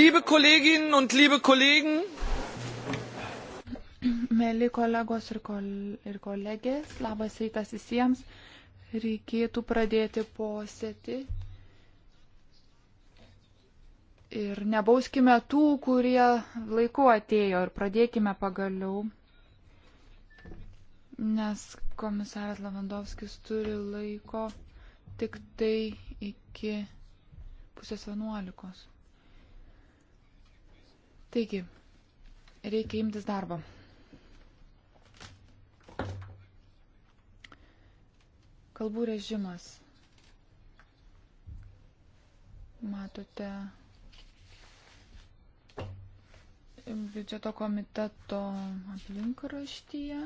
Liebe Kolleginnen und liebe Kollegen, Mėly kolegos ir, kol, ir kolegės, labas rytas visiems. Reikėtų pradėti posėti. Ir nebauskime tų, kurie laiku atėjo ir pradėkime pagaliau. Nes komisaras Lavandovskis turi laiko tik tai iki pusės vienuolikos. Taigi, reikia imtis darbo. Kalbų režimas. Matote biudžeto komiteto aplinkraštyje.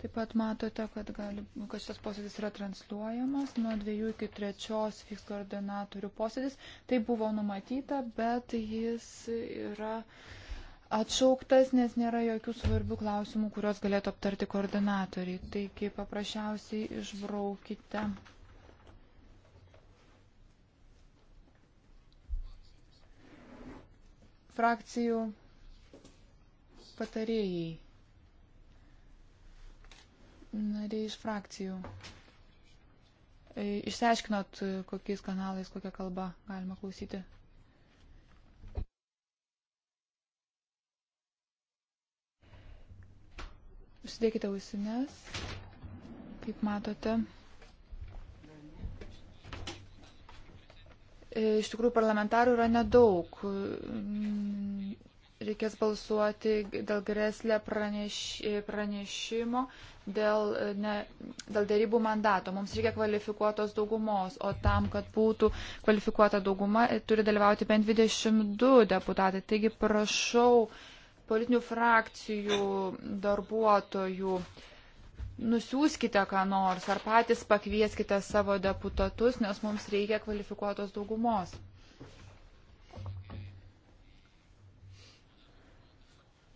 Taip pat matote, kad, gali, kad šitas posėdis yra transliuojamas nuo 2 iki 3 fiks koordinatorių posėdis. Tai buvo numatyta, bet jis yra atšauktas, nes nėra jokių svarbių klausimų, kuriuos galėtų aptarti koordinatoriai. Taigi paprasčiausiai išbraukite. Frakcijų patarėjai nariai iš frakcijų. E, išsiaiškinot, kokiais kanalais, kokią kalbą galima klausyti. Užsidėkite ausines, kaip matote. E, iš tikrųjų, parlamentarų yra nedaug reikės balsuoti dėl greslė praneš, pranešimo, dėl, ne, dėl dėrybų mandato. Mums reikia kvalifikuotos daugumos, o tam, kad būtų kvalifikuota dauguma, turi dalyvauti bent 22 deputatai. Taigi prašau politinių frakcijų darbuotojų. Nusiųskite ką nors ar patys pakvieskite savo deputatus, nes mums reikia kvalifikuotos daugumos.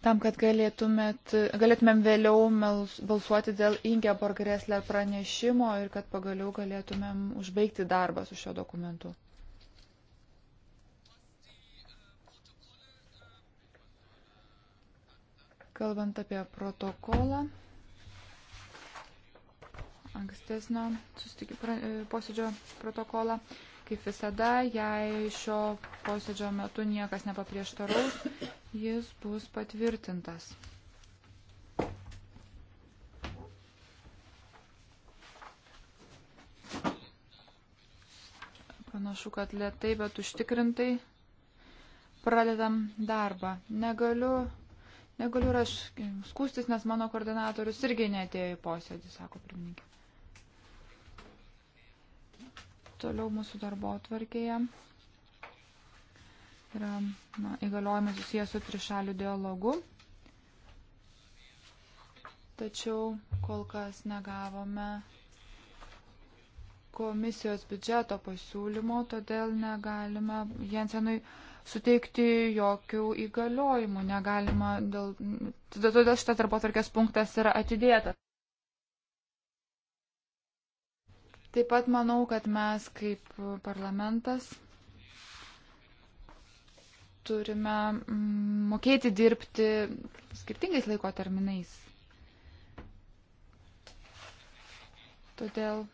tam, kad galėtumėm vėliau balsuoti dėl Ingeborg Resler pranešimo ir kad pagaliau galėtumėm užbaigti darbą su šio dokumentu. Kalbant apie protokolą ankstesnio susitikimo posėdžio protokolą, Kaip visada, jei šio posėdžio metu niekas nepaprieštaraus, jis bus patvirtintas. Panašu, kad lietai, bet užtikrintai pradedam darbą. Negaliu, negaliu aš skūstis, nes mano koordinatorius irgi netėjo į posėdį, sako pirmininkė. Toliau mūsų darbo atvarkėje yra na, įgaliojimai susijęs su trišalių dialogu. Tačiau kol kas negavome komisijos biudžeto pasiūlymo, todėl negalime Jensenui suteikti jokių įgaliojimų. Negalima dėl... Todėl šitas darbo tvarkės punktas yra atidėtas. Taip pat manau, kad mes kaip parlamentas turime mm, mokėti dirbti skirtingais laiko terminais. Todėl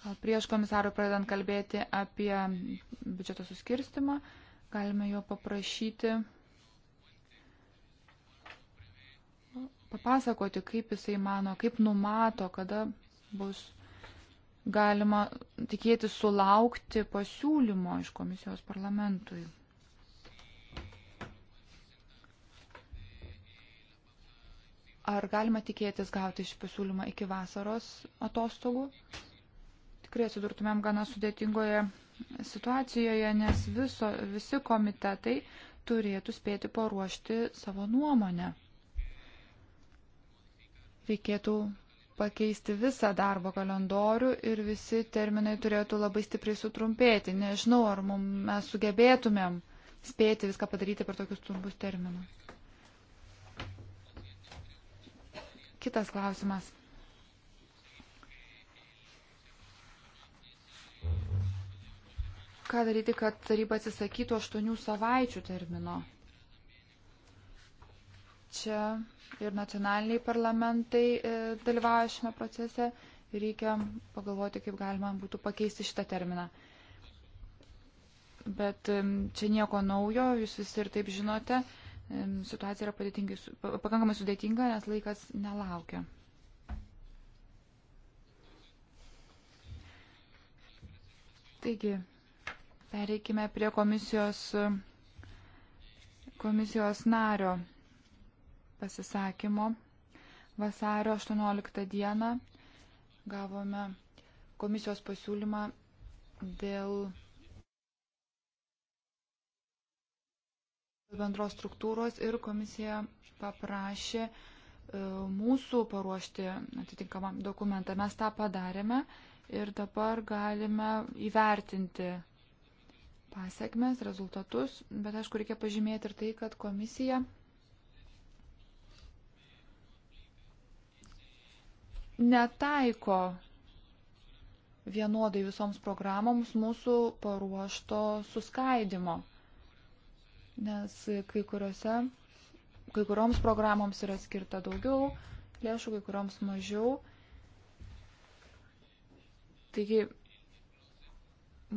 gal prieš komisarų pradedant kalbėti apie biudžeto suskirstimą, galime jo paprašyti papasakoti, kaip jisai mano, kaip numato, kada bus galima tikėtis sulaukti pasiūlymo iš komisijos parlamentui. Ar galima tikėtis gauti šį pasiūlymą iki vasaros atostogų? Tikrai atsidurtumėm gana sudėtingoje situacijoje, nes viso, visi komitetai turėtų spėti paruošti savo nuomonę reikėtų pakeisti visą darbo kalendorių ir visi terminai turėtų labai stipriai sutrumpėti. Nežinau, ar mum, mes sugebėtumėm spėti viską padaryti per tokius trumpus terminus. Kitas klausimas. Ką daryti, kad taryba atsisakytų aštuonių savaičių termino? Čia ir nacionaliniai parlamentai e, dalyvauja šiame procese. Reikia pagalvoti, kaip galima būtų pakeisti šitą terminą. Bet čia nieko naujo, jūs visi ir taip žinote. Situacija yra pakankamai sudėtinga, nes laikas nelaukia. Taigi, pereikime prie komisijos, komisijos nario pasisakymo. Vasario 18 dieną gavome komisijos pasiūlymą dėl bendros struktūros ir komisija paprašė e, mūsų paruošti atitinkamą dokumentą. Mes tą padarėme ir dabar galime įvertinti pasiekmes, rezultatus, bet aišku, reikia pažymėti ir tai, kad komisija netaiko vienodai visoms programoms mūsų paruošto suskaidimo. Nes kai, kuriuose, kai kurioms programoms yra skirta daugiau lėšų, kai kurioms mažiau. Taigi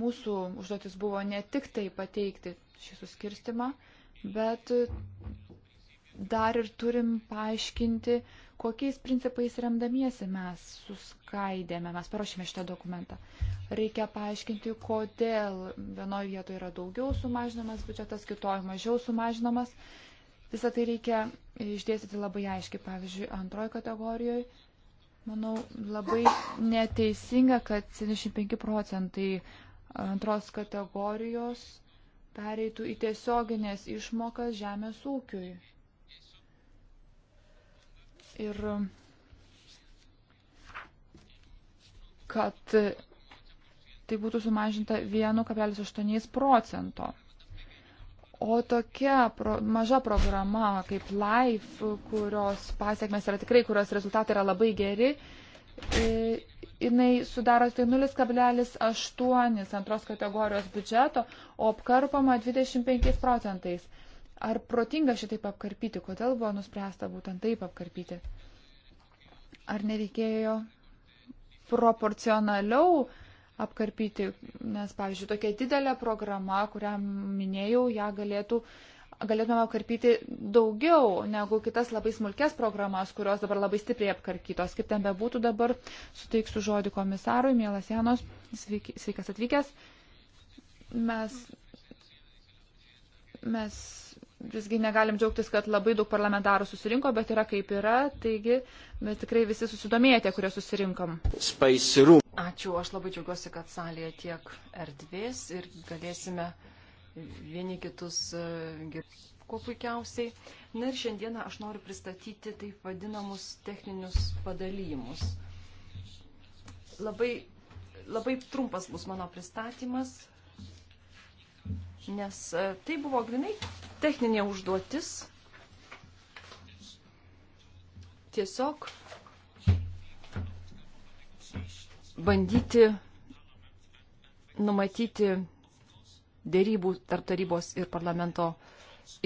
mūsų užduotis buvo ne tik tai pateikti šį suskirstimą, bet dar ir turim paaiškinti, uh, Kokiais principais remdamiesi mes suskaidėme, mes paruošėme šitą dokumentą. Reikia paaiškinti, kodėl vienoje vietoje yra daugiau sumažinamas biudžetas, kitoje mažiau sumažinamas. Visą tai reikia išdėstyti labai aiškiai. Pavyzdžiui, antroji kategorijoje, manau, labai neteisinga, kad 75 procentai antros kategorijos pereitų į tiesioginės išmokas žemės ūkiui. Ir kad tai būtų sumažinta 1,8 procento. O tokia pro, maža programa kaip LIFE, kurios pasiekmes yra tikrai, kurios rezultatai yra labai geri, jinai sudaro tai 0,8 antros kategorijos biudžeto, o apkarpama 25 procentais. Ar protinga šitaip apkarpyti? Kodėl buvo nuspręsta būtent taip apkarpyti? Ar nereikėjo proporcionaliau apkarpyti? Nes, pavyzdžiui, tokia didelė programa, kurią minėjau, ją galėtų, galėtume apkarpyti daugiau negu kitas labai smulkės programas, kurios dabar labai stipriai apkarkytos. Kaip ten bebūtų dabar, suteiksiu žodį komisarui, mielas Janos, sveiki, sveikas atvykęs. Mes mes visgi negalim džiaugtis, kad labai daug parlamentarų susirinko, bet yra kaip yra, taigi mes tikrai visi susidomėjate, kurie susirinkom. Ačiū, aš labai džiaugiuosi, kad salėje tiek erdvės ir galėsime vieni kitus e, girdėti kuo puikiausiai. Na ir šiandieną aš noriu pristatyti taip vadinamus techninius padalymus. Labai, labai trumpas bus mano pristatymas, nes e, tai buvo grinai techninė užduotis. Tiesiog bandyti numatyti dėrybų tarp tarybos ir parlamento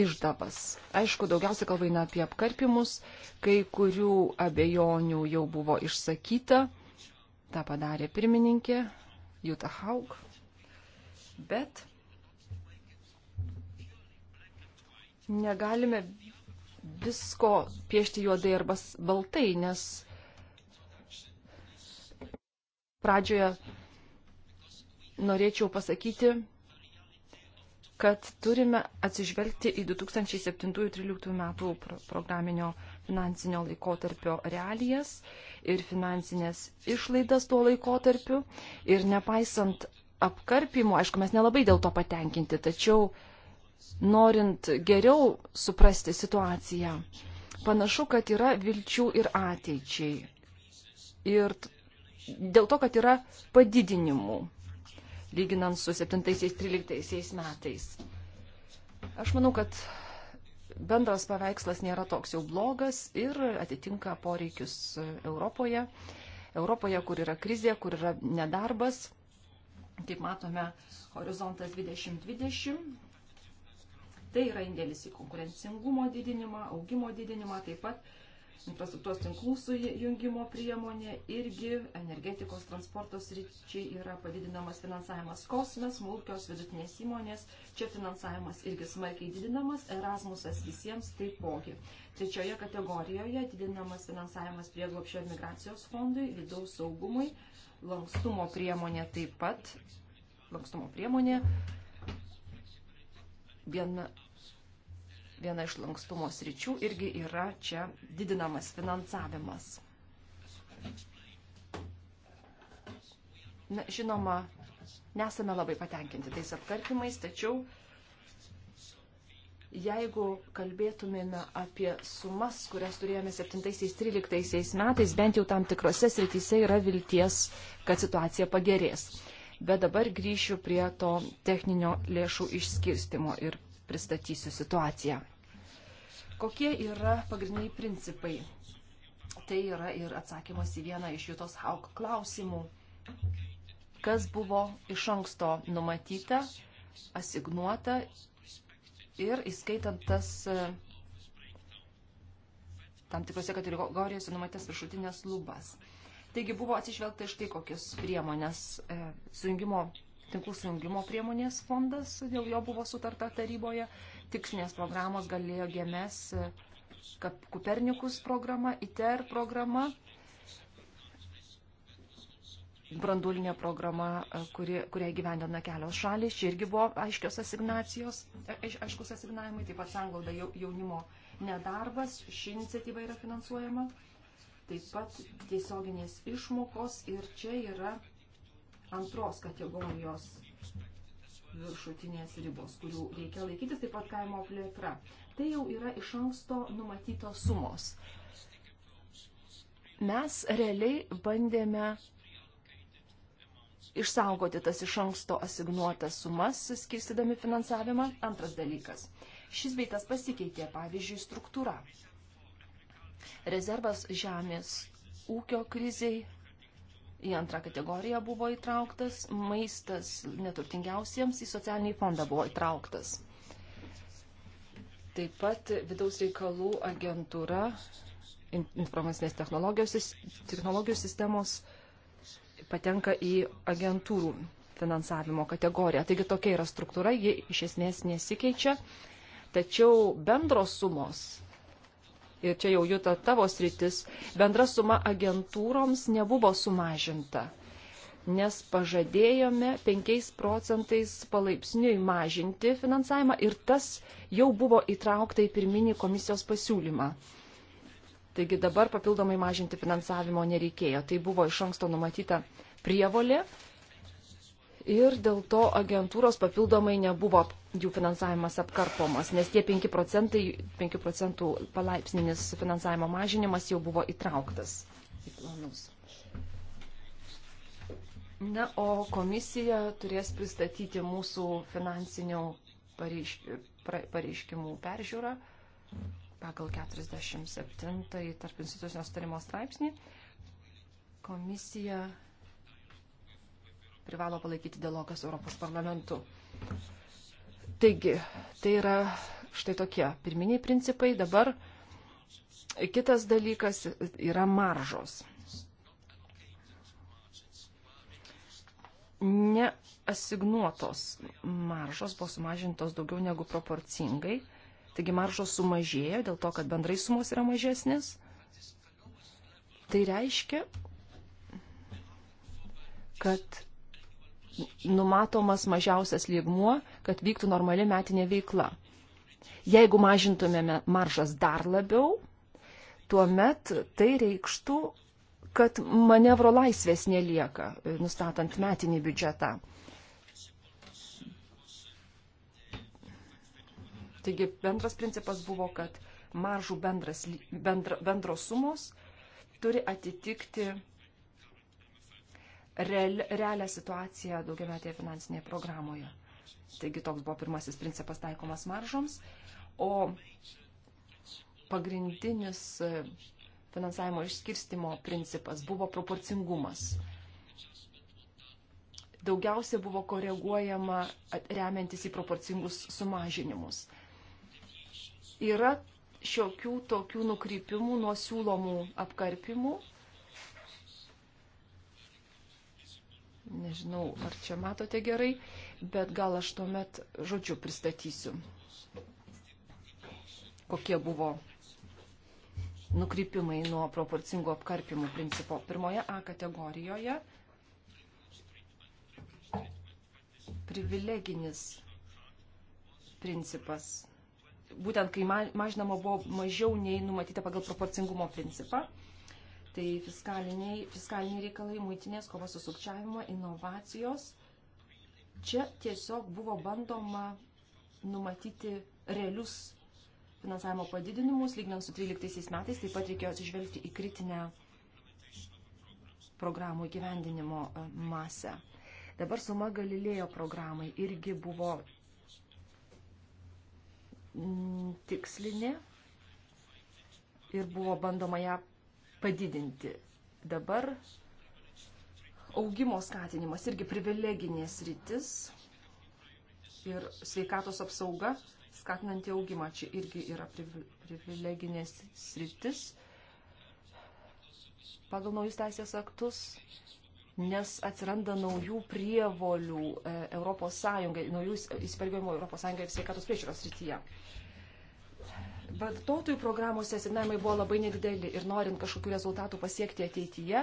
išdavas. Aišku, daugiausia kalba eina apie apkarpimus, kai kurių abejonių jau buvo išsakyta, tą padarė pirmininkė Jutta Haug, bet negalime visko piešti juodai arba baltai, nes pradžioje norėčiau pasakyti, kad turime atsižvelgti į 2007-2013 metų programinio finansinio laikotarpio realijas ir finansinės išlaidas tuo laikotarpiu. Ir nepaisant apkarpimų, aišku, mes nelabai dėl to patenkinti, tačiau uh, norint geriau suprasti situaciją, panašu, kad yra vilčių ir ateičiai. Ir dėl to, kad yra padidinimų, lyginant su 7-13 metais. Aš manau, kad bendras paveikslas nėra toks jau blogas ir atitinka poreikius Europoje. Europoje, kur yra krizė, kur yra nedarbas. Kaip matome, horizontas 2020 Tai yra indėlis į konkurencingumo didinimą, augimo didinimą, taip pat infrastruktūros tinklų sujungimo priemonė irgi energetikos transporto sričiai yra padidinamas finansavimas kosmės, smulkios vidutinės įmonės, čia finansavimas irgi smarkiai didinamas, Erasmusas visiems taipogi. Trečioje kategorijoje didinamas finansavimas prieglopšio ir migracijos fondui, vidaus saugumui, lankstumo priemonė taip pat, lankstumo priemonė viena, viena iš lankstumo sričių irgi yra čia didinamas finansavimas. Na, žinoma, nesame labai patenkinti tais aptarkimais, tačiau jeigu kalbėtumėme apie sumas, kurias turėjome 7-13 metais, bent jau tam tikrose srityse yra vilties, kad situacija pagerės bet dabar grįšiu prie to techninio lėšų išskirstimo ir pristatysiu situaciją. Kokie yra pagrindiniai principai? Tai yra ir atsakymas į vieną iš Jutos Hauk klausimų. Kas buvo iš anksto numatyta, asignuota ir įskaitant tas e, tam tikrose kategorijose numatytas viršutinės lubas. Taigi buvo atsižvelgta iš tai, kokius priemonės e, sujungimo, tinklų sujungimo priemonės fondas, dėl jo buvo sutarta taryboje, tikslinės programos galėjo gėmes, e, Kupernikus programa, ITER programa, brandulinė programa, e, kuri, kurią gyvendina kelios šalis, čia irgi buvo aiškios asignacijos, e, aiškus asignavimai, taip pat sanglauda jaunimo nedarbas, ši iniciatyva yra finansuojama. Taip pat tiesioginės išmokos ir čia yra antros kategorijos viršutinės ribos, kurių reikia laikytis, taip pat kaimo plėtra. Tai jau yra iš anksto numatytos sumos. Mes realiai bandėme išsaugoti tas iš anksto asignuotas sumas, skirstydami finansavimą. Antras dalykas. Šis beitas pasikeitė, pavyzdžiui, struktūra. Rezervas žemės ūkio kriziai į antrą kategoriją buvo įtrauktas, maistas neturtingiausiems į socialinį fondą buvo įtrauktas. Taip pat vidaus reikalų agentūra informacinės technologijos, technologijos sistemos patenka į agentūrų finansavimo kategoriją. Taigi tokia yra struktūra, ji iš esmės nesikeičia, tačiau bendros sumos ir čia jau juta tavo sritis, bendra suma agentūroms nebuvo sumažinta, nes pažadėjome 5 procentais palaipsniui mažinti finansavimą ir tas jau buvo įtraukta į pirminį komisijos pasiūlymą. Taigi dabar papildomai mažinti finansavimo nereikėjo. Tai buvo iš anksto numatyta prievolė ir dėl to agentūros papildomai nebuvo jų finansavimas apkarpomas, nes tie 5 procentai, 5 procentų palaipsninis finansavimo mažinimas jau buvo įtrauktas į planus. Na, o komisija turės pristatyti mūsų finansinių pareiškimų peržiūrą pagal 47 tarp institucinio starimo straipsnį. Komisija privalo palaikyti dialogą su Europos parlamentu. Taigi, tai yra štai tokie pirminiai principai. Dabar kitas dalykas yra maržos. neasignuotos maržos buvo sumažintos daugiau negu proporcingai. Taigi maržos sumažėjo dėl to, kad bendrai sumos yra mažesnės. Tai reiškia, kad numatomas mažiausias lygmuo, kad vyktų normali metinė veikla. Jeigu mažintumėme maržas dar labiau, tuomet tai reikštų, kad manevro laisvės nelieka, e, nustatant metinį biudžetą. Taigi bendras principas buvo, kad maržų bendras, bendra, bendros sumos turi atitikti real, realią situaciją daugiametėje finansinėje programoje. Taigi toks buvo pirmasis principas taikomas maržoms, o pagrindinis e, finansavimo išskirstimo principas buvo proporcingumas. Daugiausia buvo koreguojama remiantis į proporcingus sumažinimus. Yra šiokių tokių nukrypimų nuo siūlomų apkarpimų Nežinau, ar čia matote gerai, bet gal aš tuomet žodžiu pristatysiu, kokie buvo nukrypimai nuo proporcingo apkarpimų principo. Pirmoje A kategorijoje privileginis principas. Būtent kai mažinama buvo mažiau nei numatyta pagal proporcingumo principą Tai fiskaliniai, fiskaliniai reikalai, muitinės, kova su sukčiavimo, inovacijos. Čia tiesiog buvo bandoma numatyti realius finansavimo padidinimus, lygnant su 13 metais, taip pat reikėjo atsižvelgti į kritinę programų įgyvendinimo e, masę. Dabar suma Galilėjo programai irgi buvo tikslinė ir buvo bandoma ją padidinti. Dabar augimo skatinimas irgi privileginės rytis ir sveikatos apsauga skatinanti augimą. Čia irgi yra privileginės sritis pagal naujus teisės aktus, nes atsiranda naujų prievolių ES, naujų įsipareigojimų ES ir sveikatos priežiūros srityje vartotojų programuose asignavimai buvo labai nedideli ir norint kažkokių rezultatų pasiekti ateityje,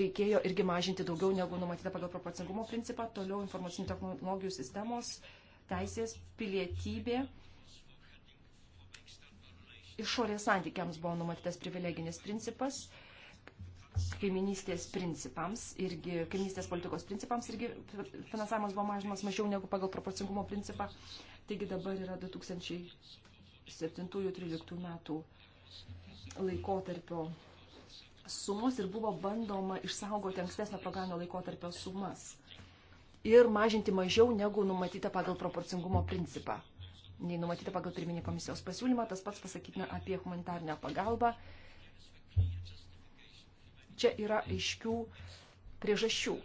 reikėjo irgi mažinti daugiau negu numatyta pagal proporcingumo principą, toliau informacinių technologijų sistemos, teisės, pilietybė. Išorės santykiams buvo numatytas privileginis principas, kaiminystės principams irgi, kaiminystės politikos principams irgi finansavimas buvo mažinamas mažiau negu pagal proporcingumo principą. Taigi dabar yra 2000 7-13 metų laikotarpio sumos ir buvo bandoma išsaugoti ankstesnio programinio laikotarpio sumas ir mažinti mažiau negu numatyta pagal proporcingumo principą. Nei numatyta pagal pirminį komisijos pasiūlymą, tas pats pasakytina apie humanitarnę pagalbą. Čia yra aiškių priežasčių.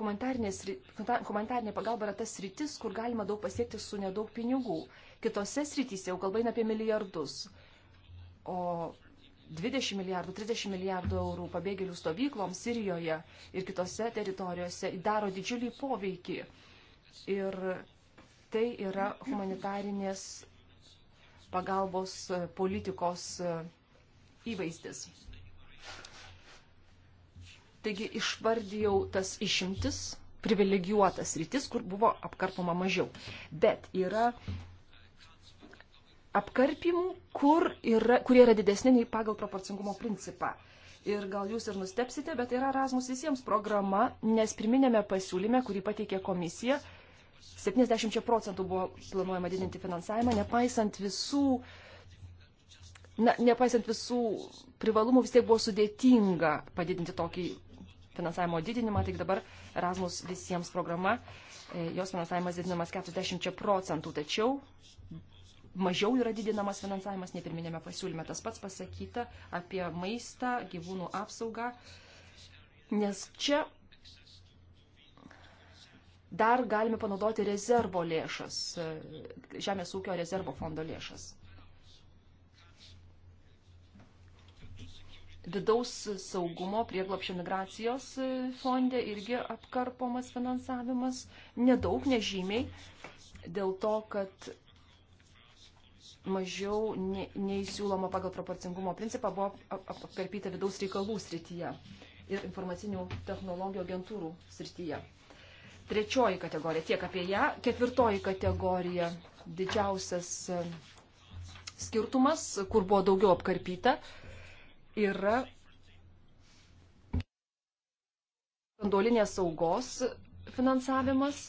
Humanitarinė pagalba yra tas rytis, kur galima daug pasiekti su nedaug pinigų kitose srityse jau kalba eina apie milijardus. O 20 milijardų, 30 milijardų eurų pabėgėlių stovykloms Sirijoje ir kitose teritorijose daro didžiulį poveikį. Ir tai yra humanitarinės pagalbos politikos įvaizdis. Taigi išvardijau tas išimtis, privilegijuotas rytis, kur buvo apkarpoma mažiau. Bet yra apkarpimų, kur yra, kurie yra didesni nei pagal proporcingumo principą. Ir gal jūs ir nustepsite, bet tai yra Erasmus visiems programa, nes pirminėme pasiūlyme, kurį pateikė komisija, 70 procentų buvo planuojama didinti finansavimą, nepaisant visų, na, nepaisant visų privalumų, vis tiek buvo sudėtinga padidinti tokį finansavimo didinimą, tik dabar Erasmus visiems programa, e, jos finansavimas didinamas 40 procentų, tačiau mažiau yra didinamas finansavimas nei pirminėme pasiūlyme. Tas pats pasakyta apie maistą, gyvūnų apsaugą, nes čia dar galime panaudoti rezervo lėšas, žemės ūkio rezervo fondo lėšas. Vidaus saugumo prieglopšio migracijos fonde irgi apkarpomas finansavimas, nedaug, nežymiai, dėl to, kad mažiau nei, nei siūloma pagal proporcingumo principą buvo apkarpyta vidaus reikalų srityje ir informacinių technologijų agentūrų srityje. Trečioji kategorija, tiek apie ją. Ketvirtoji kategorija, didžiausias e, skirtumas, kur buvo daugiau apkarpyta, yra branduolinės saugos finansavimas.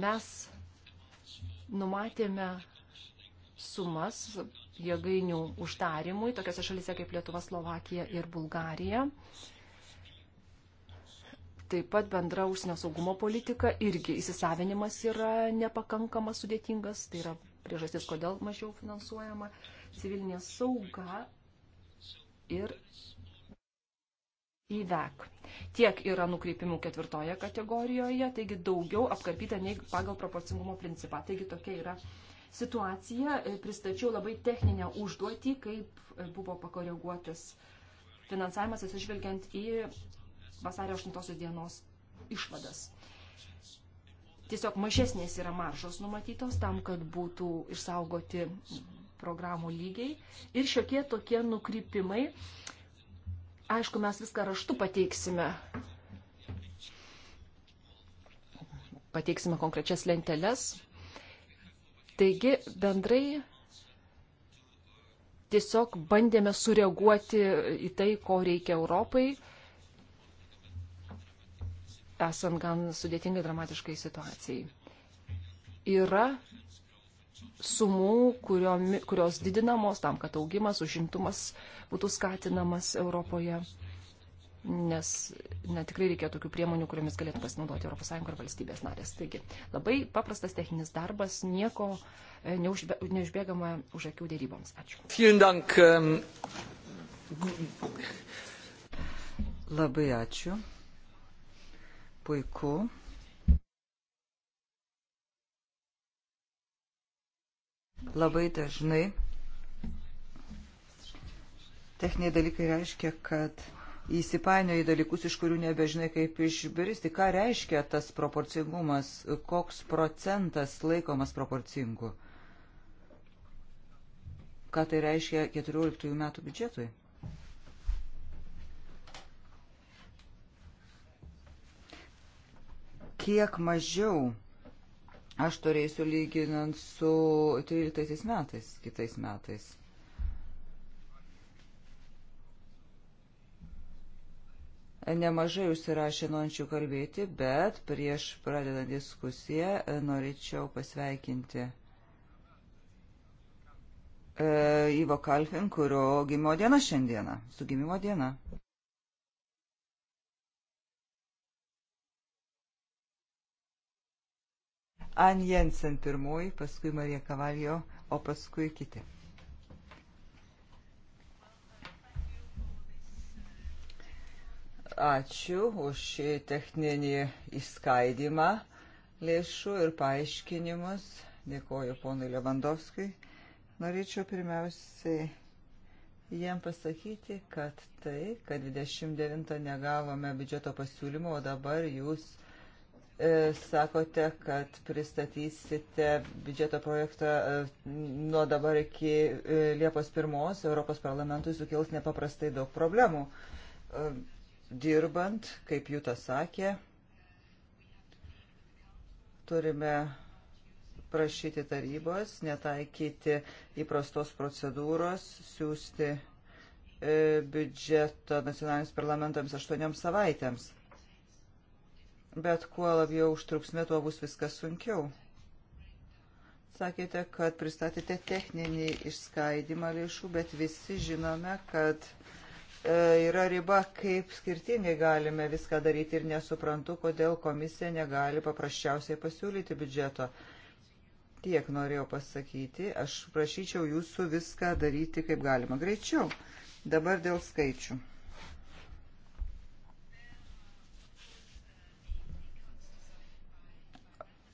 Mes numatėme sumas jėgainių uždarimui, tokiose šalise kaip Lietuva, Slovakija ir Bulgarija. Taip pat bendra užsienio saugumo politika irgi įsisavinimas yra nepakankamas, sudėtingas, tai yra priežastis, kodėl mažiau finansuojama civilinė sauga ir įvek. Tiek yra nukreipimų ketvirtoje kategorijoje, taigi daugiau apkarpyta nei pagal proporcingumo principą. Taigi tokia yra situaciją, e, pristačiau labai techninę užduotį, kaip e, buvo pakoreguotas finansavimas atsižvelgiant į vasario 8 dienos išvadas. Tiesiog mažesnės yra maršos numatytos tam, kad būtų išsaugoti programų lygiai ir šiokie tokie nukrypimai. Aišku, mes viską raštu pateiksime. Pateiksime konkrečias lenteles, Taigi bendrai tiesiog bandėme sureaguoti į tai, ko reikia Europai, esant gan sudėtingai dramatiškai situacijai. Yra sumų, kuriomi, kurios didinamos tam, kad augimas, užimtumas būtų skatinamas Europoje nes na, tikrai reikia tokių priemonių, kuriomis galėtų pasinaudoti ES ir valstybės narės. Taigi labai paprastas techninis darbas, nieko e, neužbe, neužbėgama už akių dėryboms. Ačiū. Dank, um... Labai ačiū. Puiku. Labai dažnai techniniai dalykai reiškia, kad įsipainioja į dalykus, iš kurių nebežinai kaip išbristi. Ką reiškia tas proporcingumas, koks procentas laikomas proporcingu? Ką tai reiškia 14 metų biudžetui? Kiek mažiau aš turėsiu lyginant su 13 metais, kitais metais? nemažai užsirašė norinčių kalbėti, bet prieš pradedant diskusiją e, norėčiau pasveikinti e, Ivo Kalfin, kurio gimimo diena šiandieną, su gimimo diena. Ann Jensen pirmoji, paskui Marija Kavaljo, o paskui kiti. ačiū už šį techninį įskaidimą lėšų ir paaiškinimus. Dėkoju ponui Levandovskui. Norėčiau pirmiausiai jiem pasakyti, kad tai, kad 29 negavome biudžeto pasiūlymo, o dabar jūs e, sakote, kad pristatysite biudžeto projektą e, nuo dabar iki e, Liepos 1 Europos parlamentui sukils nepaprastai daug problemų. E, dirbant, kaip Jūta sakė, turime prašyti tarybos, netaikyti įprastos procedūros, siūsti e, biudžetą nacionaliniams parlamentams aštuoniams savaitėms. Bet kuo labiau užtruksime, tuo bus viskas sunkiau. Sakėte, kad pristatėte techninį išskaidimą lėšų, bet visi žinome, kad e, E, yra riba, kaip skirtingai galime viską daryti ir nesuprantu, kodėl komisija negali paprasčiausiai pasiūlyti biudžeto. Tiek norėjau pasakyti, aš prašyčiau jūsų viską daryti kaip galima greičiau. Dabar dėl skaičių. E,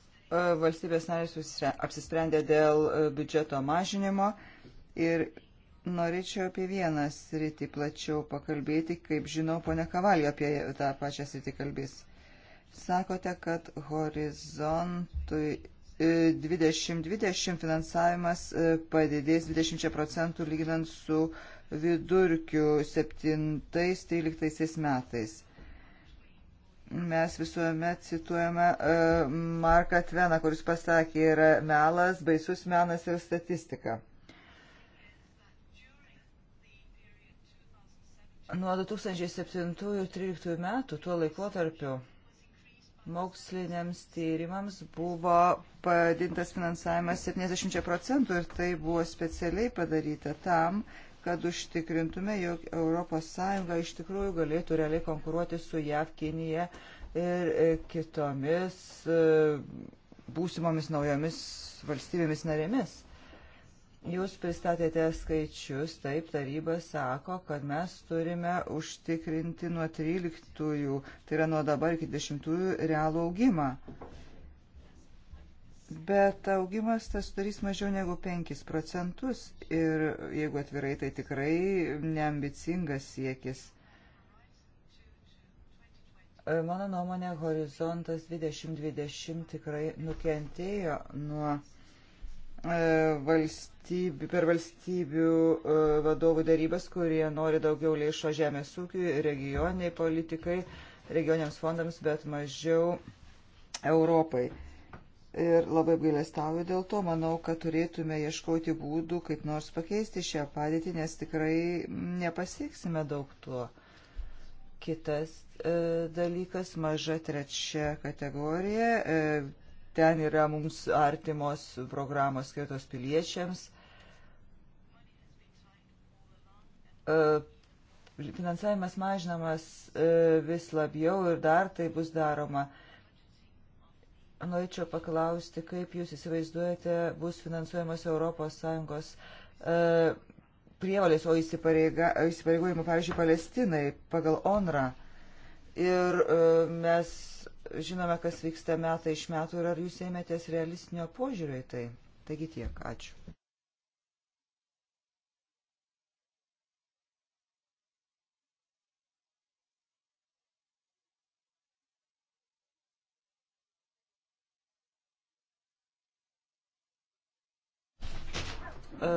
valstybės narės apsisprendė dėl biudžeto mažinimo ir Norėčiau apie vieną sritį plačiau pakalbėti, kaip žinau, ponia Kavalio apie tą pačią sritį kalbės. Sakote, kad horizontui 2020 e, finansavimas e, padidės 20 procentų lyginant su vidurkiu 7-13 metais. Mes visuomet cituojame e, Marką Tveną, kuris pasakė, yra melas, baisus menas ir statistika. Nuo 2007-2013 metų tuo laikotarpiu moksliniams tyrimams buvo padintas finansavimas 70 procentų ir tai buvo specialiai padaryta tam, kad užtikrintume, jog ES iš tikrųjų galėtų realiai konkuruoti su JAV, Kinija ir e, kitomis e, būsimomis naujomis valstybėmis narėmis. Jūs pristatėte skaičius, taip, taryba sako, kad mes turime užtikrinti nuo 13-ųjų, tai yra nuo dabar iki 10-ųjų, realų augimą. Bet augimas tas turys mažiau negu 5 procentus ir jeigu atvirai, tai tikrai neambicingas siekis. Mano nuomonė, horizontas 2020 tikrai nukentėjo nuo E, valstybių, per valstybių e, vadovų darybas, kurie nori daugiau lėšo žemės ūkiui, regioniai politikai, regioniams fondams, bet mažiau Europai. Ir labai gailestauju dėl to, manau, kad turėtume ieškoti būdų, kaip nors pakeisti šią padėtį, nes tikrai nepasieksime daug tuo. Kitas e, dalykas - maža trečia kategorija. E, Ten yra mums artimos programos skirtos piliečiams. E, finansavimas mažinamas e, vis labiau ir dar tai bus daroma. Norėčiau paklausti, kaip jūs įsivaizduojate, bus finansuojamas ES e, prievalės, o įsipareigojimų, pavyzdžiui, Palestinai pagal ONRA. Ir mes žinome, kas vyksta metai iš metų ir ar jūs ėmėtės realistinio požiūrio į tai. Taigi tiek, ačiū.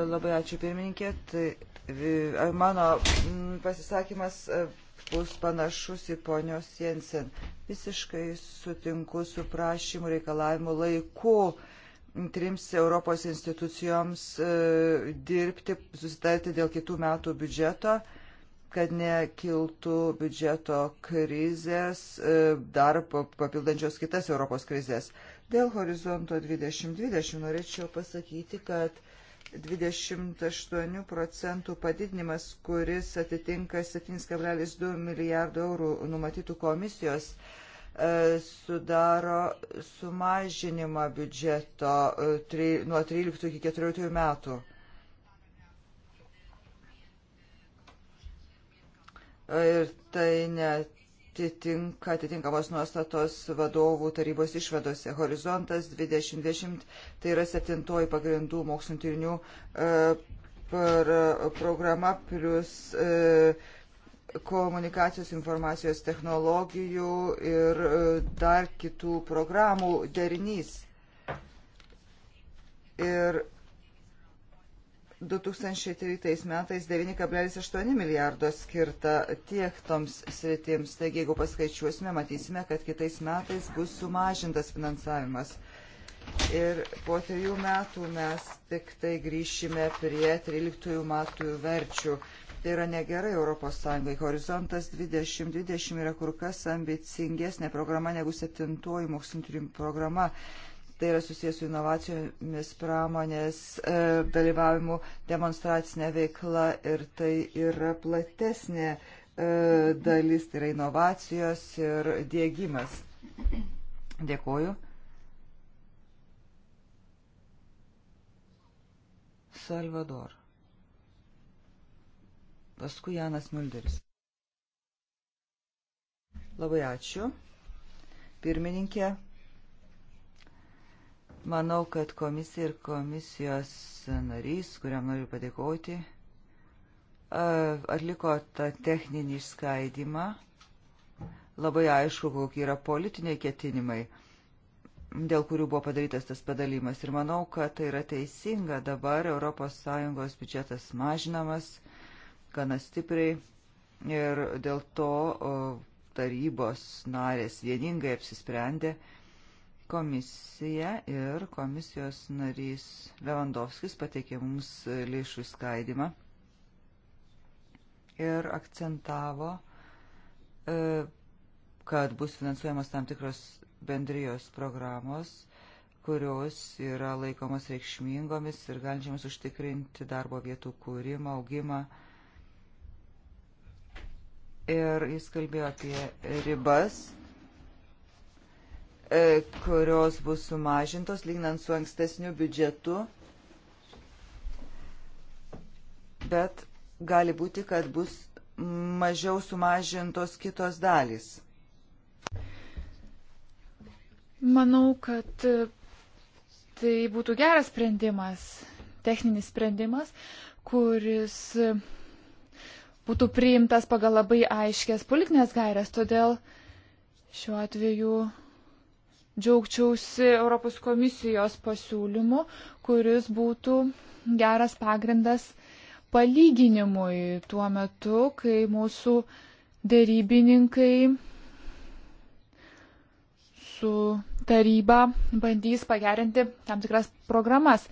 Labai ačiū pirmininkė. Tai e, mano pasisakymas e, bus panašus į ponios Jensen. Visiškai sutinku su prašymu reikalavimu laiku trims Europos institucijoms e, dirbti, susitarti dėl kitų metų biudžeto, kad nekiltų biudžeto krizės, e, dar papildančios kitas Europos krizės. Dėl horizonto 2020 norėčiau pasakyti, kad 28 procentų padidinimas, kuris atitinka 7,2 milijardų eurų numatytų komisijos, e, sudaro sumažinimą biudžeto e, nuo 13 iki 14 metų. E, ir tai net atitinka atitinkamos nuostatos vadovų tarybos išvadose. Horizontas 2020 tai yra septintoji pagrindų mokslinio tyrinių e, programa plus e, komunikacijos informacijos technologijų ir e, dar kitų programų derinys. Ir 2013 metais 9,8 milijardo skirta tiek toms sritims. Taigi, jeigu paskaičiuosime, matysime, kad kitais metais bus sumažintas finansavimas. Ir po trijų metų mes tik tai grįšime prie 13 metų verčių. Tai yra negerai Europos Sąjungai. Horizontas 2020 yra kur kas ambicingesnė programa negu septintoji mokslinio tyrimų programa. programa tai yra susijęs su inovacijomis, pramonės e, dalyvavimu, demonstracinė veikla ir tai yra platesnė e, dalis, tai yra inovacijos ir dėgymas. Dėkoju. Salvador. Paskui Janas Mulderis. Labai ačiū. Pirmininkė. Manau, kad komisija ir komisijos narys, kuriam noriu padėkoti, atliko tą techninį išskaidimą. Labai aišku, kokie yra politiniai ketinimai, dėl kurių buvo padarytas tas padalymas. Ir manau, kad tai yra teisinga. Dabar ES biudžetas mažinamas gana stipriai ir dėl to tarybos narės vieningai apsisprendė, Komisija ir komisijos narys Levandovskis pateikė mums lėšų skaidimą ir akcentavo, e, kad bus finansuojamos tam tikros bendrijos programos, kurios yra laikomos reikšmingomis ir galinčiamis užtikrinti darbo vietų kūrimą, augimą. Ir jis kalbėjo apie ribas E, kurios bus sumažintos, lygnant su ankstesniu biudžetu. Bet gali būti, kad bus mažiau sumažintos kitos dalys. Manau, kad tai būtų geras sprendimas, techninis sprendimas, kuris būtų priimtas pagal labai aiškės politinės gairias, todėl šiuo atveju džiaugčiausi Europos komisijos pasiūlymu, kuris būtų geras pagrindas palyginimui tuo metu, kai mūsų dėrybininkai su taryba bandys pagerinti tam tikras programas.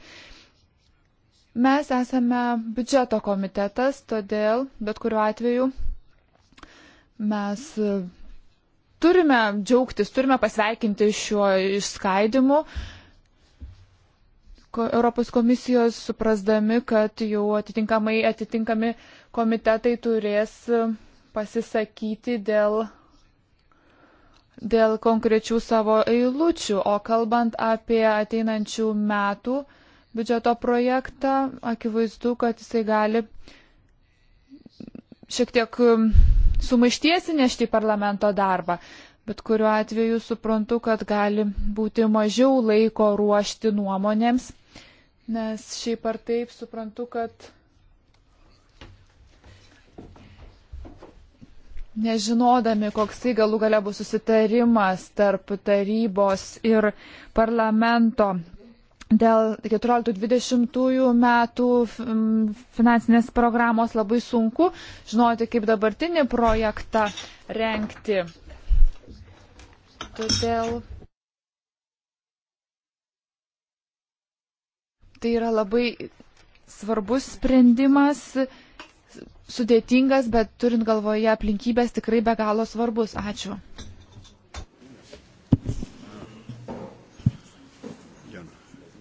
Mes esame biudžeto komitetas, todėl bet kuriuo atveju mes turime džiaugtis, turime pasveikinti šiuo išskaidimu. Europos komisijos suprasdami, kad jau atitinkamai atitinkami komitetai turės e, pasisakyti dėl, dėl konkrečių savo eilučių. O kalbant apie ateinančių metų biudžeto projektą, akivaizdu, kad jisai gali šiek tiek sumaišties įnešti į parlamento darbą. Bet kuriuo atveju suprantu, kad gali būti mažiau laiko ruošti nuomonėms, nes šiaip ar taip suprantu, kad nežinodami, koksai galų gale bus susitarimas tarp tarybos ir parlamento dėl 14-20 metų finansinės programos labai sunku žinoti, kaip dabartinį projektą renkti. Todėl tai yra labai svarbus sprendimas, sudėtingas, bet turint galvoje aplinkybės tikrai be galo svarbus. Ačiū.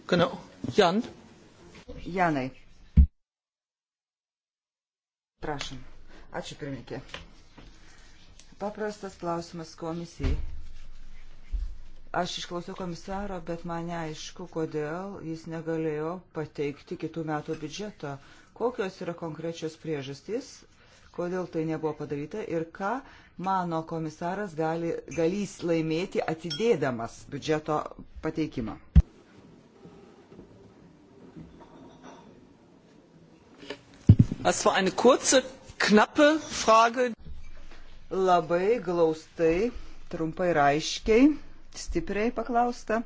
Genau. Jan. Janai. Prašom. Ačiū pirmininkė. Paprastas klausimas komisijai. Aš išklausiau komisaro, bet man neaišku, kodėl jis negalėjo pateikti kitų metų biudžeto. Kokios yra konkrečios priežastys, kodėl tai nebuvo padaryta ir ką mano komisaras gali, galys laimėti atidėdamas biudžeto pateikimą. Das war eine kurze, knappe Frage. Labai glaustai, trumpai ir aiškiai, stipriai paklausta.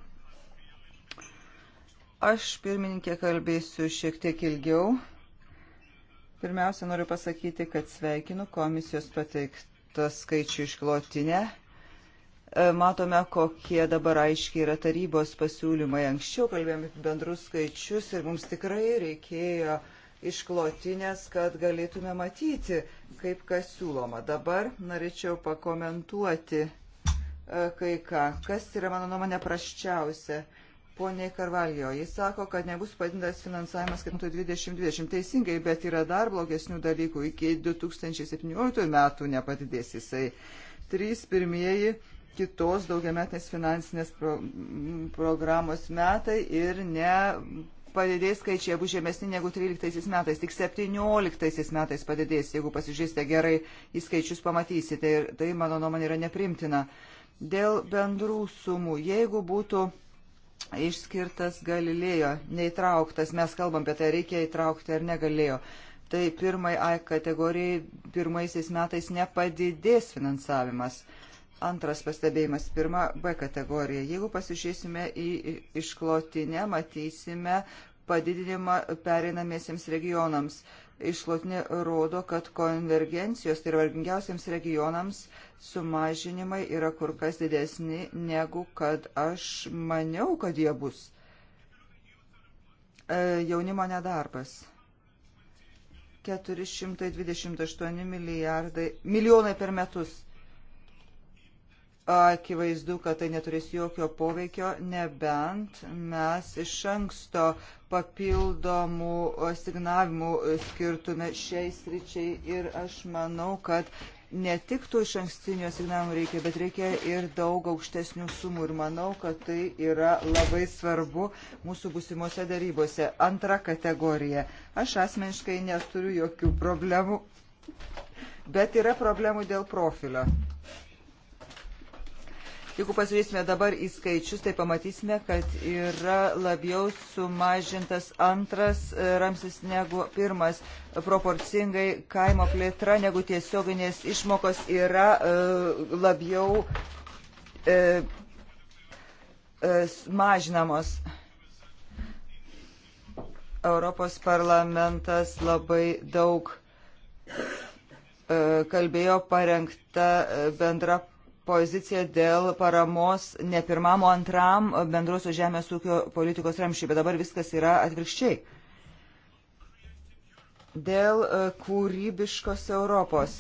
Aš pirmininkė kalbėsiu šiek tiek ilgiau. Pirmiausia, noriu pasakyti, kad sveikinu komisijos pateiktą skaičių išklotinę. E, matome, kokie dabar aiškiai yra tarybos pasiūlymai. Anksčiau kalbėjome bendrus skaičius ir mums tikrai reikėjo uh, išklotinės, kad galėtume matyti, kaip kas siūloma. Dabar norėčiau pakomentuoti e, kai ką. Kas yra, mano nuomonė, praščiausia? Pone Karvaljo, jis sako, kad nebus padintas finansavimas 2020. Teisingai, bet yra dar blogesnių dalykų. Iki 2017 metų nepadidės jisai. Trys pirmieji kitos daugiametinės finansinės pro, programos metai ir ne padidės skaičiai bus žemesni negu 13 metais, tik 17 metais padidės, jeigu pasižiūrėsite gerai į skaičius pamatysite ir tai mano nuomonė yra neprimtina. Dėl bendrų sumų, jeigu būtų išskirtas Galilėjo, neįtrauktas, mes kalbam apie tai, reikia įtraukti ar negalėjo. Tai pirmai A kategorijai pirmaisiais metais nepadidės finansavimas. Antras pastebėjimas, pirma B kategorija. Jeigu pasižiūrėsime į išklotinę, matysime, padidinimą pereinamiesiems regionams. Išlotinė rodo, kad konvergencijos, tai yra vargingiausiams regionams, sumažinimai yra kur kas didesni, negu kad aš maniau, kad jie bus. E, jaunimo nedarbas. 428 milijardai, milijonai per metus akivaizdu, kad tai neturės jokio poveikio, nebent mes iš anksto papildomų asignavimų skirtume šiai sričiai ir aš manau, kad ne tik tų iš ankstinių asignavimų reikia, bet reikia ir daug aukštesnių sumų ir manau, kad tai yra labai svarbu mūsų busimuose darybose. Antra kategorija. Aš asmeniškai neturiu jokių problemų, bet yra problemų dėl profilio. Jeigu pasižiūrėsime dabar į skaičius, tai pamatysime, kad yra labiau sumažintas antras e, ramsis negu pirmas. Proporcingai kaimo plėtra negu tiesioginės išmokos yra e, labiau e, mažinamos. Europos parlamentas labai daug kalbėjo parengta bendra poziciją dėl paramos ne pirmam, o antram bendrosios žemės ūkio politikos ramščiai, bet dabar viskas yra atvirkščiai. Dėl e, kūrybiškos Europos.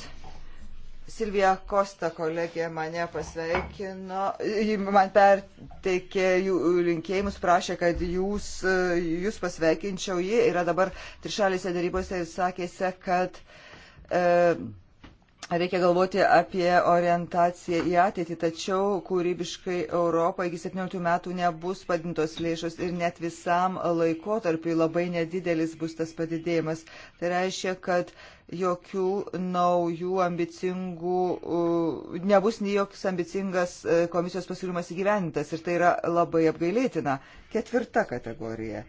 Silvija Kosta kolegė mane pasveikino, ji man perteikė jų linkėjimus, prašė, kad jūs, e, jūs pasveikinčiau, ji yra dabar trišalėse darybose ir sakėse, kad e, reikia galvoti apie orientaciją į ateitį, tačiau kūrybiškai Europą iki 17 metų nebus padintos lėšos ir net visam laikotarpiu labai nedidelis bus tas padidėjimas. Tai reiškia, kad jokių naujų ambicingų, nebus nei joks ambicingas e, komisijos pasiūlymas įgyvendintas ir tai yra labai apgailėtina. Ketvirta kategorija.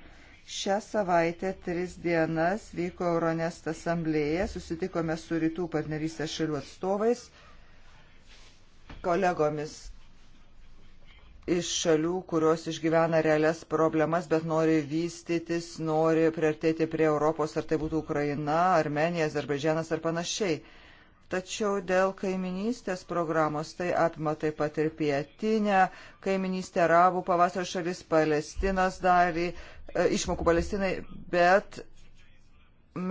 Šią savaitę tris dienas vyko Euronest asamblėje, susitikome su rytų partnerystės šalių atstovais, kolegomis iš šalių, kurios išgyvena realias problemas, bet nori vystytis, nori priartėti prie Europos, ar tai būtų Ukraina, Armenija, Azerbaidžianas ar panašiai. Tačiau dėl kaiminystės programos tai apima taip pat ir pietinę kaiminystę, arabų pavasario šalis, Palestinos dalį, E, išmokų Palestinai, bet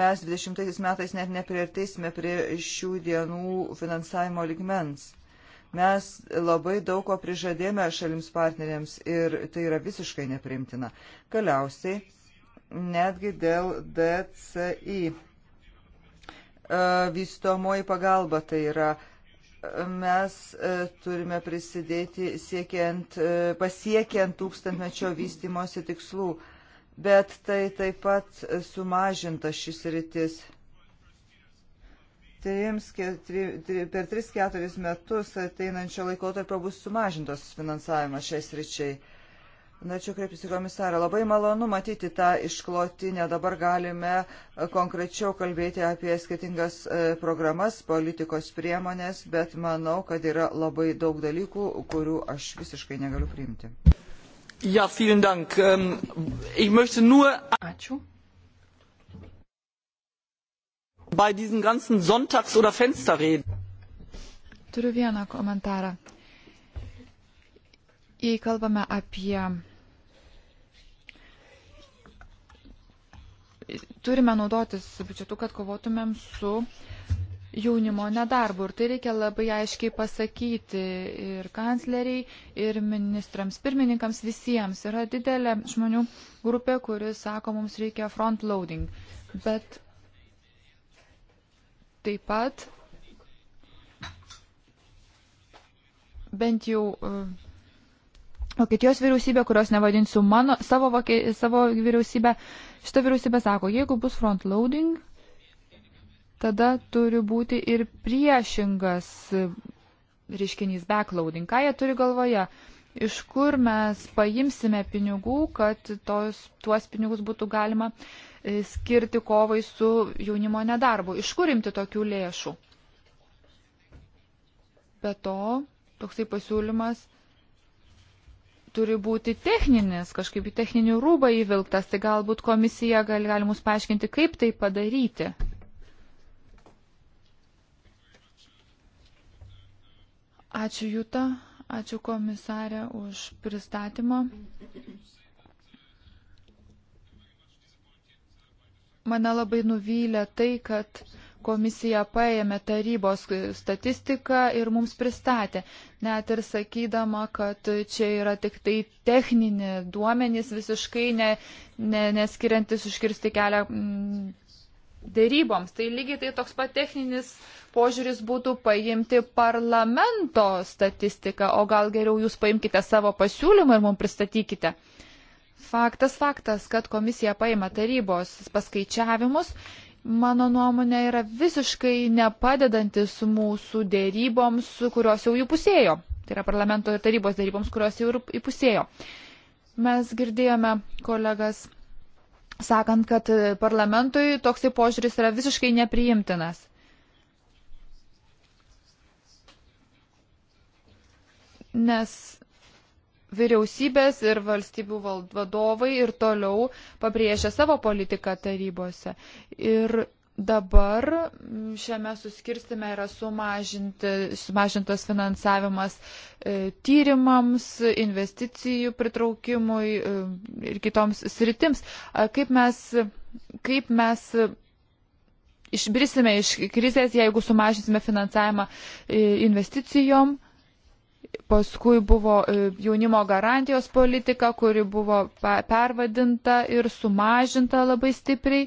mes 20 metais net nepriartėsime prie šių dienų finansavimo ligmens. Mes labai daug ko prižadėme šalims partneriams ir tai yra visiškai neprimtina. Galiausiai, netgi dėl DCI. E, vystomoji pagalba tai yra e, mes turime prisidėti siekiant, pasiekiant tūkstantmečio vystimosi tikslų bet tai taip pat sumažinta šis rytis. Trims, ketri, tri, per 3-4 metus ateinančio laikotarpio bus sumažintos finansavimas šiais ryčiai. Norėčiau kreiptis į komisarą. Labai malonu matyti tą išklotinę. Dabar galime e, konkrečiau kalbėti apie skirtingas e, programas, politikos priemonės, bet manau, kad yra labai daug dalykų, kurių aš visiškai negaliu priimti. Ja, vielen Dank. Ähm, ich möchte nur Ačiū. bei diesen ganzen Sonntags- oder Fensterreden. Turiu vieną komentarą. Jei kalbame apie. Turime naudotis biudžetu, kad kovotumėm su uh, jaunimo nedarbu. Ir tai reikia labai aiškiai pasakyti ir kancleriai, ir ministrams, pirmininkams, visiems. Yra didelė žmonių grupė, kuris sako, mums reikia front loading. Bet taip pat bent jau e, Vokietijos vyriausybė, kurios nevadinsiu mano, savo, vokie, savo vyriausybę, šitą vyriausybę sako, jeigu bus front loading, tada turi būti ir priešingas reiškinys backloading. Ką jie turi galvoje? Iš kur mes paimsime pinigų, kad tos, tuos pinigus būtų galima e, skirti kovai su jaunimo nedarbu? Iš kur imti tokių lėšų? Be to, toksai pasiūlymas turi būti techninis, kažkaip į techninių rūbą įvilktas, tai galbūt komisija gali, gali mus paaiškinti, kaip tai padaryti. Ačiū Jūta, ačiū komisarė už pristatymą. Mane labai nuvylė tai, kad komisija paėmė tarybos statistiką ir mums pristatė, net ir sakydama, kad čia yra tik tai techninė duomenys visiškai ne, ne, neskiriantis užkirsti kelią mm, dėryboms. Tai lygiai tai toks pat techninis požiūris būtų paimti parlamento statistiką, o gal geriau jūs paimkite savo pasiūlymą ir mums pristatykite. Faktas faktas, kad komisija paima tarybos paskaičiavimus, mano nuomonė yra visiškai nepadedantis mūsų dėryboms, kurios jau įpusėjo. Tai yra parlamento ir tarybos dėryboms, kurios jau įpusėjo. Mes girdėjome kolegas sakant, kad parlamentui toksai požiūris yra visiškai nepriimtinas. Nes vyriausybės ir valstybių vadovai ir toliau pabrėžia savo politiką tarybose. Ir Dabar šiame suskirstime yra sumažintas finansavimas e, tyrimams, investicijų pritraukimui e, ir kitoms sritims. Kaip mes, kaip mes išbrisime iš krizės, jeigu sumažinsime finansavimą e, investicijom? Paskui buvo jaunimo garantijos politika, kuri buvo pervadinta ir sumažinta labai stipriai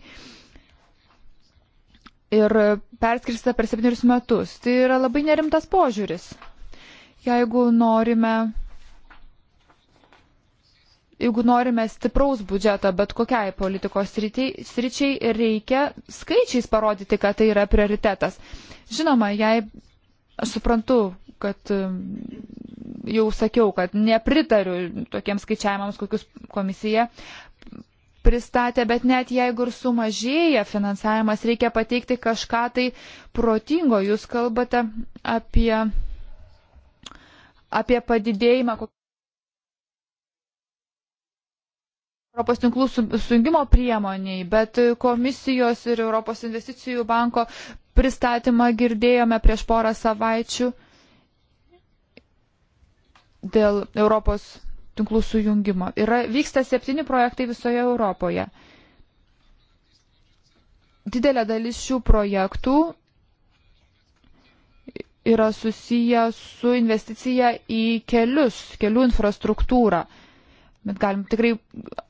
ir perskirstyta per septynerius metus. Tai yra labai nerimtas požiūris. Jeigu norime, jeigu norime stipraus biudžetą bet kokiai politikos sričiai, reikia skaičiais parodyti, kad tai yra prioritetas. Žinoma, jei aš suprantu, kad um, jau sakiau, kad nepritariu tokiems skaičiavimams, kokius komisija pristatė, bet net jeigu ir sumažėja finansavimas, reikia pateikti kažką tai protingo. Jūs kalbate apie, apie padidėjimą. Europos tinklų sujungimo priemoniai, bet komisijos ir Europos investicijų banko pristatymą girdėjome prieš porą savaičių dėl Europos tinklų sujungimo. Yra, vyksta septyni projektai visoje Europoje. Didelė dalis šių projektų yra susiję su investicija į kelius, kelių infrastruktūrą. Bet galim tikrai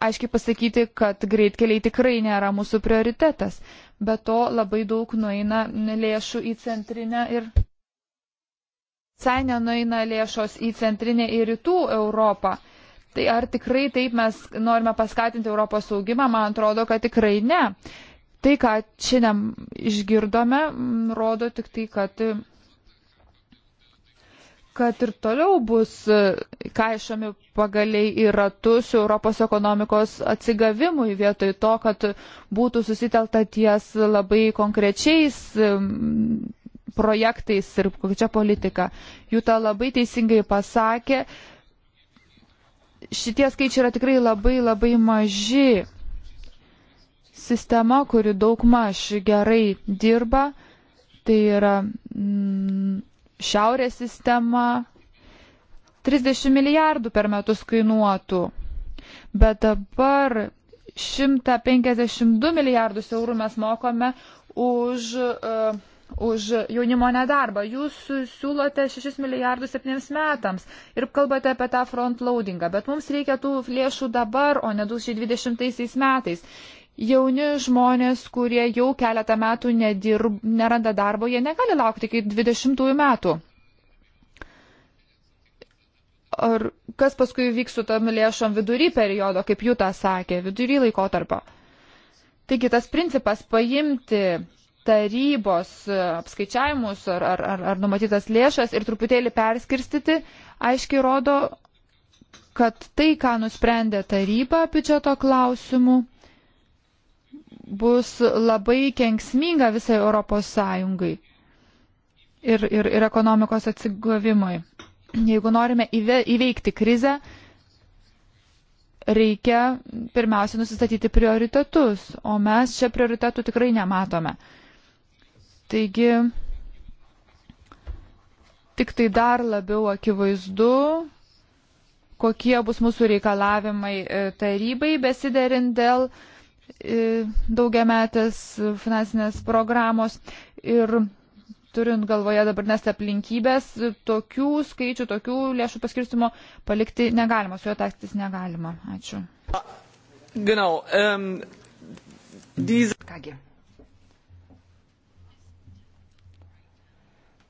aiškiai pasakyti, kad greitkeliai tikrai nėra mūsų prioritetas. Be to labai daug nueina lėšų į centrinę ir. Visai nenueina lėšos į centrinę ir rytų Europą. Tai ar tikrai taip mes norime paskatinti Europos saugimą? Man atrodo, kad tikrai ne. Tai, ką šiandien išgirdome, rodo tik tai, kad kad ir toliau bus e, kaišomi pagaliai į ratus Europos ekonomikos atsigavimui vietoj to, kad būtų susitelta ties labai konkrečiais projektais ir kokia politika. Jūta labai teisingai pasakė, šitie skaičiai yra tikrai labai labai maži. Sistema, kuri daug maž gerai dirba, tai yra mm, šiaurės sistema 30 milijardų per metus kainuotų. Bet dabar 152 milijardus eurų mes mokame už uh, už jaunimo nedarbą. Jūs siūlote 6 milijardus 7 metams ir kalbate apie tą frontloadingą, bet mums reikia tų lėšų dabar, o ne 2020 metais. Jauni žmonės, kurie jau keletą metų nedirb, neranda darbo, jie negali laukti iki 20 metų. Ar kas paskui vyks su tom lėšom vidury periodo, kaip Jūta sakė, vidury laikotarpio. Taigi tas principas paimti tarybos e, apskaičiavimus ar, ar, ar, ar numatytas lėšas ir truputėlį perskirstyti, aiškiai rodo, kad tai, ką nusprendė taryba biudžeto klausimų, bus labai kenksminga visai Europos Sąjungai ir, ir, ir ekonomikos atsigavimui. Jeigu norime įveikti krizę, reikia pirmiausia nusistatyti prioritetus, o mes čia prioritetų tikrai nematome. Taigi, tik tai dar labiau akivaizdu, kokie bus mūsų reikalavimai e, tarybai besiderint dėl e, daugiametės finansinės programos ir turint galvoje dabartinės aplinkybės, tokių skaičių, tokių lėšų paskirstimo palikti negalima, su juo taktis negalima. Ačiū. Genau. Um, diese... Kągi.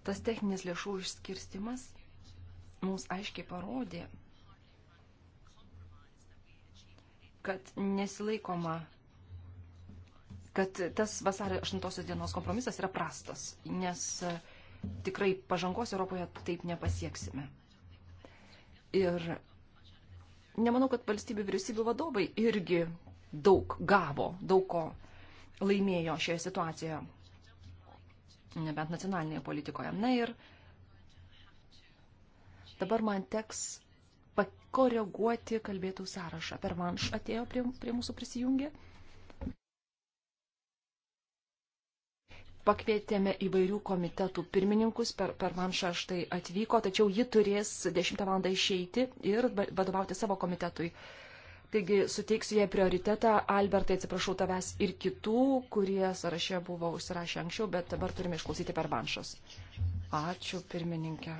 Tas techninis lėšų išskirstimas mums aiškiai parodė, kad nesilaikoma, kad tas vasario 8 dienos kompromisas yra prastas, nes e, tikrai pažangos Europoje taip nepasieksime. Ir nemanau, kad valstybių vyriausybių vadovai irgi daug gavo, daug ko laimėjo šioje situacijoje nebent nacionalinėje politikoje. Na ir dabar man teks pakoreguoti kalbėtų sąrašą. Per manš atėjo prie, prie mūsų prisijungę. pakvietėme įvairių komitetų pirmininkus, per, per manšą štai atvyko, tačiau ji turės 10 val. išeiti ir vadovauti savo komitetui. Uh, Taigi suteiksiu jai prioritetą. Albertai, atsiprašau tavęs ir kitų, kurie sąraše buvo užsirašę anksčiau, bet dabar turime išklausyti per banšas. Ačiū, pirmininkė,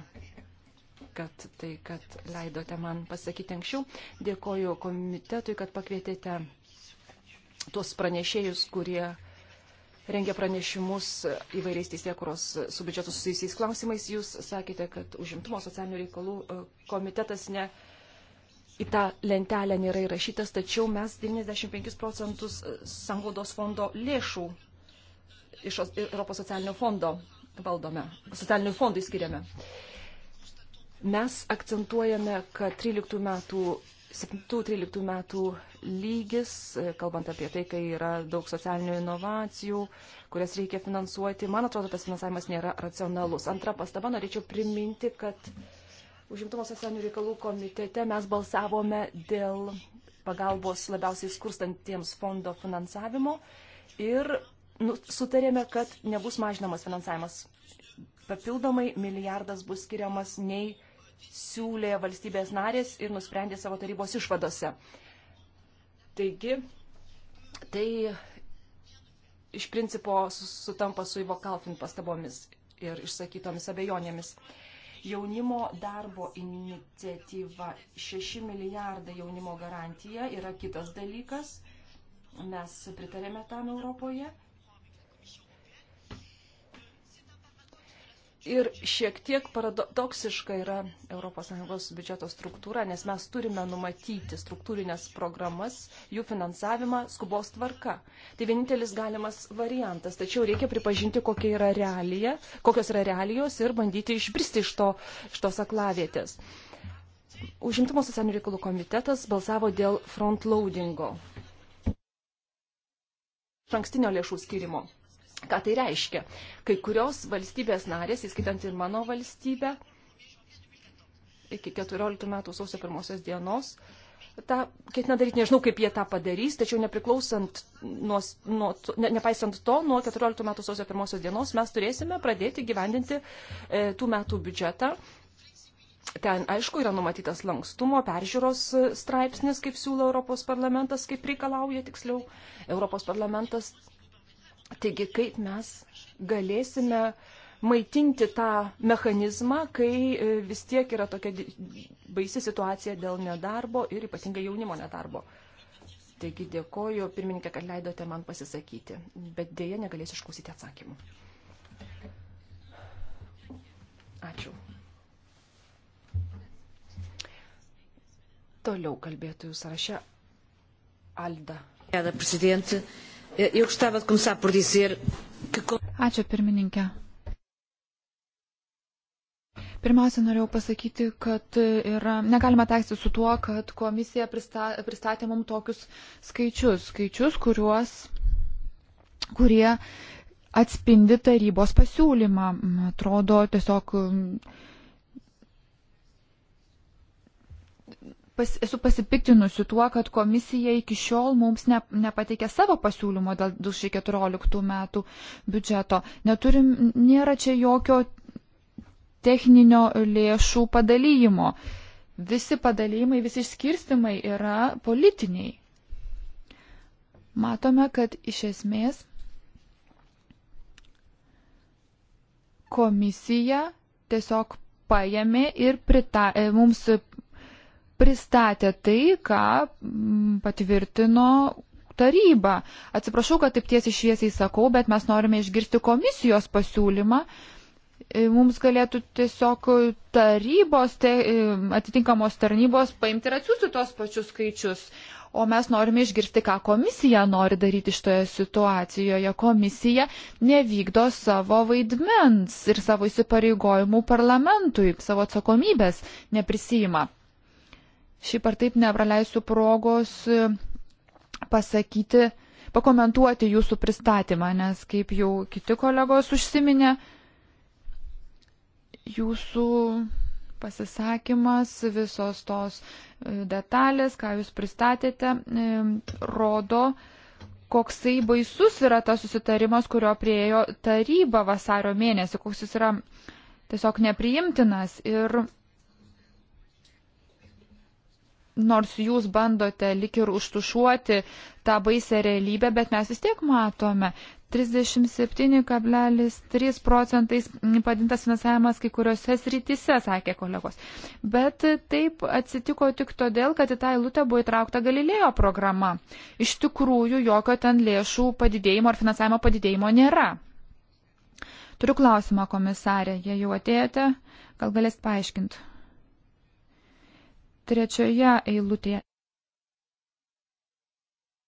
kad tai, kad leidote man pasakyti anksčiau. Dėkoju komitetui, kad pakvietėte tuos pranešėjus, kurie rengia pranešimus įvairiais teisėkuros su biudžetu susijusiais klausimais. Jūs sakėte, kad užimtumo socialinių reikalų e, komitetas ne į tą lentelę nėra įrašytas, tačiau mes 95 procentus e, sanglaudos fondo lėšų iš e, Europos socialinio fondo valdome, socialinių fondų skiriame. Mes akcentuojame, kad 13 metų 7-13 metų lygis, e, kalbant apie tai, kai yra daug socialinių inovacijų, kurias reikia finansuoti, man atrodo, tas finansavimas nėra racionalus. Antra pastaba, norėčiau priminti, kad Užimtumo socialinių reikalų komitete mes balsavome dėl pagalbos labiausiai skurstantiems fondo finansavimo ir nu, sutarėme, kad nebus mažinamas finansavimas. Papildomai milijardas bus skiriamas nei siūlė valstybės narės ir nusprendė savo tarybos išvadose. Taigi, tai iš principo sutampa su Ivo Kalfin pastabomis ir išsakytomis abejonėmis. Jaunimo darbo iniciatyva 6 milijardai jaunimo garantija yra kitas dalykas. Mes pritarėme tam Europoje. Ir šiek tiek paradoksiška yra ES biudžeto struktūra, nes mes turime numatyti struktūrinės programas, jų finansavimą skubos tvarka. Tai vienintelis galimas variantas, tačiau reikia pripažinti, kokia yra realija, kokios yra realijos ir bandyti išbristi iš, to, iš tos aklavietės. Užimtumo socialinių reikalų komitetas balsavo dėl frontloadingo. Šankstinio lėšų skirimo. Ką tai reiškia? Kai kurios valstybės narės, įskaitant ir mano valstybę, iki 14 metų sausio pirmosios dienos, tą ketina daryti, nežinau, kaip jie tą padarys, tačiau nepriklausant nuo, nuo ne, nepaisant to, nuo 14 metų sausio pirmosios dienos mes turėsime pradėti gyvendinti e, tų metų biudžetą. Ten, aišku, yra numatytas lankstumo peržiūros straipsnis, kaip siūlo Europos parlamentas, kaip reikalauja tiksliau Europos parlamentas Taigi, kaip mes galėsime maitinti tą mechanizmą, kai e, vis tiek yra tokia baisi situacija dėl nedarbo ir ypatingai jaunimo nedarbo. Taigi dėkoju, pirmininkė, kad leidote man pasisakyti, bet dėja negalėsiu išklausyti atsakymų. Ačiū. Toliau kalbėtojų sąraše Alda. Obrigada, Presidente. Eu gostava de começar por dizer que. Ačiū pirmininkė. Pirmiausia, norėjau pasakyti, kad yra, negalima teisti su tuo, kad komisija prista, pristatė mums tokius skaičius, skaičius, kuriuos, kurie atspindi tarybos pasiūlymą. Atrodo tiesiog pas, esu pasipiktinusi tuo, kad komisija iki šiol mums ne, nepateikė savo pasiūlymo dėl 2014 metų biudžeto. Neturim, nėra čia jokio techninio lėšų padalymo. Visi padalymai, visi išskirstimai yra politiniai. Matome, kad iš esmės komisija tiesiog paėmė ir prita, mums pristatė tai, ką mm, patvirtino taryba. Atsiprašau, kad taip tiesiai šviesiai sakau, bet mes norime išgirsti komisijos pasiūlymą. E, mums galėtų tiesiog tarybos, te, e, atitinkamos tarnybos paimti ir atsiųsti tos pačius skaičius. O mes norime išgirsti, ką komisija nori daryti šitoje situacijoje. Komisija nevykdo savo vaidmens ir savo įsipareigojimų parlamentui, savo atsakomybės neprisima šiaip ar taip nepraleisiu progos e, pasakyti, pakomentuoti jūsų pristatymą, nes kaip jau kiti kolegos užsiminė, jūsų pasisakymas, visos tos e, detalės, ką jūs pristatėte, e, rodo, koksai baisus yra tas susitarimas, kurio priejo taryba vasario mėnesį, koks jis yra tiesiog nepriimtinas. Ir nors jūs bandote lik ir užtušuoti tą baisę realybę, bet mes vis tiek matome. 37,3 procentais padintas finansavimas kai kuriuose srityse, sakė kolegos. Bet taip atsitiko tik todėl, kad į tą eilutę buvo įtraukta Galilėjo programa. Iš tikrųjų, jokio ten lėšų padidėjimo ar finansavimo padidėjimo nėra. Turiu klausimą, komisarė, jei jau atėjote, gal galės paaiškinti trečioje eilutėje.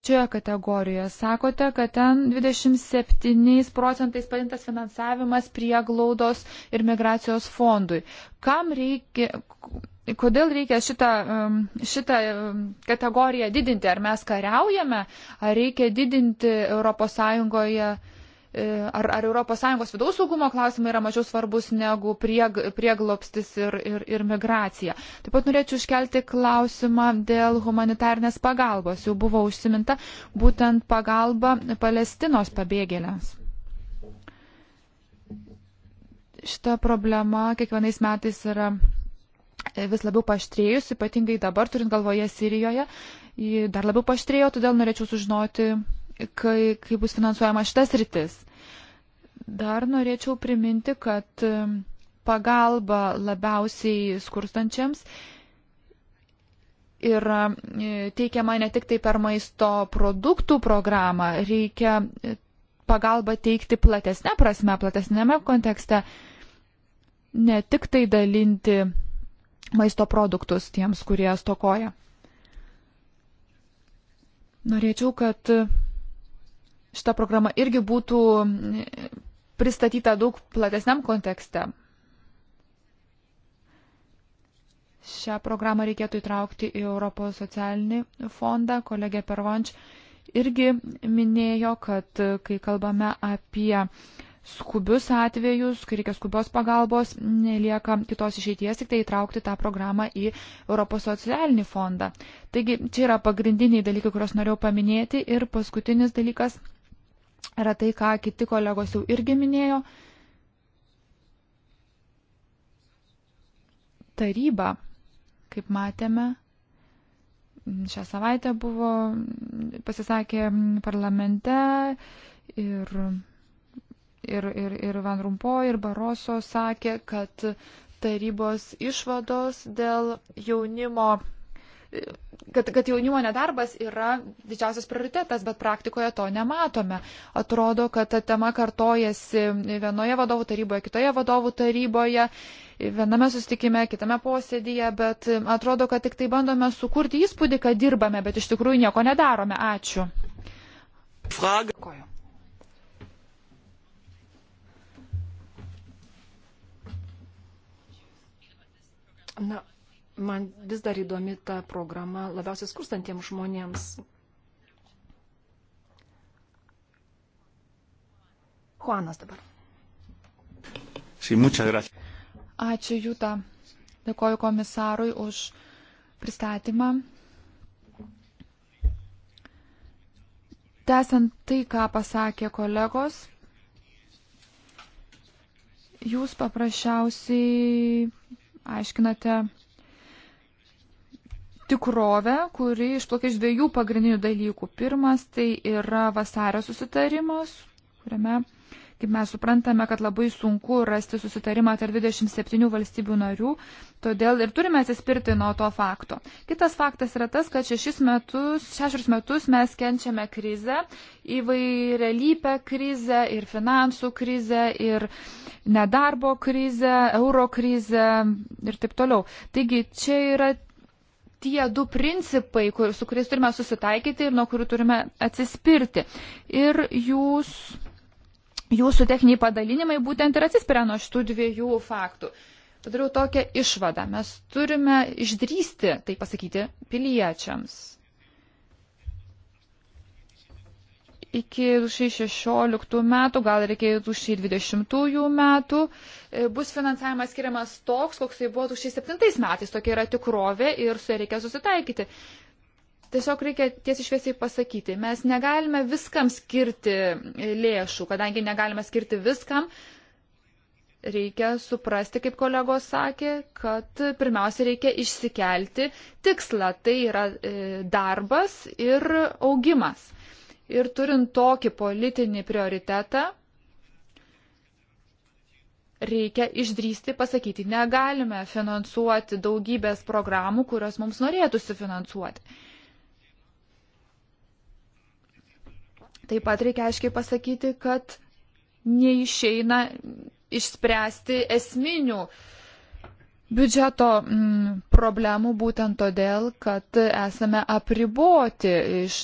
Čia kategorijoje sakote, kad ten 27 procentais padintas finansavimas prieglaudos ir migracijos fondui. Kam reikia, kodėl reikia šitą, šitą kategoriją didinti? Ar mes kariaujame, ar reikia didinti ES E, ar, ar ES vidaus saugumo klausimai yra mažiau svarbus negu prieg, prieglopstis ir, ir, ir migracija. Taip pat norėčiau iškelti klausimą dėl humanitarnės pagalbos. Jau buvo užsiminta būtent pagalba Palestinos pabėgėliams. Šita problema kiekvienais metais yra vis labiau paštrėjus, ypatingai dabar turint galvoje Sirijoje. Ji dar labiau paštrėjo, todėl norėčiau sužinoti, kai, kai bus finansuojama šitas rytis. Dar norėčiau priminti, kad um, pagalba labiausiai skurstančiams yra e, teikiama ne tik tai per maisto produktų programą, reikia e, pagalbą teikti platesnė prasme, platesnėme kontekste, ne tik tai dalinti maisto produktus tiems, kurie stokoja. Norėčiau, kad šita programa irgi būtų mm, pristatyta daug platesniam kontekste. Šią programą reikėtų įtraukti į Europos socialinį fondą. Kolegė Pervanč irgi minėjo, kad kai kalbame apie skubius atvejus, kai reikia skubios pagalbos, nelieka kitos išeities, tik tai įtraukti tą programą į Europos socialinį fondą. Taigi čia yra pagrindiniai dalykai, kuriuos norėjau paminėti. Ir paskutinis dalykas yra tai, ką kiti kolegos jau irgi minėjo. Taryba, kaip matėme, šią savaitę buvo pasisakė parlamente ir, ir, ir, ir Van Rumpo ir Baroso sakė, kad tarybos išvados dėl jaunimo kad, kad jaunimo nedarbas yra didžiausias prioritetas, bet praktikoje to nematome. Atrodo, kad ta tema kartojasi vienoje vadovų taryboje, kitoje vadovų taryboje, viename sustikime, kitame posėdėje, bet atrodo, kad tik tai bandome sukurti įspūdį, kad dirbame, bet iš tikrųjų nieko nedarome. Ačiū. Frage. Na, man vis dar įdomi ta programa labiausiai skurstantiems žmonėms. Juanas dabar. Ačiū Jūta. Dėkoju komisarui už pristatymą. Tęsant tai, ką pasakė kolegos, jūs paprasčiausiai aiškinate tikrovę, kuri išplaukia iš dviejų pagrindinių dalykų. Pirmas tai yra vasario susitarimas, kuriame, kaip mes suprantame, kad labai sunku rasti susitarimą tarp 27 valstybių narių, todėl ir turime atsispirti nuo to fakto. Kitas faktas yra tas, kad šešis metus, šešis metus mes kenčiame krizę, įvairialypę krizę ir finansų krizę ir nedarbo krizę, euro krizę ir taip toliau. Taigi čia yra tie du principai, kur, su kuriais turime susitaikyti ir nuo kurių turime atsispirti. Ir jūs, jūsų techniniai padalinimai būtent ir atsispiria nuo šitų dviejų faktų. Padariau tokią išvadą. Mes turime išdrysti, tai pasakyti, piliečiams iki 2016 metų, gal ir iki 2020 metų, e, bus finansavimas skiriamas toks, koks tai buvo 2007 metais. Tokia yra tikrovė ir su ja reikia susitaikyti. Tiesiog reikia tiesiai šviesiai pasakyti, mes negalime viskam skirti lėšų, kadangi negalime skirti viskam, reikia suprasti, kaip kolegos sakė, kad pirmiausia reikia išsikelti tikslą, tai yra e, darbas ir augimas. Ir turint tokį politinį prioritetą, reikia išdrysti pasakyti, negalime finansuoti daugybės programų, kurios mums norėtųsi finansuoti. Taip pat reikia aiškiai pasakyti, kad neišeina išspręsti esminių uh, biudžeto mm, problemų būtent todėl, kad esame apriboti, iš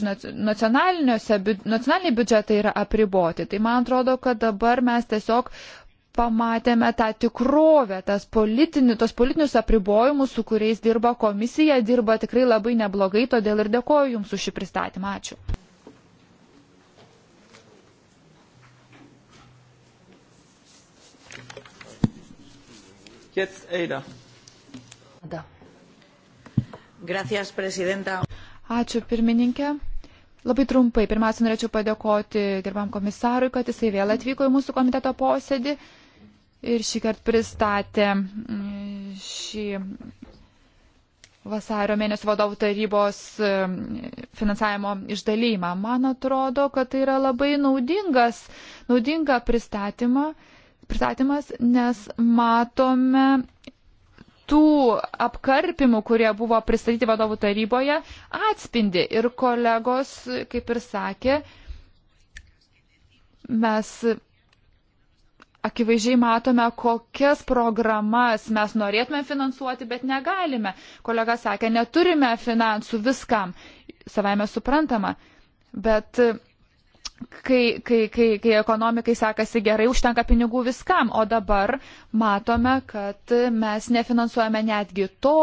nacionaliniai biudžetai yra apriboti. Tai man atrodo, kad dabar mes tiesiog pamatėme tą tikrovę, tas politinį, tos politinius apribojimus, su kuriais dirba komisija, dirba tikrai labai neblogai, todėl ir dėkoju Jums už šį pristatymą. Ačiū. Jetzt Eida. Da. Gracias, prezidenta. Ačiū pirmininkė. Labai trumpai, pirmiausia, norėčiau padėkoti gerbam komisarui, kad jisai vėl atvyko į mūsų komiteto posėdį ir šį kartą pristatė mm, šį vasario mėnesio vadovų tarybos mm, finansavimo išdalymą. Man atrodo, kad tai yra labai naudingas, naudinga pristatymą pristatymas, nes matome tų apkarpimų, kurie buvo pristatyti vadovų taryboje, atspindi. Ir kolegos, kaip ir sakė, mes akivaizdžiai matome, kokias programas mes norėtume finansuoti, bet negalime. Kolega sakė, neturime finansų viskam. Savai mes suprantama. Bet kai, kai, kai, kai ekonomikai sekasi gerai, užtenka pinigų viskam, o dabar matome, kad mes nefinansuojame netgi to,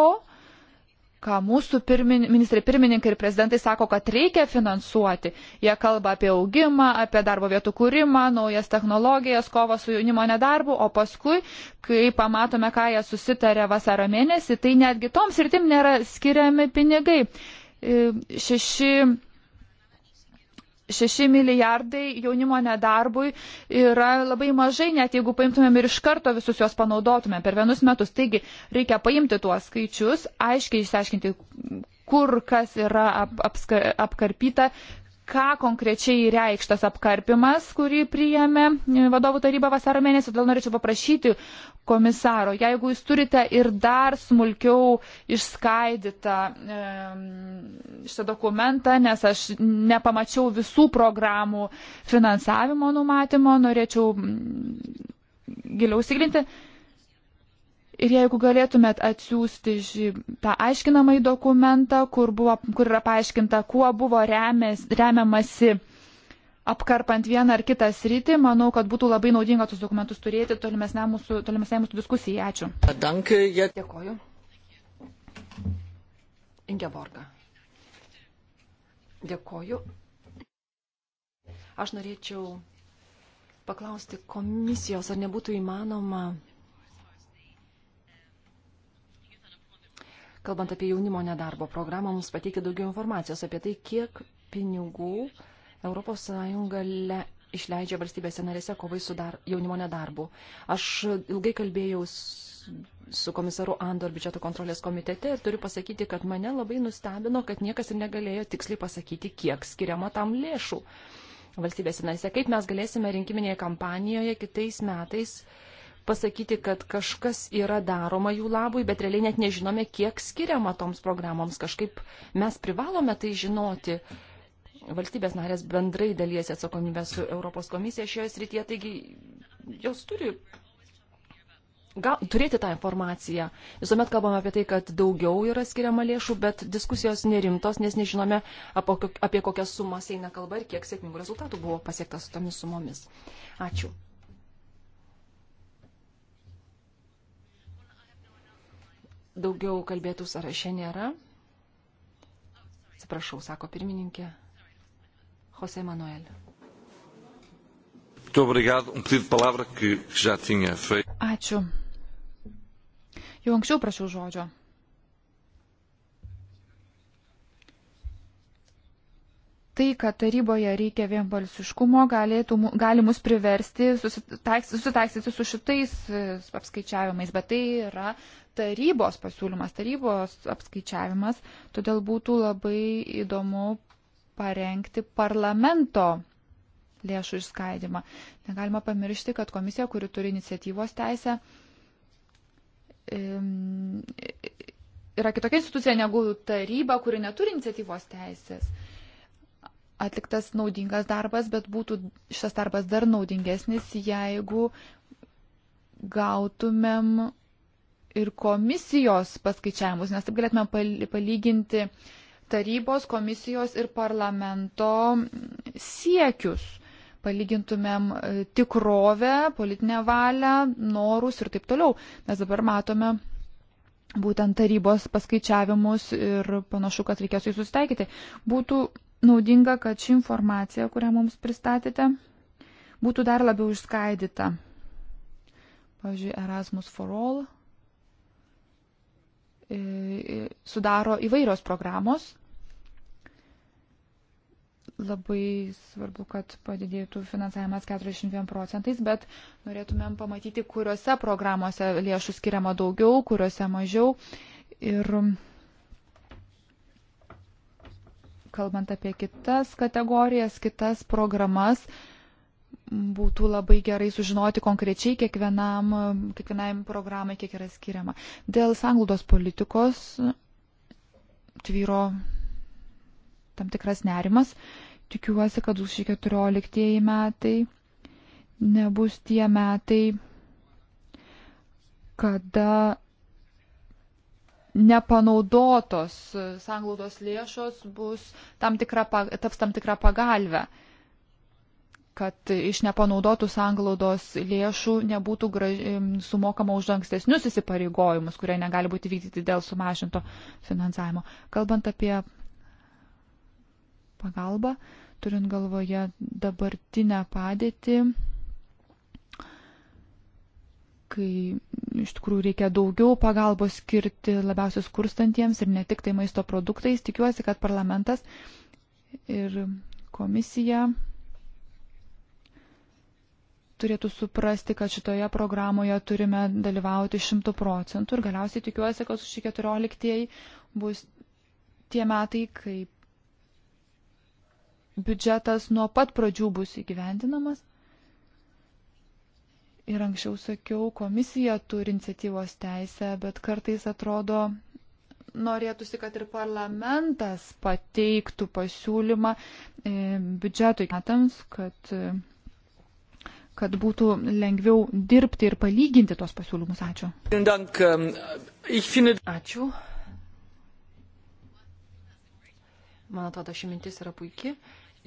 ką mūsų pirmin, ministrai pirmininkai ir prezidentai sako, kad reikia finansuoti. Jie kalba apie augimą, apie darbo vietų kūrimą, naujas technologijas, kovą su jaunimo nedarbu, o paskui, kai pamatome, ką jie susitarė vasaro mėnesį, tai netgi toms ir tim nėra skiriami pinigai. E, šeši 6 milijardai jaunimo nedarbui yra labai mažai, net jeigu paimtumėm ir iš karto visus juos panaudotumėm per vienus metus. Taigi reikia paimti tuos skaičius, aiškiai išsiaiškinti, kur kas yra ap, apska, apkarpyta, ką konkrečiai reikštas apkarpimas, kurį priėmė e, vadovų taryba vasaro mėnesį. Todėl norėčiau paprašyti komisaro, jeigu jūs turite ir dar smulkiau išskaidytą e, šitą dokumentą, nes aš nepamačiau visų programų finansavimo numatymo, norėčiau giliau įsigilinti. E, Ir jeigu galėtumėt atsiųsti ži, tą aiškinamąjį dokumentą, kur, buvo, kur yra paaiškinta, kuo buvo remės, remiamasi apkarpant vieną ar kitą sritį, manau, kad būtų labai naudinga tos dokumentus turėti tolimesnei mūsų, tolimesnė mūsų diskusijai. Ačiū. Dankai, jie... Dėkoju. Ingeborga. Dėkoju. Aš norėčiau paklausti komisijos, ar nebūtų įmanoma kalbant apie jaunimo nedarbo programą, mums pateikė daugiau informacijos apie tai, kiek pinigų ES le, išleidžia valstybėse narėse kovai su dar, jaunimo nedarbu. Aš ilgai kalbėjau su komisaru Andor biudžeto kontrolės komitete ir turiu pasakyti, kad mane labai nustebino, kad niekas ir negalėjo tiksliai pasakyti, kiek skiriama tam lėšų valstybėse narėse. Kaip mes galėsime rinkiminėje kampanijoje kitais metais uh, pasakyti, kad kažkas yra daroma jų labui, bet realiai net nežinome, kiek skiriama toms programoms. Kažkaip mes privalome tai žinoti. Valstybės narės bendrai dalyjasi atsakomybę su Europos komisija šioje srityje, taigi jos turi gal, turėti tą informaciją. Visuomet kalbame apie tai, kad daugiau yra skiriama lėšų, bet diskusijos nerimtos, nes nežinome, apie kokias sumas eina kalba ir kiek sėkmingų rezultatų buvo pasiektas su tomis sumomis. Ačiū. Daugiau kalbėtų sąraše nėra. Atsiprašau, sako pirmininkė. José Manuel. Um Ačiū. Jau anksčiau prašiau žodžio. tai, kad taryboje reikia vienbalsiškumo, galėtų, gali mus priversti susitaikstyti su šitais e, apskaičiavimais, bet tai yra tarybos pasiūlymas, tarybos apskaičiavimas, todėl būtų labai įdomu parengti parlamento lėšų išskaidimą. Negalima pamiršti, kad komisija, kuri turi iniciatyvos teisę, e, e, yra kitokia institucija negu taryba, kuri neturi iniciatyvos teisės atliktas naudingas darbas, bet būtų šis darbas dar naudingesnis, jeigu gautumėm ir komisijos paskaičiavimus, nes taip galėtumėm palyginti tarybos, komisijos ir parlamento siekius. Palygintumėm e, tikrovę, politinę valią, norus ir taip toliau. Nes dabar matome būtent tarybos paskaičiavimus ir panašu, kad reikės jais susitaikyti. Būtų naudinga, kad ši informacija, kurią mums pristatėte, būtų dar labiau išskaidyta. Pavyzdžiui, Erasmus for All e, e, sudaro įvairios programos. Labai svarbu, kad padidėtų finansavimas 42 procentais, bet norėtumėm pamatyti, kuriuose programuose lėšų skiriama daugiau, kuriuose mažiau. Ir kalbant apie kitas kategorijas, kitas programas, būtų labai gerai sužinoti konkrečiai kiekvienam, kiekvienam programai, kiek yra skiriama. Dėl sanglaudos politikos tvyro tam tikras nerimas. Tikiuosi, kad už šį 14 metai nebus tie metai, kada nepanaudotos sanglaudos lėšos bus tam tikra, taps tam tikrą pagalbę, kad iš nepanaudotų sanglaudos lėšų nebūtų graž, sumokama už ankstesnius įsipareigojimus, kurie negali būti vykdyti dėl sumažinto finansavimo. Kalbant apie pagalbą, turint galvoje dabartinę padėtį, kai iš tikrųjų reikia daugiau pagalbos skirti labiausiai skurstantiems ir ne tik tai maisto produktais. Tikiuosi, kad parlamentas ir komisija turėtų suprasti, kad šitoje programoje turime dalyvauti šimtų procentų ir galiausiai tikiuosi, kad šį 14 bus tie metai, kai biudžetas nuo pat pradžių bus įgyvendinamas ir anksčiau sakiau, komisija turi iniciatyvos teisę, bet kartais atrodo norėtųsi, kad ir parlamentas pateiktų pasiūlymą e, biudžetui metams, kad, kad būtų lengviau dirbti ir palyginti tos pasiūlymus. Ačiū. Ačiū. Man atrodo, ši mintis yra puikia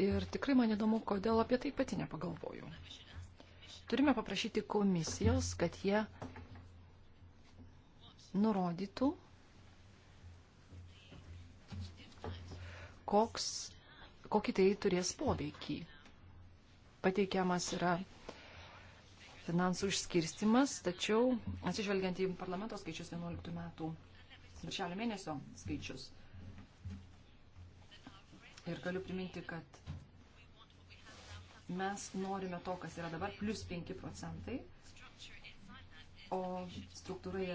ir tikrai man įdomu, kodėl apie tai pati nepagalvojau turime paprašyti komisijos, kad jie nurodytų, koks, kokį tai turės poveikį. Pateikiamas yra finansų išskirstimas, tačiau atsižvelgiant į parlamento skaičius 11 metų viršelio mėnesio skaičius. Ir galiu priminti, kad Mes norime to, kas yra dabar, plus 5 procentai. O struktūra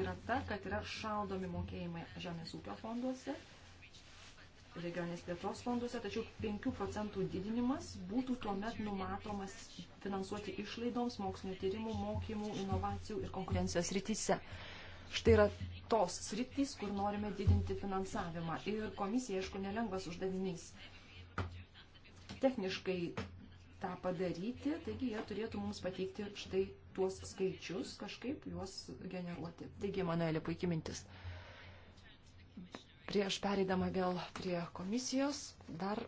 yra ta, kad yra šaldomi mokėjimai žemės ūkio fonduose, regionės plėtros fonduose, tačiau 5 procentų didinimas būtų tuomet numatomas finansuoti išlaidoms mokslinio tyrimų, mokymų, inovacijų ir konkurencijos rytise. Štai yra tos sritys, kur norime didinti finansavimą. Ir komisija, aišku, nelengvas uždavinys. Techniškai tą padaryti, taigi jie turėtų mums pateikti štai tuos skaičius, kažkaip juos generuoti. Taigi, Manuelė, puikiai mintis. Prieš pereidama vėl prie komisijos, dar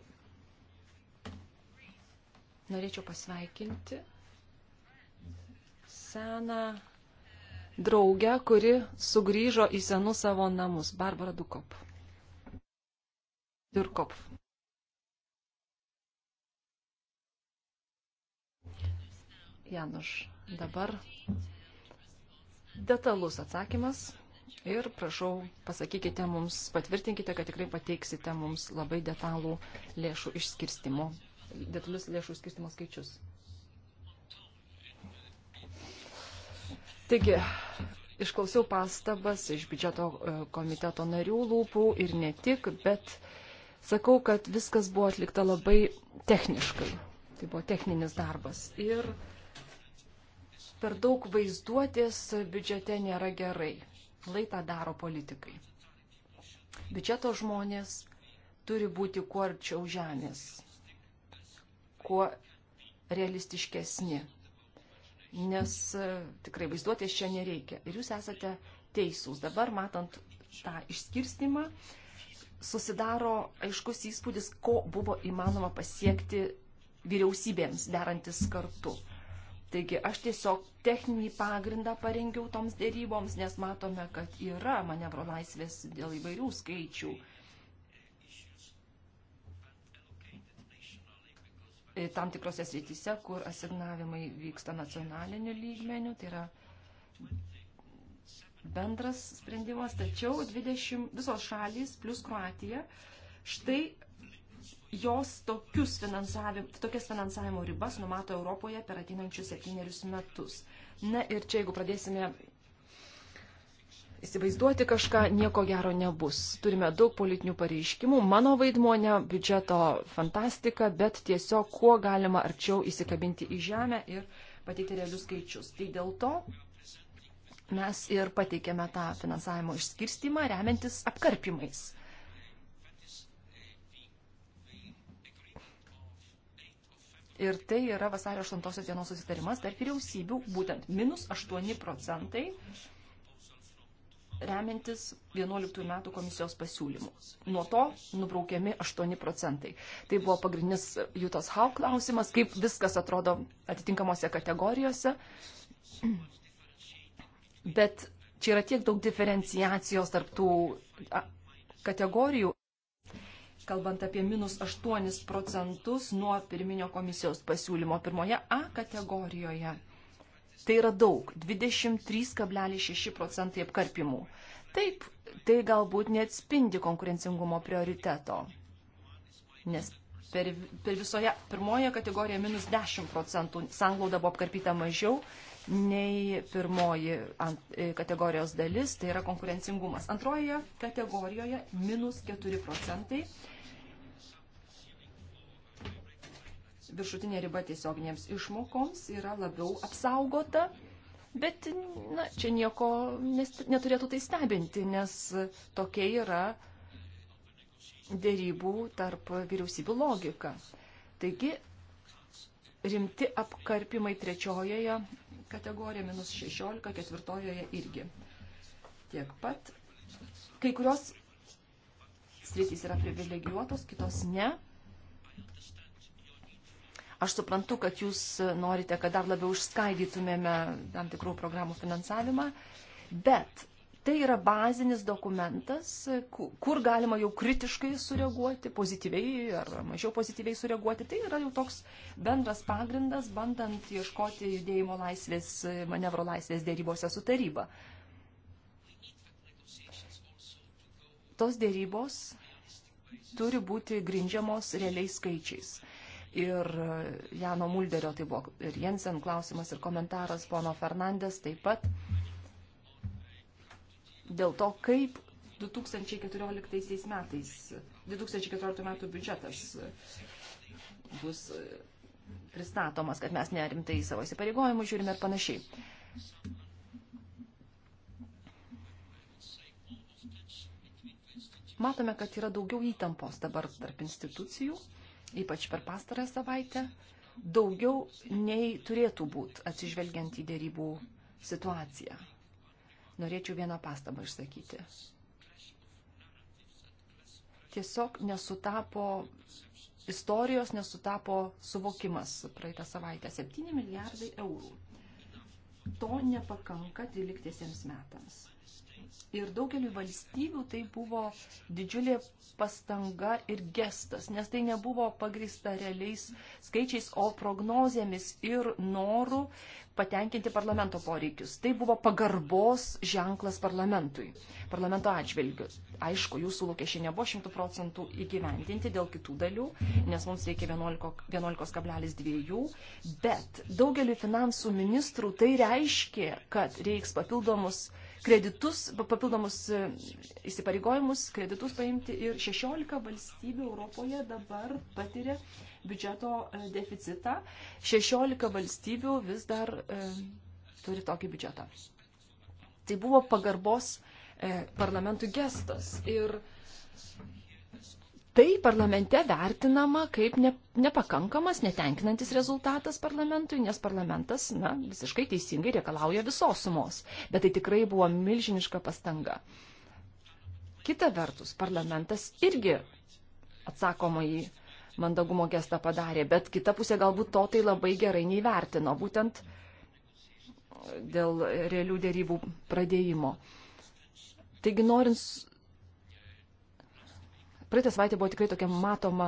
norėčiau pasveikinti seną draugę, kuri sugrįžo į senus savo namus, Barbara Dukop. Durkop. Januš, dabar detalus atsakymas ir prašau pasakykite mums, patvirtinkite, kad tikrai pateiksite mums labai detalų lėšų išskirstimo, detalius lėšų išskirstimo skaičius. Taigi, išklausiau pastabas iš biudžeto e, komiteto narių lūpų ir ne tik, bet sakau, kad viskas buvo atlikta labai techniškai. Tai buvo techninis darbas. Ir per daug vaizduotės biudžete nėra gerai. Laitą daro politikai. Biudžeto žmonės turi būti kuo arčiau žemės, kuo realistiškesni, nes e, tikrai vaizduotės čia nereikia. Ir jūs esate teisūs. Dabar, matant tą išskirstimą, susidaro aiškus įspūdis, ko buvo įmanoma pasiekti vyriausybėms derantis kartu. Taigi aš tiesiog techninį pagrindą parengiau toms dėryboms, nes matome, kad yra manevro laisvės dėl įvairių skaičių. E, tam tikrose srityse, kur asignavimai vyksta nacionaliniu lygmeniu, tai yra bendras sprendimas, tačiau 20, visos šalys plus Kroatija štai jos tokius finansavim, tokias finansavimo ribas numato Europoje per ateinančius septynerius metus. Na ir čia, jeigu pradėsime įsivaizduoti kažką, nieko gero nebus. Turime daug politinių pareiškimų, mano vaidmonė, biudžeto fantastika, bet tiesiog kuo galima arčiau įsikabinti į žemę ir pateikti realius skaičius. Tai dėl to mes ir pateikėme tą finansavimo išskirstimą remiantis apkarpimais. Ir tai yra vasario 8 dienos susitarimas tarp vyriausybių, būtent minus 8 procentai remiantis 11 metų komisijos pasiūlymų. Nuo to nubraukiami 8 procentai. Tai buvo pagrindinis Jutos Hau klausimas, kaip viskas atrodo atitinkamose kategorijose. Bet čia yra tiek daug diferenciacijos tarptų kategorijų kalbant apie minus 8 procentus nuo pirminio komisijos pasiūlymo pirmoje A kategorijoje. Tai yra daug - 23,6 procentai apkarpimų. Taip, tai galbūt neatspindi konkurencingumo prioriteto, nes per, per visoje pirmoje kategorijoje minus 10 procentų sanglauda buvo apkarpyta mažiau nei pirmoji ant, e, kategorijos dalis, tai yra konkurencingumas. Antrojoje kategorijoje minus 4 procentai. Viršutinė riba tiesioginėms išmokoms yra labiau apsaugota, bet na, čia nieko nes, neturėtų tai stebinti, nes tokia yra dėrybų tarp vyriausybių logika. Taigi, rimti apkarpimai trečiojoje kategorija, minus 16, ketvirtojoje irgi tiek pat. Kai kurios sritys yra privilegijuotos, kitos ne. Aš suprantu, kad jūs norite, kad dar labiau užskaidytumėme tam tikrų programų finansavimą, bet Tai yra bazinis dokumentas, kur galima jau kritiškai sureaguoti, pozityviai ar mažiau pozityviai sureaguoti. Tai yra jau toks bendras pagrindas, bandant ieškoti judėjimo laisvės, manevro laisvės dėrybose su taryba. Tos dėrybos turi būti grindžiamos realiais skaičiais. Ir Jano Mulderio tai buvo ir Jensen klausimas, ir komentaras, pono Fernandes taip pat dėl to, kaip 2014 metais, 2014 metų biudžetas e, bus e, pristatomas, kad mes nerimtai savo įsipareigojimų žiūrime ir panašiai. Matome, kad yra daugiau įtampos dabar tarp institucijų, ypač per pastarąją savaitę, daugiau nei turėtų būti atsižvelgiant į dėrybų situaciją norėčiau vieną pastabą išsakyti. Tiesiog nesutapo istorijos, nesutapo suvokimas praeitą savaitę. 7 milijardai eurų. To nepakanka 12 metams. Ir daugeliu valstybių tai buvo didžiulė pastanga ir gestas, nes tai nebuvo pagrįsta realiais skaičiais, o prognozėmis ir noru patenkinti parlamento poreikius. Tai buvo pagarbos ženklas parlamentui, parlamento atžvilgiu. Aišku, jūsų lūkesčiai nebuvo 100 procentų įgyvendinti dėl kitų dalių, nes mums reikia 11,2, 11 bet daugeliu finansų ministrų tai reiškia, kad reiks papildomus kreditus, papildomus e, įsipareigojimus, kreditus paimti ir 16 valstybių Europoje dabar patiria biudžeto e, deficitą. 16 valstybių vis dar e, turi tokį biudžetą. Tai buvo pagarbos e, parlamentui gestas ir tai parlamente vertinama kaip ne, nepakankamas, netenkinantis rezultatas parlamentui, nes parlamentas, na, visiškai teisingai reikalauja visos sumos. Bet tai tikrai buvo milžiniška pastanga. Kita vertus, parlamentas irgi atsakomą į mandagumo gestą padarė, bet kita pusė galbūt to tai labai gerai neįvertino, būtent dėl realių dėrybų pradėjimo. Taigi, norint praeitą savaitę buvo tikrai tokia matoma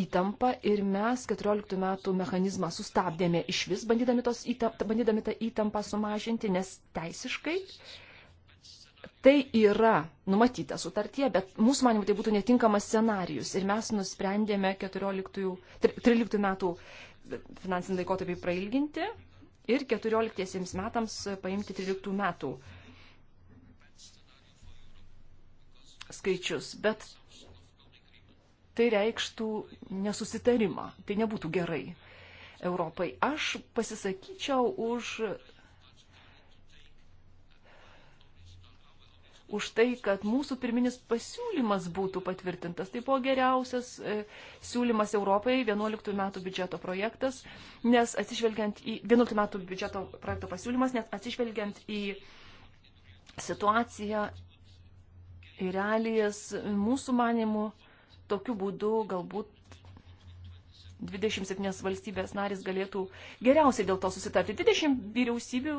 įtampa ir mes 14 metų mechanizmą sustabdėme iš vis, bandydami, įtamp, bandydami tą įtampą sumažinti, nes teisiškai tai yra numatyta sutartie, bet mūsų manimu tai būtų netinkamas scenarius ir mes nusprendėme 14, 13 metų finansinį laikotarpį prailginti ir 14 metams paimti 13 metų skaičius, bet tai reikštų nesusitarimą, tai nebūtų gerai Europai. Aš pasisakyčiau už, už tai, kad mūsų pirminis pasiūlymas būtų patvirtintas. Tai buvo geriausias e, siūlymas Europai 11 metų biudžeto projektas, nes atsižvelgiant į 11 metų biudžeto projekto pasiūlymas, nes atsižvelgiant į situaciją į realijas. Mūsų manimų, tokiu būdu galbūt 27 valstybės narys galėtų geriausiai dėl to susitarti. 20 vyriausybių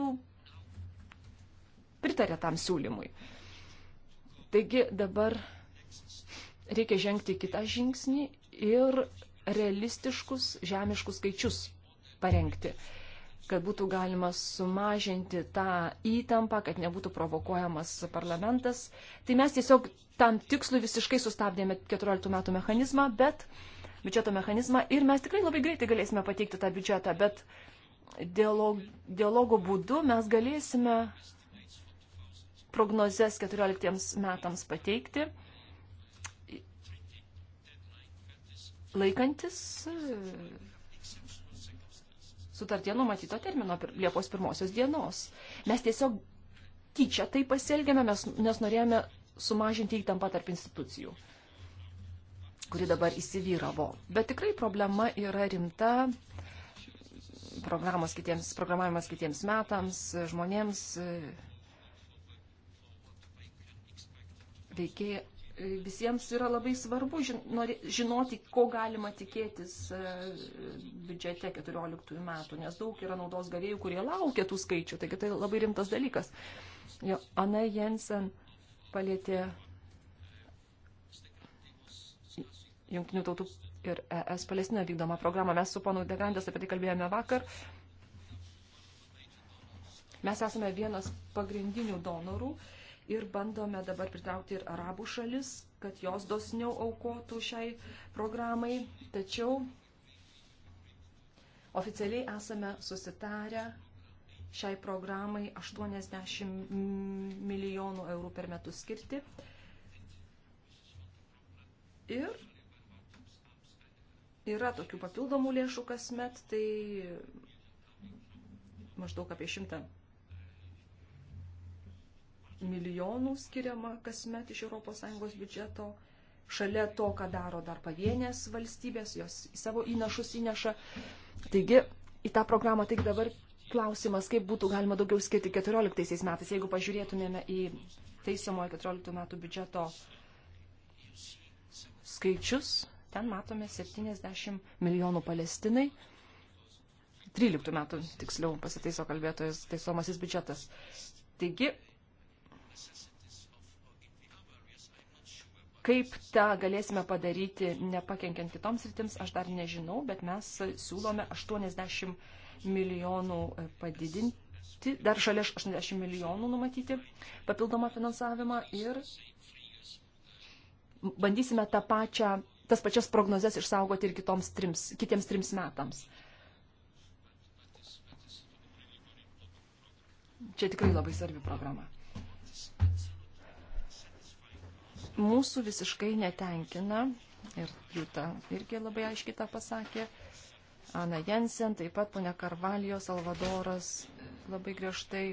pritarė tam siūlymui. Taigi dabar reikia žengti kitą žingsnį ir realistiškus žemiškus skaičius parengti kad būtų galima sumažinti tą įtampą, kad nebūtų provokuojamas parlamentas. Tai mes tiesiog tam tikslui visiškai sustabdėme 14 metų mechanizmą, bet biudžeto mechanizmą ir mes tikrai labai greitai galėsime pateikti tą biudžetą, bet dialog, dialogo būdu mes galėsime prognozes 14 metams pateikti. Laikantis sutartie numatyto termino Liepos pirmosios dienos. Mes tiesiog tyčia tai pasielgėme, mes, nes norėjome sumažinti įtampą tarp institucijų, kuri dabar įsivyravo. Bet tikrai problema yra rimta. Programos kitiems, programavimas kitiems metams, žmonėms, veikėjai visiems yra labai svarbu žinoti, ko galima tikėtis e, biudžete 14 metų, nes daug yra naudos gavėjų, kurie laukia tų skaičių, taigi tai labai rimtas dalykas. Jo, Ana Jensen palėtė Junktinių tautų ir ES Palestina vykdomą programą. Mes su ponu Degrandės apie tai kalbėjome vakar. Mes esame vienas pagrindinių donorų. Uh, ir bandome dabar pritraukti ir arabų šalis, kad jos dosniau aukotų šiai programai. Tačiau oficialiai esame susitarę šiai programai 80 milijonų eurų per metus skirti. Ir yra tokių papildomų lėšų kasmet, tai maždaug apie 100 milijonų skiriama kasmet iš ES biudžeto. Šalia to, ką daro dar pavienės valstybės, jos į savo įnašus įneša. Taigi, į tą programą tik dabar klausimas, kaip būtų galima daugiau skirti 14 metais, jeigu pažiūrėtumėme į teisiamojo 14 metų biudžeto skaičius, ten matome 70 milijonų palestinai, 13 metų tiksliau pasitaiso kalbėtojas taisomasis biudžetas. Taigi, Kaip tą galėsime padaryti, nepakenkiant kitoms rytims, aš dar nežinau, bet mes siūlome 80 milijonų e, padidinti, dar šalia 80 milijonų numatyti papildomą finansavimą ir bandysime tą pačią, tas pačias prognozes išsaugoti ir kitoms trims, kitiems trims metams. Čia tikrai labai svarbi programa. mūsų visiškai netenkina, ir Juta irgi labai aiškiai tą pasakė, Ana Jensen, taip pat ponia Karvalijo, Salvadoras labai griežtai,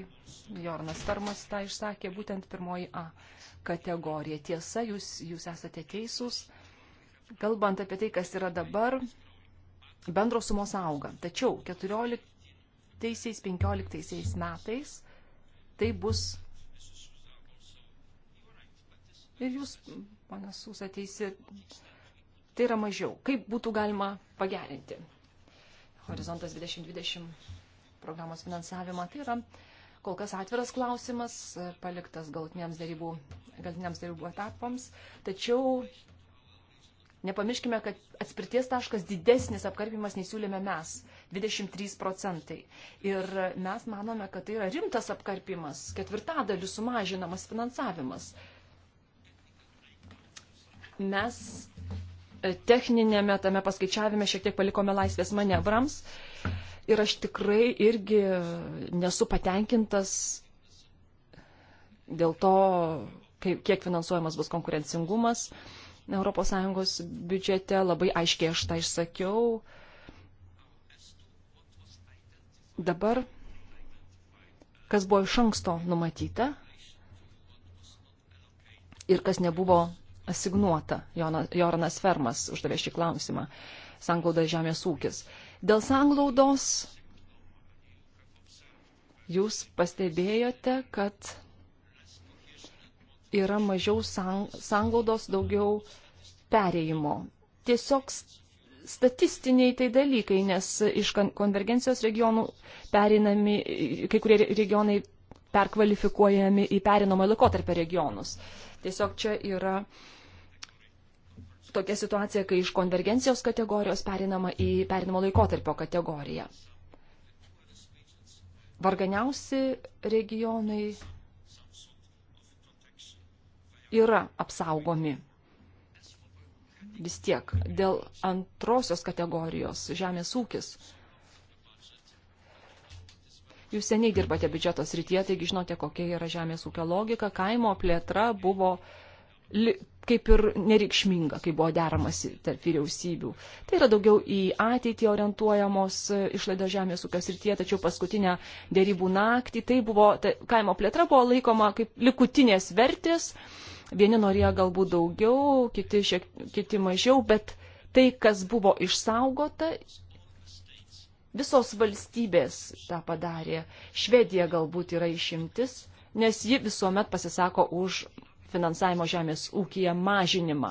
Jornas Tarmas tą išsakė, būtent pirmoji A kategorija. Tiesa, jūs, jūs esate teisūs. Kalbant apie tai, kas yra dabar, bendros sumos auga. Tačiau 14-15 metais tai bus Ir jūs, ponas Sūsa, teisi, tai yra mažiau. Kaip būtų galima pagerinti Horizontas 2020 programos finansavimą? Tai yra kol kas atviras klausimas, paliktas galutiniams darybų, galutiniams darybų etapams. Tačiau nepamirškime, kad atspirties taškas didesnis apkarpimas nei siūlėme mes - 23 procentai. Ir mes manome, kad tai yra rimtas apkarpimas, ketvirtadaliu sumažinamas finansavimas mes e, techninėme tame paskaičiavime šiek tiek palikome laisvės manevrams ir aš tikrai irgi nesu patenkintas dėl to, kaip, kiek finansuojamas bus konkurencingumas ES biudžete. Labai aiškiai aš tą išsakiau. Dabar, kas buvo iš anksto numatyta ir kas nebuvo asignuota. Joranas Fermas uždavė šį klausimą. Sanglauda žemės ūkis. Dėl sanglaudos jūs pastebėjote, kad yra mažiau sanglaudos, daugiau perėjimo. Tiesiog statistiniai tai dalykai, nes iš konvergencijos regionų pereinami, kai kurie regionai perkvalifikuojami į perinamą laikotarpę regionus. Tiesiog čia yra uh, tokia situacija, kai iš konvergencijos kategorijos perinama į perinamo laikotarpio kategoriją. Varganiausi regionai yra apsaugomi vis tiek dėl antrosios kategorijos žemės ūkis. Jūs seniai dirbate biudžeto srityje, taigi žinote, kokia yra žemės ūkio logika. Kaimo plėtra buvo kaip ir nereikšminga, kai buvo deramasi tarp vyriausybių. Tai yra daugiau į ateitį orientuojamos e, išlaido žemės ūkio srityje, tačiau paskutinę dėrybų naktį tai buvo, ta, kaimo plėtra buvo laikoma kaip likutinės vertės, vieni norėjo galbūt daugiau, kiti, šiek, kiti mažiau, bet tai, kas buvo išsaugota, visos valstybės tą padarė. Švedija galbūt yra išimtis nes ji visuomet pasisako už finansavimo žemės ūkija mažinimą.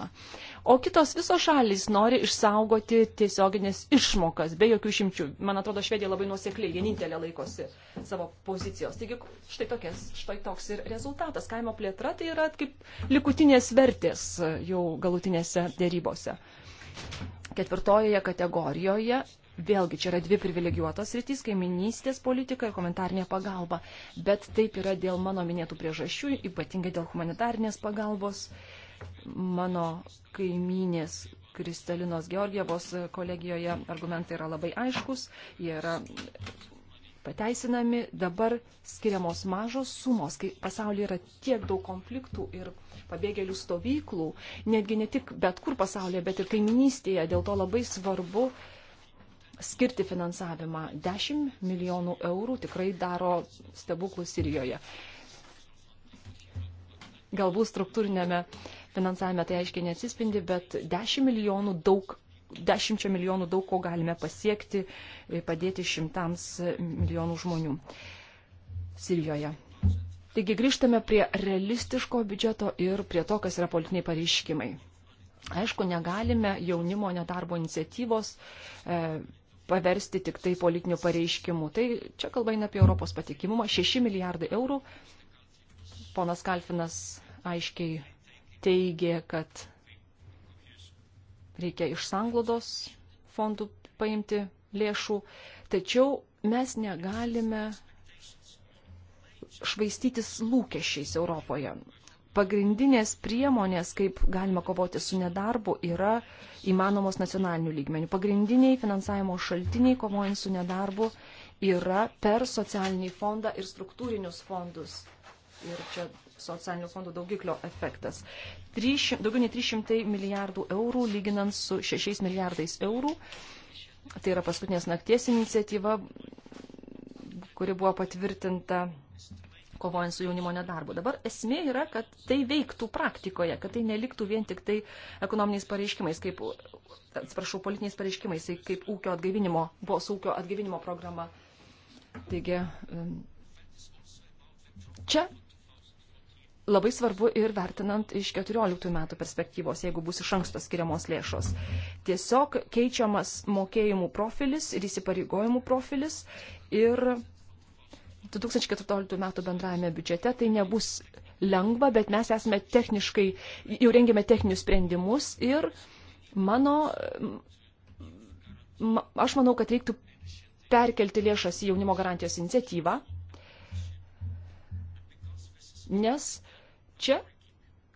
O kitos visos šalys nori išsaugoti tiesioginės išmokas, be jokių šimčių. Man atrodo, Švedija labai nuosekliai, vienintelė laikosi savo pozicijos. Taigi štai, tokias, štai toks ir rezultatas. Kaimo plėtra tai yra kaip likutinės vertės jau galutinėse dėrybose. Ketvirtojoje kategorijoje Vėlgi, čia yra dvi privilegijuotos rytis - kaiminystės politika ir komentarinė pagalba. Bet taip yra dėl mano minėtų priežasčių, ypatingai dėl humanitarnės pagalbos. Mano kaiminės Kristalinos Georgievos kolegijoje argumentai yra labai aiškus, jie yra pateisinami. Dabar skiriamos mažos sumos, kai pasaulyje yra tiek daug konfliktų ir pabėgėlių stovyklų, netgi ne tik bet kur pasaulyje, bet ir kaiminystėje. Dėl to labai svarbu uh, skirti finansavimą. 10 milijonų eurų tikrai daro stebuklų Sirijoje. Galbūt struktūrinėme finansavime tai aiškiai neatsispindi, bet 10 milijonų daug, 10 milijonų daug ko galime pasiekti, e, padėti šimtams milijonų žmonių Sirijoje. Taigi grįžtame prie realistiško biudžeto ir prie to, kas yra politiniai pareiškimai. Aišku, negalime jaunimo nedarbo iniciatyvos e, paversti tik tai politinių pareiškimų. Tai čia kalba eina apie Europos patikimumą. 6 milijardai eurų. Ponas Kalfinas aiškiai teigė, kad reikia iš sanglodos fondų paimti lėšų. Tačiau mes negalime švaistytis lūkesčiais Europoje pagrindinės priemonės, kaip galima kovoti su nedarbu, yra įmanomos nacionalinių lygmenių. Pagrindiniai finansavimo šaltiniai kovojant su nedarbu yra per socialinį fondą ir struktūrinius fondus. Ir čia socialinių fondų daugiklio efektas. 300, daugiau nei 300 milijardų eurų lyginant su 6 milijardais eurų. Tai yra paskutinės nakties iniciatyva, kuri buvo patvirtinta kovojant su jaunimo nedarbu. Dabar esmė yra, kad tai veiktų praktikoje, kad tai neliktų vien tik tai ekonominiais pareiškimais, kaip, atsiprašau, politiniais pareiškimais, tai kaip ūkio atgaivinimo, buvo su ūkio atgaivinimo programa. Taigi, čia labai svarbu ir vertinant iš 14 metų perspektyvos, jeigu bus iš anksto skiriamos lėšos. Tiesiog keičiamas mokėjimų profilis ir įsipareigojimų profilis ir 2014 metų bendrajame biudžete. Tai nebus lengva, bet mes esame techniškai, jau rengėme techninius sprendimus ir mano, aš manau, kad reiktų perkelti lėšas į jaunimo garantijos iniciatyvą, nes čia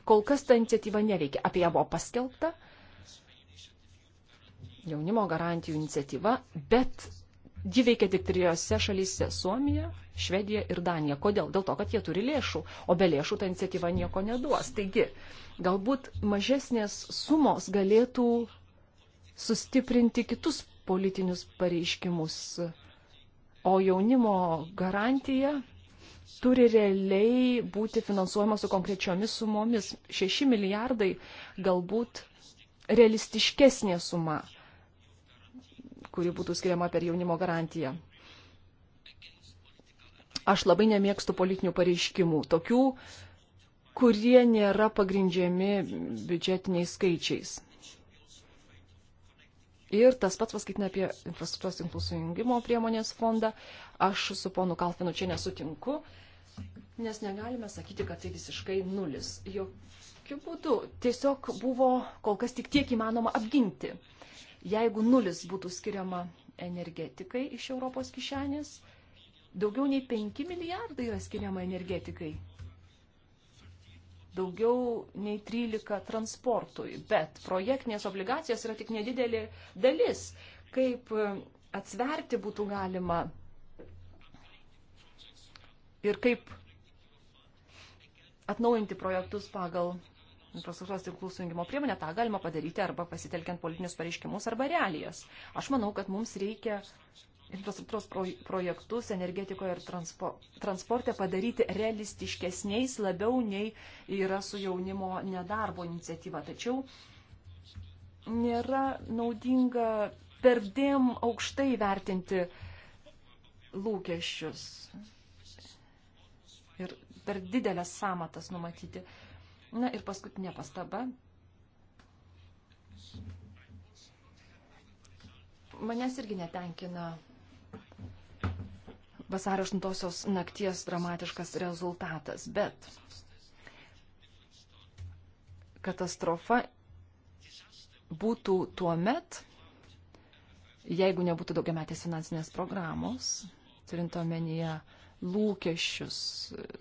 kol kas ta iniciatyva neveikia. Apie ją buvo paskelbta jaunimo garantijų iniciatyva, bet Ji veikia tik trijose šalyse - Suomija, Švedija ir Danija. Kodėl? Dėl to, kad jie turi lėšų, o be lėšų ta iniciatyva nieko neduos. Taigi, galbūt mažesnės sumos galėtų sustiprinti kitus politinius pareiškimus, o jaunimo garantija turi realiai būti finansuojama su konkrečiomis sumomis. 6 milijardai galbūt realistiškesnė suma kuri būtų skiriama per jaunimo garantiją. Aš labai nemėgstu politinių pareiškimų, tokių, kurie nėra pagrindžiami biudžetiniais skaičiais. Ir tas pats paskaitina apie infrastruktūros tinklų sujungimo priemonės fondą. Aš su ponu Kalfinu čia nesutinku, nes negalime sakyti, kad tai visiškai nulis. Jokių būdų. Tiesiog buvo kol kas tik tiek įmanoma apginti. Jeigu nulis būtų skiriama energetikai iš Europos kišenės, daugiau nei 5 milijardai yra skiriama energetikai. Daugiau nei 13 transportui, bet projektinės obligacijos yra tik nedidelė dalis. Kaip e, atsverti būtų galima ir kaip atnaujinti projektus pagal infrastruktūros tinklų sujungimo priemonę, tą galima padaryti arba pasitelkiant politinius pareiškimus arba realijas. Aš manau, kad mums reikia infrastruktūros projektus energetikoje ir transpo, transporte padaryti realistiškesniais labiau nei yra su jaunimo nedarbo iniciatyva. Tačiau nėra naudinga perdėm aukštai vertinti lūkesčius ir per didelės samatas numatyti. Na ir paskutinė pastaba. Manęs irgi netenkina vasario 8 nakties dramatiškas rezultatas, bet katastrofa būtų tuo met, jeigu nebūtų daugiametės finansinės programos, turint omenyje lūkesčius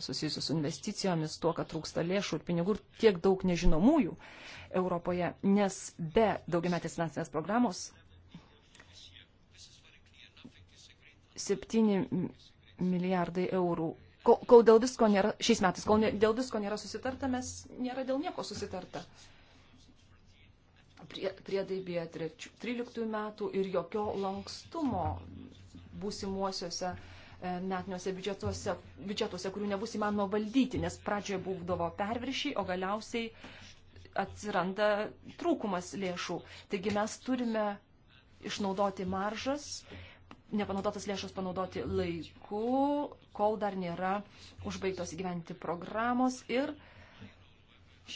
susijusius su investicijomis, tuo, kad trūksta lėšų ir pinigų ir tiek daug nežinomųjų Europoje, nes be daugiametės finansinės programos 7 milijardai eurų. Kol, kol dėl visko nėra, šiais metais, kol ne, dėl visko nėra susitarta, mes nėra dėl nieko susitarta priedai bija 13 metų ir jokio lankstumo būsimuosiuose E, metiniuose biudžetuose, biudžetuose, kurių nebus įmanoma valdyti, nes pradžioje būdavo perviršiai, o galiausiai atsiranda trūkumas lėšų. Taigi mes turime išnaudoti maržas, nepanaudotas lėšas panaudoti laiku, kol dar nėra užbaigtos įgyventi programos. Ir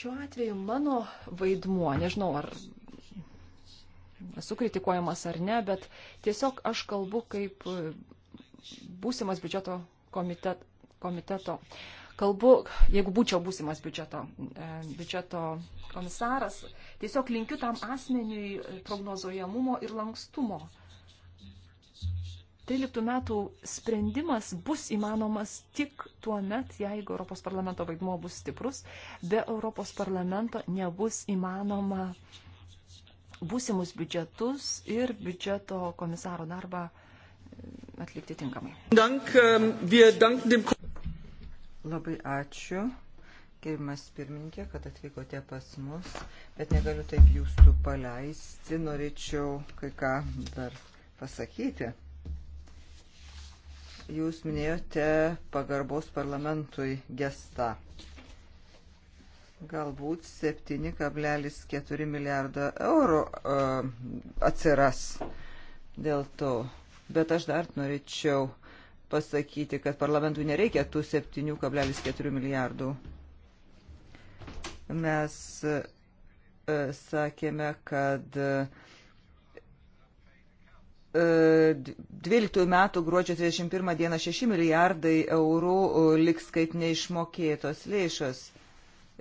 šiuo atveju mano vaidmuo, nežinau ar esu kritikuojamas ar ne, bet tiesiog aš kalbu kaip būsimas biudžeto komitet, komiteto. Kalbu, jeigu būčiau būsimas biudžeto, e, biudžeto komisaras, tiesiog linkiu tam asmeniui prognozojamumo ir lankstumo. 13 metų sprendimas bus įmanomas tik tuo met, jeigu Europos parlamento vaidmuo bus stiprus. Be Europos parlamento nebus įmanoma būsimus biudžetus ir biudžeto komisaro darbą atlikti tinkamai. Dank, um, Labai ačiū. Gerimas pirmininkė, kad atvykote pas mus, bet negaliu taip jūsų paleisti, norėčiau kai ką dar pasakyti. Jūs minėjote pagarbos parlamentui gestą. Galbūt 7,4 milijardo eurų uh, ehm, atsiras dėl to Bet aš dar norėčiau pasakyti, kad parlamentui nereikia tų 7,4 milijardų. Mes e, sakėme, kad 12 e, metų gruodžio 31 dieną 6 milijardai eurų e, liks kaip neišmokėtos lėšos.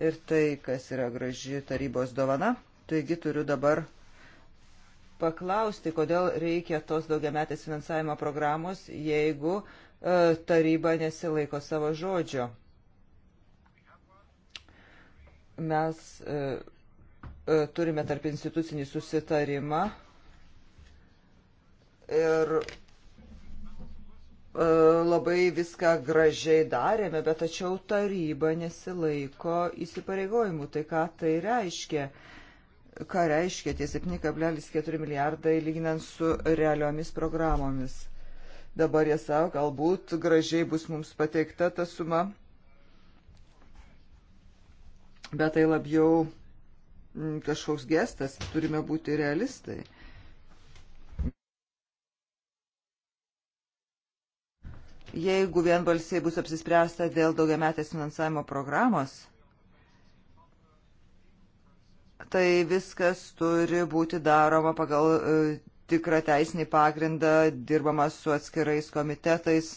Ir tai, kas yra graži tarybos dovana. Taigi turiu dabar paklausti, kodėl reikia tos daugiametės finansavimo programos, jeigu e, taryba nesilaiko savo žodžio. Mes e, e, turime tarp institucinį susitarimą ir labai viską gražiai darėme, bet tačiau taryba nesilaiko įsipareigojimų. Tai ką tai reiškia? ką reiškia tie 7,4 milijardai lyginant su realiomis programomis. Dabar jie savo, galbūt gražiai bus mums pateikta ta suma, bet tai labiau mm, kažkoks gestas, turime būti realistai. Jeigu vienbalsiai bus apsispręsta dėl daugiametės finansavimo programos, tai viskas turi būti daroma pagal e, tikrą teisinį pagrindą, dirbama su atskirais komitetais.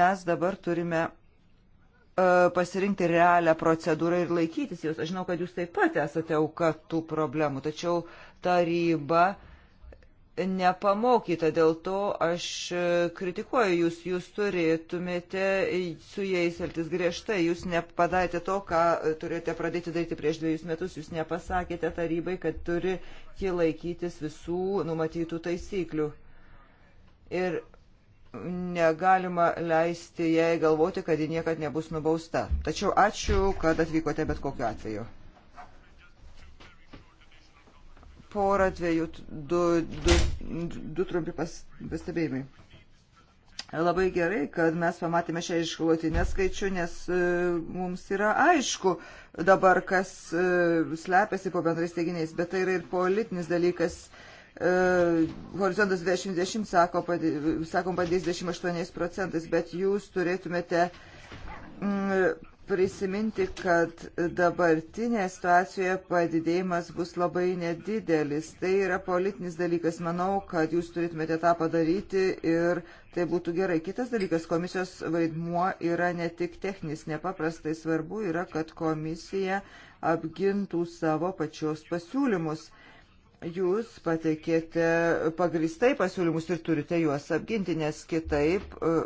Mes dabar turime e, pasirinkti realią procedūrą ir laikytis jos. Aš žinau, kad jūs taip pat esate auka tų problemų, tačiau taryba uh, nepamokyta, dėl to aš kritikuoju jūs, jūs turėtumėte su jais elgtis griežtai, jūs nepadarėte to, ką turėjote pradėti daryti prieš dviejus metus, jūs nepasakėte tarybai, kad turi jie laikytis visų numatytų taisyklių. Ir negalima leisti jai galvoti, kad ji niekad nebus nubausta. Tačiau ačiū, kad atvykote bet kokiu atveju. porą dviejų, du, du, du trumpi pas, pastebėjimai. Labai gerai, kad mes pamatėme šią išklotinę skaičių, nes e, mums yra aišku dabar, kas e, slepiasi po bendrais teiginiais, bet tai yra ir politinis dalykas. E, horizontas 2020 sako, sakom padės 28 procentais, bet jūs turėtumėte mm, prisiminti, kad dabartinėje situacijoje padidėjimas bus labai nedidelis. Tai yra politinis dalykas. Manau, kad jūs turėtumėte tą padaryti ir tai būtų gerai. Kitas dalykas, komisijos vaidmuo yra ne tik techninis. Nepaprastai svarbu yra, kad komisija apgintų savo pačios pasiūlymus. Jūs pateikėte pagristai pasiūlymus ir turite juos apginti, nes kitaip uh,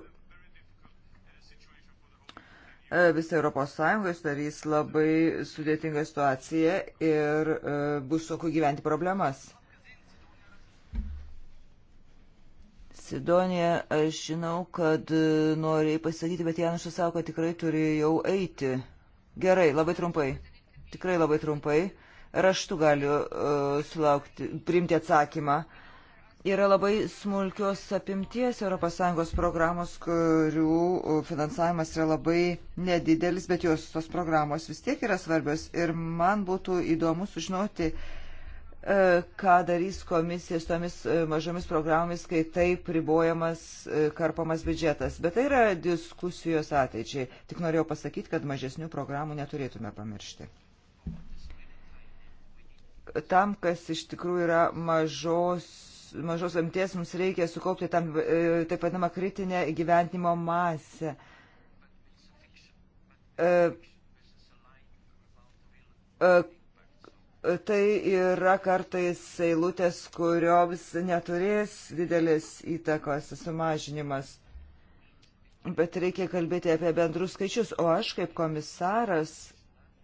E, visą Europos Sąjungą sudarys labai sudėtingą situaciją ir e, bus sunku gyventi problemas. Sidonė, aš žinau, kad e, noriai pasakyti, bet Janušas sako, kad tikrai turi jau eiti. Gerai, labai trumpai. Tikrai labai trumpai. Raštu galiu uh, sulaukti, priimti atsakymą. Uh, yra labai smulkios apimties ES programos, kurių uh, finansavimas yra labai nedidelis, bet jos tos programos vis tiek yra svarbios. Ir man būtų įdomu sužinoti, uh, ką darys komisija su tomis uh, mažomis programomis, kai taip ribojamas karpamas biudžetas. Bet tai yra diskusijos ateičiai. Tik norėjau pasakyti, kad mažesnių programų neturėtume pamiršti tam, kas iš tikrųjų yra mažos mažos amties mums reikia sukaupti tam e, taip vadinamą kritinę gyvenimo masę. E, e, tai yra kartais eilutės, kurioms neturės didelės įtakos sumažinimas. Bet reikia kalbėti apie bendrus skaičius, o aš kaip komisaras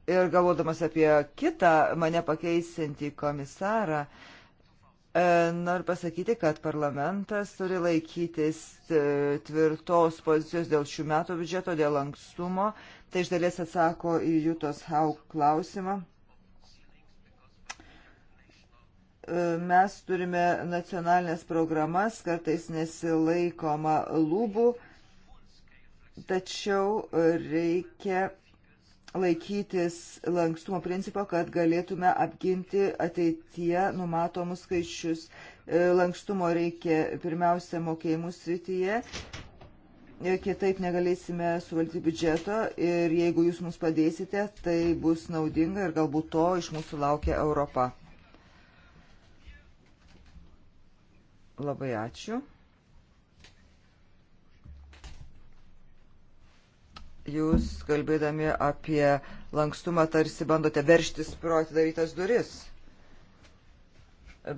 ir galvodamas apie kitą mane pakeisinti komisarą, uh, E, noriu pasakyti, kad parlamentas turi laikytis e, tvirtos pozicijos dėl šių metų biudžeto, dėl lankstumo. Tai iš dalies atsako į Jūtos Hauk klausimą. E, mes turime nacionalinės programas, kartais nesilaikoma lūbų, tačiau reikia laikytis lankstumo principo, kad galėtume apginti ateityje numatomus skaičius. E, lankstumo reikia pirmiausia mokėjimų srityje, e, kitaip negalėsime suvaldyti biudžeto ir jeigu jūs mums padėsite, tai bus naudinga ir galbūt to iš mūsų laukia Europa. Labai ačiū. jūs, kalbėdami apie lankstumą, tarsi bandote verštis pro atidarytas duris.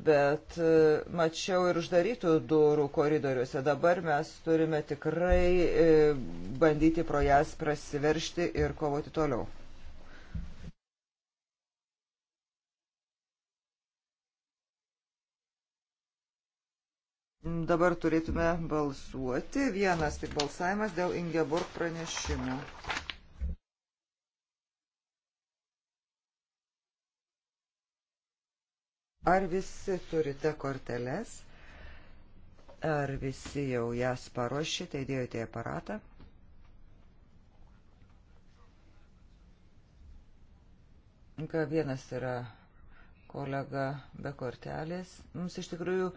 Bet e, mačiau ir uždarytų durų koridoriuose. Dabar mes turime tikrai e, bandyti pro jas prasiveršti ir kovoti toliau. Dabar turėtume balsuoti. Vienas tik balsavimas dėl Ingeborg pranešimų. Ar visi turite korteles? Ar visi jau jas paruošite, tai įdėjote į aparatą? Vienas yra kolega be kortelės. Mums iš tikrųjų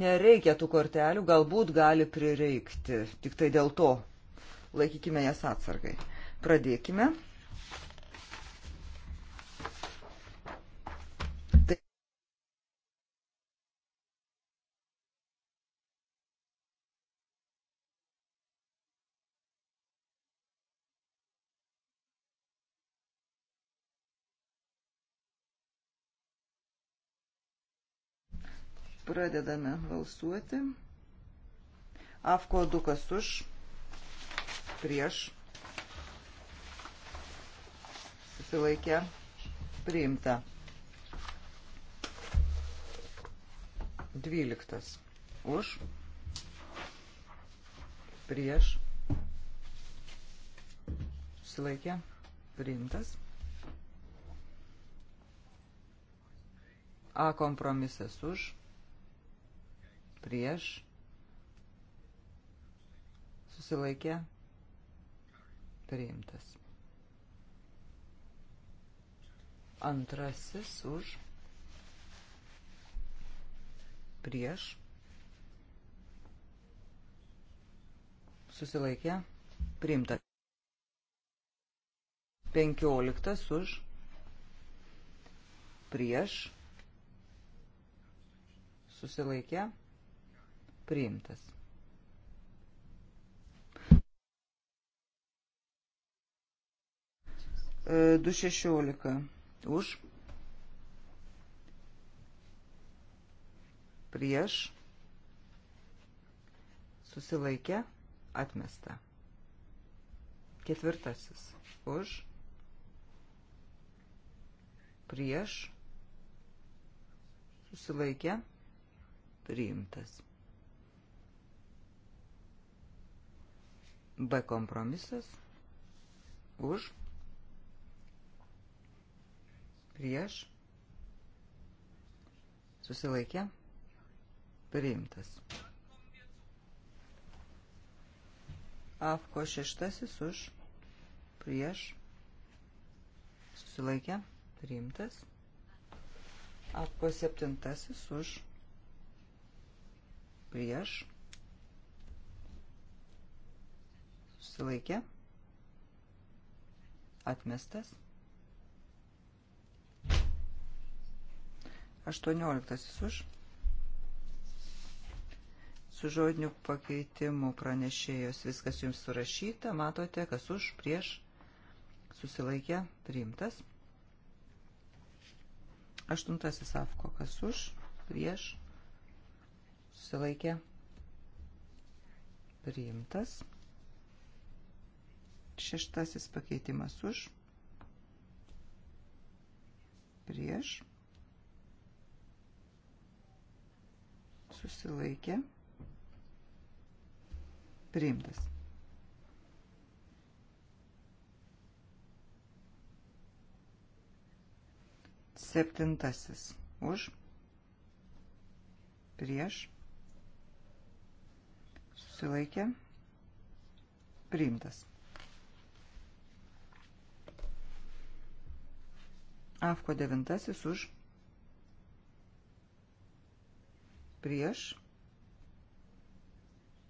nereikia tų kortelių, galbūt gali prireikti. Tik tai dėl to laikykime jas atsargai. Pradėkime. Pradedame balsuoti. Afko dukas už, prieš, susilaikę, priimta. Dvyliktas už, prieš, susilaikę, priimtas. A kompromisas už prieš, susilaikė, priimtas. Antrasis už, prieš, susilaikė, priimtas. Penkioliktas už, prieš, susilaikė, priimtas priimtas. E, 2.16 už prieš susilaikę atmesta. Ketvirtasis už prieš susilaikę priimtas. B kompromisas už prieš susilaikė priimtas. Afko šeštasis už prieš susilaikė priimtas. Afko septintasis už prieš susilaikė, atmestas. 18 už. Su žodiniu pakeitimu pranešėjos viskas jums surašyta. Matote, kas už, prieš, susilaikė, priimtas. Aštuntasis afko, kas už, prieš, susilaikė, priimtas. Šeštasis pakeitimas už. Prieš. Susilaikė. Priimtas. Septintasis už. Prieš. Susilaikė. Priimtas. Afko 9 už prieš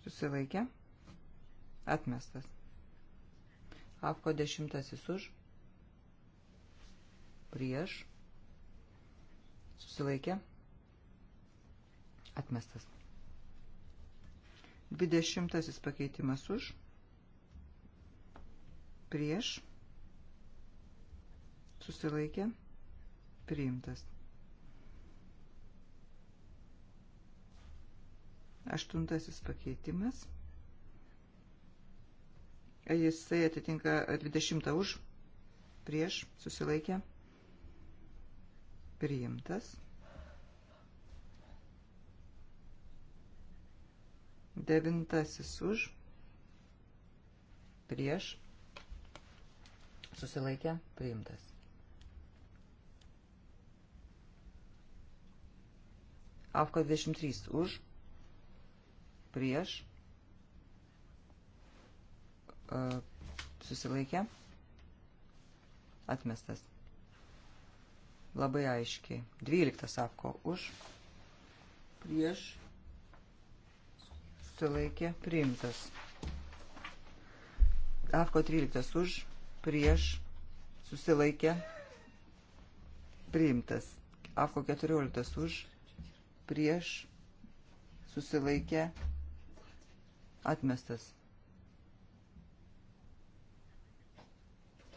susilaikė atmestas. Afko 10 už prieš susilaikė atmestas. 20 pakeitimas už prieš susilaikė atmestas priimtas. Aštuntasis pakeitimas. Jisai atitinka 20 už, prieš, susilaikė, priimtas. Devintasis už, prieš, susilaikė, priimtas. Afko 23 už, prieš, e, susilaikė, atmestas. Labai aiškiai. 12 Afko už, prieš, susilaikė, priimtas. Afko 13 už, prieš, susilaikė, priimtas. Afko 14 už, prieš susilaikė atmestas.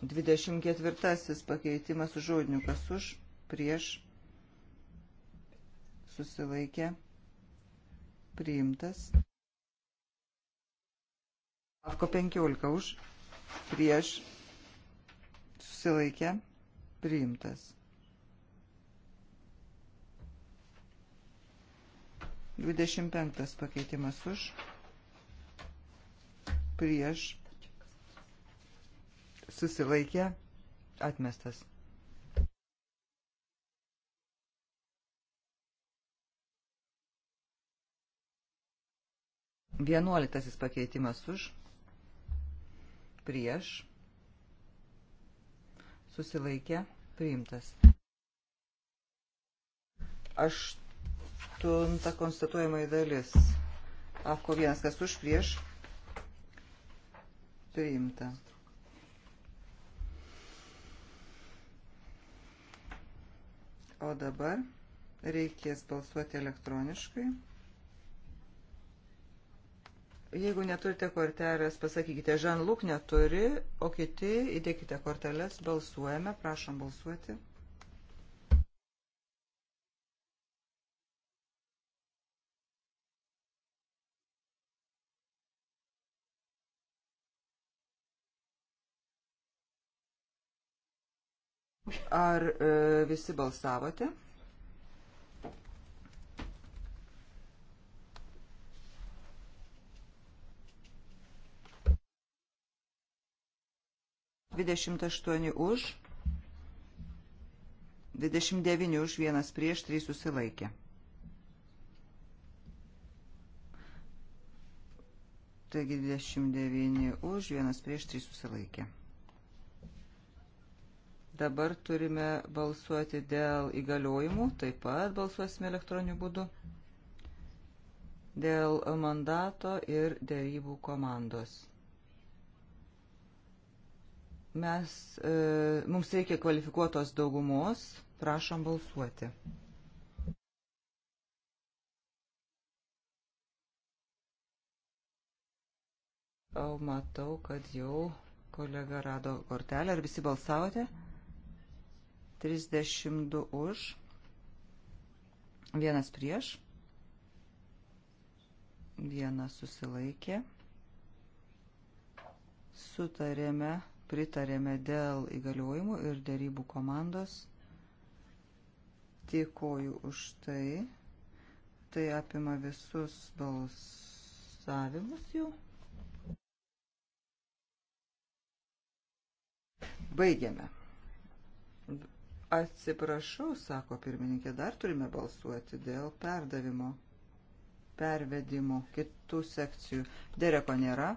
24 pakeitimas su žodiniu kas už, prieš susilaikė priimtas. Afko 15 už, prieš susilaikė priimtas. 25 pakeitimas už, prieš, susilaikė, atmestas. Vienuoliktasis pakeitimas už, prieš, susilaikė, priimtas. Aš aštunta konstatuojama į dalis. Afko vienas, kas už prieš, priimta. O dabar reikės balsuoti elektroniškai. Jeigu neturite kortelės, pasakykite, Žan Luk neturi, o kiti įdėkite korteles, balsuojame, prašom balsuoti. Ar e, visi balsavote? Dvidešimt aštuoni už, dvidešimt devyni už, vienas prieš, trys susilaikė. Taigi 29 už, vienas prieš, trys susilaikė. Dabar turime balsuoti dėl įgaliojimų, taip pat balsuosime elektroniniu būdu, dėl mandato ir dėrybų komandos. Mes, e, mums reikia kvalifikuotos daugumos, prašom balsuoti. O matau, kad jau kolega rado kortelę. Ar visi balsavote? 32 už, vienas prieš, vienas susilaikė. Sutarėme, pritarėme dėl įgaliojimų ir dėrybų komandos. Dėkoju už tai. Tai apima visus balsavimus jau. Baigiame. Atsiprašau, sako pirmininkė, dar turime balsuoti dėl perdavimo, pervedimų, kitų sekcijų. Dereko nėra.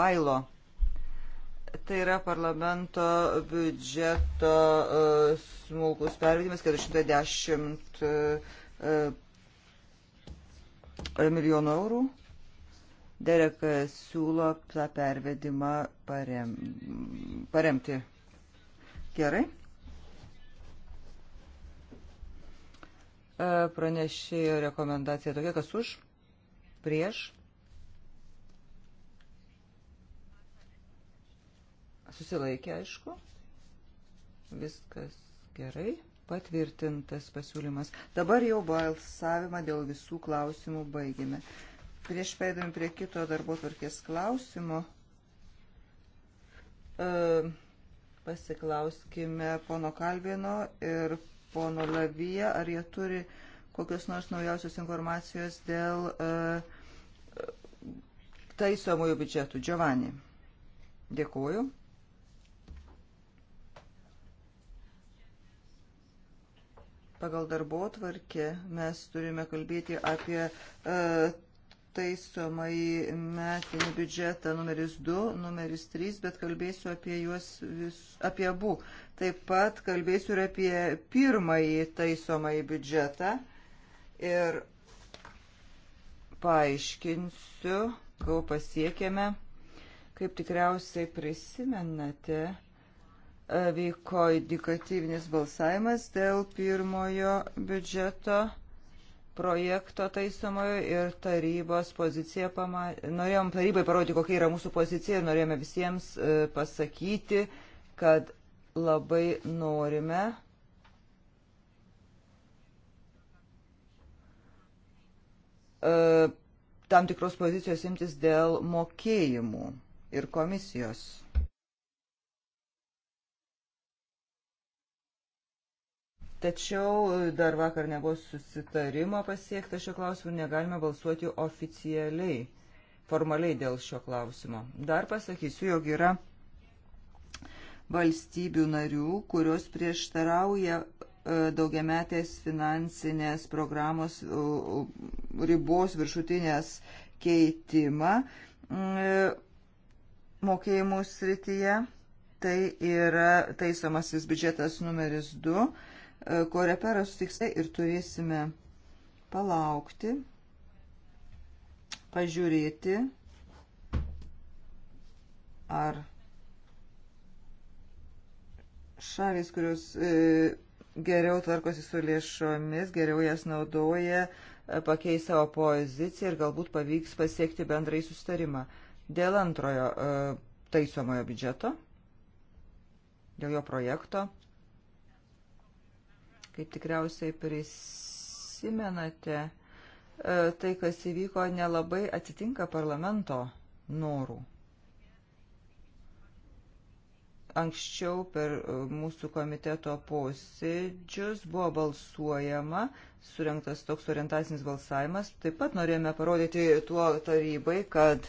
Vailo. Tai yra parlamento biudžeto uh, smulkus pervedimas 410 uh, uh, milijonų eurų. Derekas siūlo tą pervedimą parem, paremti. Gerai. E, pranešėjo rekomendacija tokia, kas už, prieš. Susilaikė, aišku. Viskas gerai. Patvirtintas pasiūlymas. Dabar jau balsavimą dėl visų klausimų baigėme. Prieš peidami prie kito darbo tvarkės klausimo, e, pasiklauskime pono Kalvino ir pono Lavyje, ar jie turi kokios nors naujausios informacijos dėl e, taisomųjų biudžetų. Giovanni, dėkuoju. Pagal darbo tvarkę mes turime kalbėti apie uh, taisomai metinį biudžetą numeris 2, numeris 3, bet kalbėsiu apie juos vis, apie abu. Taip pat kalbėsiu ir apie pirmąjį taisomąjį biudžetą ir paaiškinsiu, ko pasiekėme. Kaip tikriausiai prisimenate, vyko indikatyvinis balsavimas dėl pirmojo biudžeto projekto taisomojo ir tarybos poziciją. Pama... Norėjom tarybai parodyti, kokia yra mūsų pozicija ir norėjome visiems e, pasakyti, kad labai norime. E, tam tikros pozicijos imtis dėl mokėjimų ir komisijos Tačiau dar vakar nebuvo susitarimo pasiekta šio klausimu, negalime balsuoti oficialiai, formaliai dėl šio klausimo. Dar pasakysiu, jog yra valstybių narių, kurios prieštarauja e, daugiametės finansinės programos ribos viršutinės keitimą e, mokėjimų srityje. Tai yra taisomasis biudžetas numeris 2 korepero sutiksai ir turėsime palaukti, pažiūrėti, ar šalis, kurios e, geriau tvarkosi su lėšomis, geriau jas naudoja, e, pakeis savo poziciją ir galbūt pavyks pasiekti bendrai sustarimą. Dėl antrojo e, taisomojo biudžeto, dėl jo projekto Kaip tikriausiai prisimenate, e, tai, kas įvyko, nelabai atitinka parlamento norų. Anksčiau per e, mūsų komiteto posėdžius buvo balsuojama, surinktas toks orientacinis balsavimas. Taip pat norėjome parodyti tuo tarybai, kad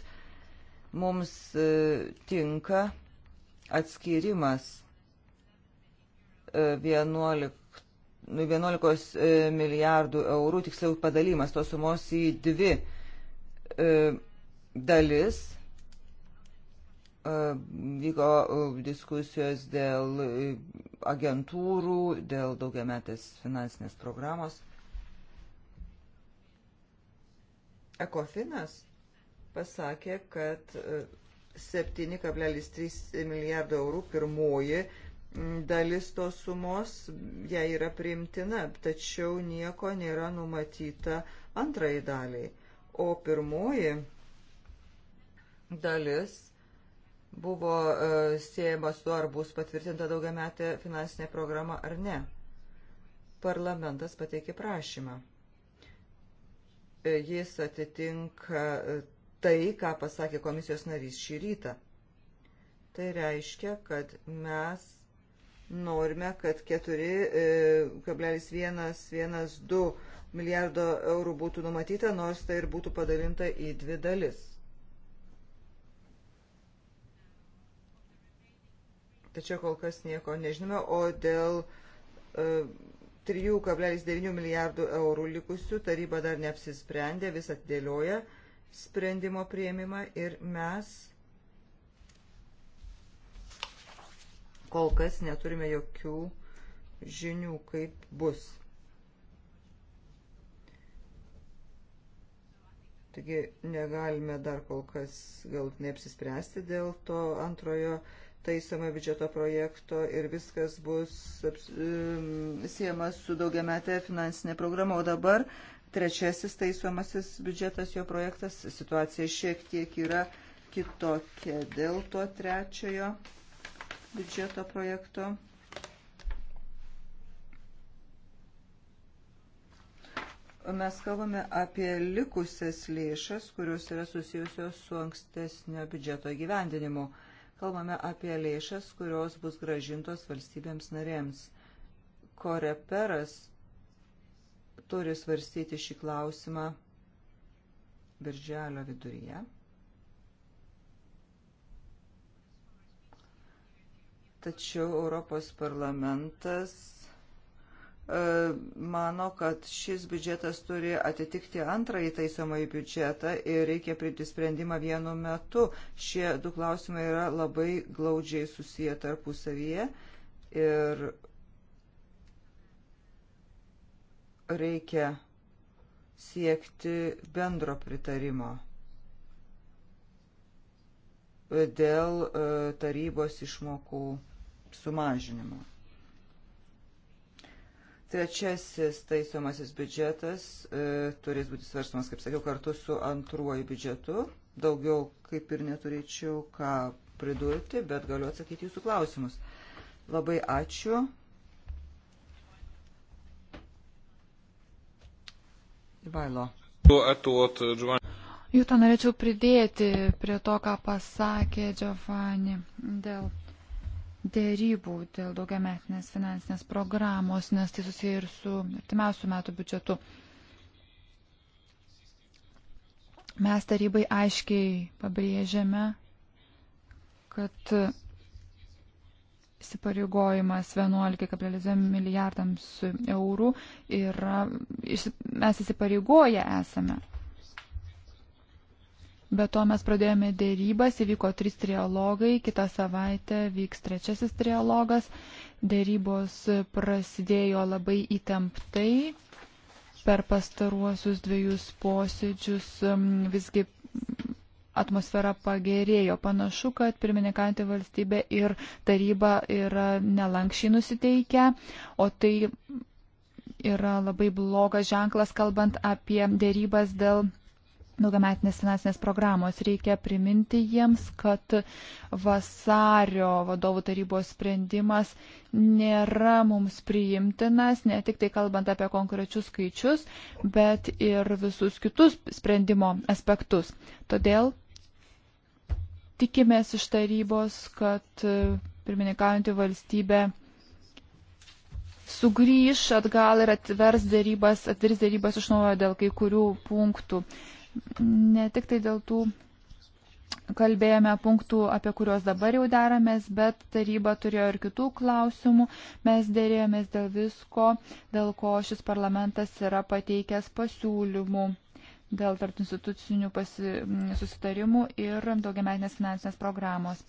mums e, tinka atskirimas 11 11 e, milijardų eurų, tiksliau padalymas tos sumos į dvi e, dalis. E, vyko diskusijos dėl agentūrų, dėl daugiametės finansinės programos. Ekofinas pasakė, kad 7,3 milijardo eurų pirmoji dalis tos sumos jai yra priimtina, tačiau nieko nėra numatyta antrai daliai. O pirmoji dalis buvo e, siejama su ar bus patvirtinta daugiametė finansinė programa ar ne. Parlamentas pateikė prašymą. E, jis atitinka e, tai, ką pasakė komisijos narys šį rytą. Tai reiškia, kad mes norime, kad 4,112 e, milijardo eurų būtų numatyta, nors tai ir būtų padalinta į dvi dalis. Tačiau kol kas nieko nežinome, o dėl 3,9 e, milijardų eurų likusių taryba dar neapsisprendė, vis atdėlioja sprendimo prieimimą ir mes Kol kas neturime jokių žinių, kaip bus. Taigi negalime dar kol kas galutinai apsispręsti dėl to antrojo taisomo biudžeto projekto ir viskas bus siejamas su daugiametė finansinė programa. O dabar trečiasis taisomasis biudžetas, jo projektas, situacija šiek tiek yra kitokia dėl to trečiojo biudžeto projekto. Mes kalbame apie likusias lėšas, kurios yra susijusios su ankstesnio biudžeto gyvendinimu. Kalbame apie lėšas, kurios bus gražintos valstybėms narėms. Koreperas turi svarstyti šį klausimą birželio viduryje. Tačiau Europos parlamentas e, mano, kad šis biudžetas turi atitikti antrąjį taisomąjį biudžetą ir reikia priimti sprendimą vienu metu. Šie du klausimai yra labai glaudžiai susiję tarpusavyje ir reikia siekti bendro pritarimo dėl e, tarybos išmokų sumažinimo. Trečiasis taisomasis biudžetas e, turės būti svarstamas, kaip sakiau, kartu su antruoju biudžetu. Daugiau kaip ir neturėčiau ką pridurti, bet galiu atsakyti jūsų klausimus. Labai ačiū. Ivailo. Jūta norėčiau pridėti prie to, ką pasakė Giovanni dėl dėrybų dėl daugiametinės finansinės programos, nes tai susiję ir su artimiausių metų biudžetu. Mes tarybai aiškiai pabrėžiame, kad įsipareigojimas 11,2 milijardams eurų yra, mes įsipareigoję esame Be to mes pradėjome dėrybas, įvyko trys trialogai, kitą savaitę vyks trečiasis trialogas. Dėrybos prasidėjo labai įtemptai. Per pastaruosius dviejus posėdžius visgi atmosfera pagerėjo. Panašu, kad pirmininkantį valstybę ir taryba yra nelankščiai nusiteikę, o tai yra labai blogas ženklas, kalbant apie dėrybas dėl daugiametinės finansinės programos. Reikia priminti jiems, kad vasario vadovų tarybos sprendimas nėra mums priimtinas, ne tik tai kalbant apie konkrečius skaičius, bet ir visus kitus sprendimo aspektus. Todėl tikimės iš tarybos, kad pirmininkaujantį valstybę sugrįž atgal ir atvers dėrybas, atvers dėrybas iš naujo dėl kai kurių punktų. Uh, ne tik tai dėl tų kalbėjome punktų, apie kuriuos dabar jau deramės, bet taryba turėjo ir kitų klausimų. Mes dėrėjomės dėl visko, dėl ko šis parlamentas yra pateikęs pasiūlymų dėl tarp institucinių pasi... susitarimų ir daugiametinės finansinės programos.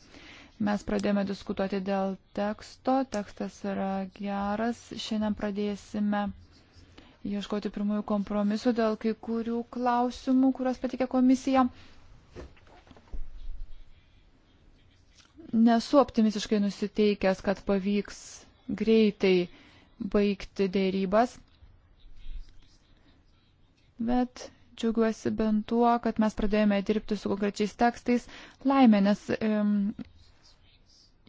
Mes pradėjome diskutuoti dėl teksto, tekstas yra geras, šiandien pradėsime ieškoti pirmųjų kompromisų dėl kai kurių klausimų, kuriuos patikė komisija. Nesu optimistiškai nusiteikęs, kad pavyks greitai baigti dėrybas, bet džiaugiuosi bent tuo, kad mes pradėjome dirbti su konkrečiais tekstais. Laimė, nes um,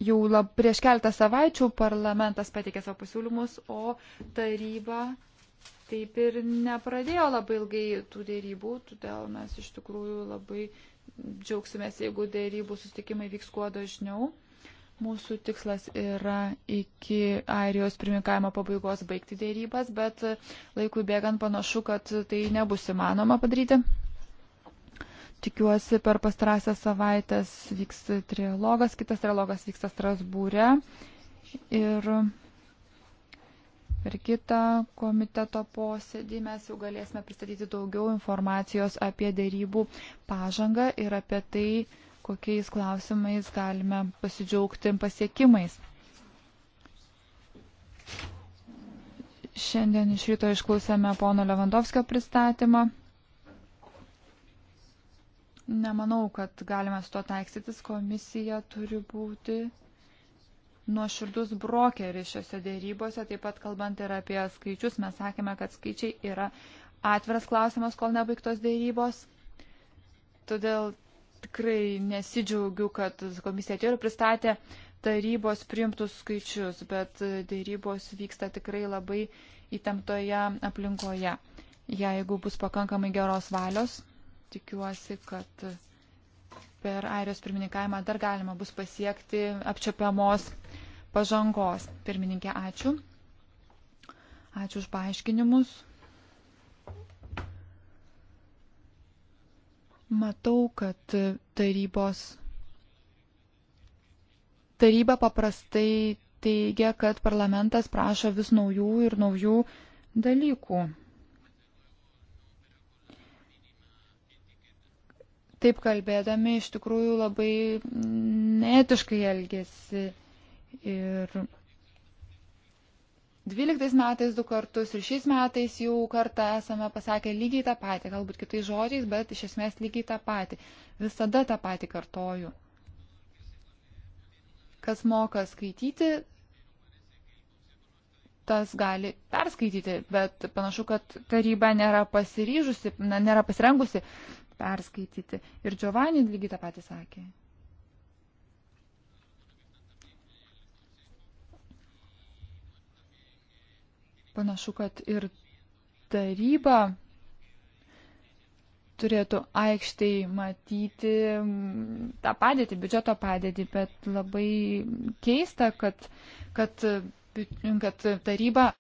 jau lab, prieš keltą savaičių parlamentas pateikė savo pasiūlymus, o taryba taip ir nepradėjo labai ilgai tų dėrybų, todėl mes iš tikrųjų labai džiaugsimės, jeigu dėrybų sustikimai vyks kuo dažniau. Mūsų tikslas yra iki Airijos pirmininkavimo pabaigos baigti dėrybas, bet laikui bėgant panašu, kad tai nebus įmanoma padaryti. Tikiuosi, per pastarąsias savaitės vyks trilogas, kitas trilogas vyksta Strasbūre. Ir Per kitą komiteto posėdį mes jau galėsime pristatyti daugiau informacijos apie dėrybų pažangą ir apie tai, kokiais klausimais galime pasidžiaugti pasiekimais. Šiandien iš ryto išklausėme pono Levandovskio pristatymą. Nemanau, kad galime su to taikstytis. Komisija turi būti nuoširdus brokeris šiuose dėrybose, taip pat kalbant ir apie skaičius, mes sakėme, kad skaičiai yra atviras klausimas, kol nebaigtos dėrybos. Todėl tikrai nesidžiaugiu, kad komisija atėjo ir pristatė tarybos priimtus skaičius, bet dėrybos vyksta tikrai labai įtemptoje aplinkoje. Jeigu bus pakankamai geros valios, tikiuosi, kad per airijos pirmininkavimą dar galima bus pasiekti apčiopiamos pažangos. Pirmininkė, ačiū. Ačiū už paaiškinimus. Matau, kad tarybos. Taryba paprastai teigia, kad parlamentas prašo vis naujų ir naujų dalykų. Taip kalbėdami iš tikrųjų labai netiškai elgesi Ir 12 metais du kartus ir šiais metais jau kartą esame pasakę lygiai tą patį, galbūt kitais žodžiais, bet iš esmės lygiai tą patį. Visada tą patį kartoju. Kas moka skaityti, tas gali perskaityti, bet panašu, kad taryba nėra pasiryžusi, nėra pasirengusi perskaityti. Ir Giovanni lygiai tą patį sakė. Panašu, kad ir taryba turėtų aikštėj matyti tą padėtį, biudžeto padėtį, bet labai keista, kad, kad, kad taryba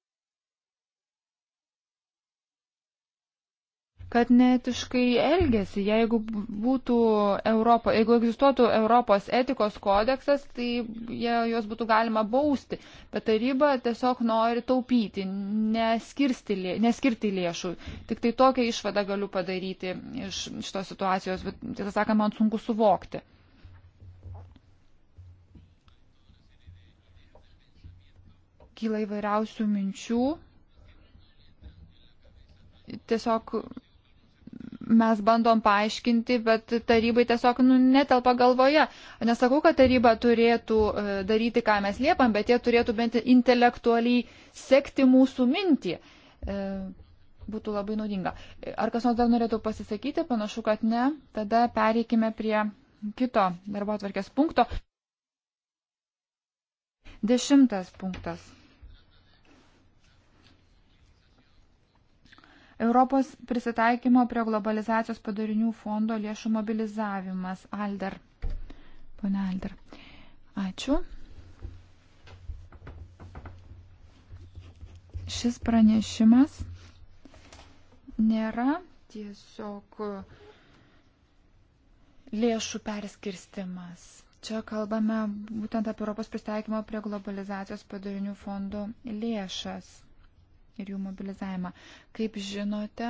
kad netiškai elgesi. Jeigu būtų Europo, jeigu egzistuotų Europos etikos kodeksas, tai jie, juos būtų galima bausti. Bet taryba tiesiog nori taupyti, neskirti, neskirti lėšų. Tik tai tokią išvadą galiu padaryti iš šitos situacijos, bet tiesą sakant, man sunku suvokti. Kyla įvairiausių minčių tiesiog mes bandom paaiškinti, bet tarybai tiesiog nu, netelpa galvoje. Nesakau, kad taryba turėtų e, daryti, ką mes liepam, bet jie turėtų bent intelektualiai sekti mūsų mintį. E, būtų labai naudinga. Ar kas nors dar norėtų pasisakyti? Panašu, kad ne. Tada pereikime prie kito darbo atvarkės punkto. Dešimtas punktas. Europos prisitaikymo prie globalizacijos padarinių fondo lėšų mobilizavimas. Alder. Pone Alder. Ačiū. Šis pranešimas nėra tiesiog lėšų perskirstimas. Čia kalbame būtent apie Europos pristaikymo prie globalizacijos padarinių fondų lėšas ir jų mobilizavimą. Kaip žinote,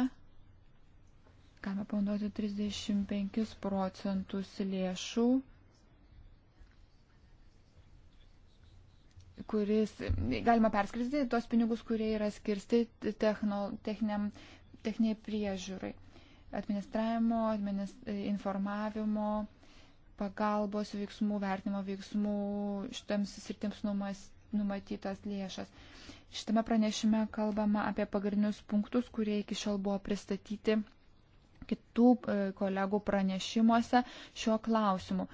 galime panaudoti 35 procentus lėšų, kuris galima perskristi tos pinigus, kurie yra skirsti techno, techniam, techniniai priežiūrai, administravimo, administ, informavimo, pagalbos veiksmų, vertinimo veiksmų šitams sritims numas, numatytas lėšas. Šitame pranešime kalbama apie pagrindinius punktus, kurie iki šiol buvo pristatyti kitų e, kolegų pranešimuose šiuo klausimu.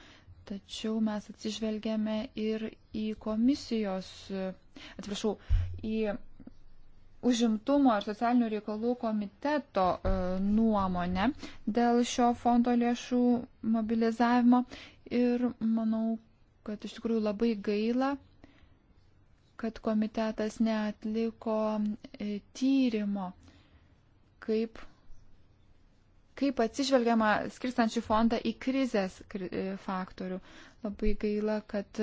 Tačiau mes atsižvelgėme ir į komisijos, e, atsiprašau, į užimtumo ir socialinių reikalų komiteto e, nuomonę dėl šio fondo lėšų mobilizavimo. Ir manau, kad iš tikrųjų labai gaila, kad komitetas neatliko e, tyrimo, kaip, kaip atsižvelgiama skirstant šį fondą į krizės e, faktorių. Labai gaila, kad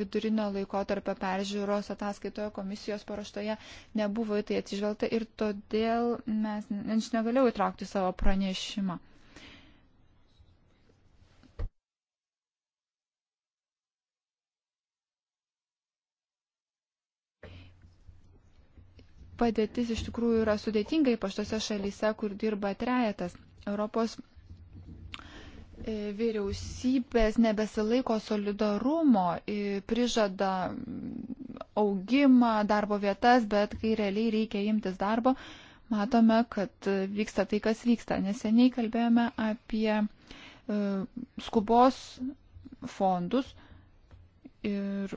vidurinio laiko tarp peržiūros ataskaitoje komisijos paraštoje nebuvo į tai atsižvelgta ir todėl mes, aš negalėjau įtraukti savo pranešimą. padėtis iš tikrųjų yra sudėtinga, ypač tose šalyse, kur dirba trejetas. Europos e, vyriausybės nebesilaiko solidarumo, e, prižada mm, augimą, darbo vietas, bet kai realiai reikia imtis darbo, matome, kad e, vyksta tai, kas vyksta. Neseniai kalbėjome apie skubos fondus ir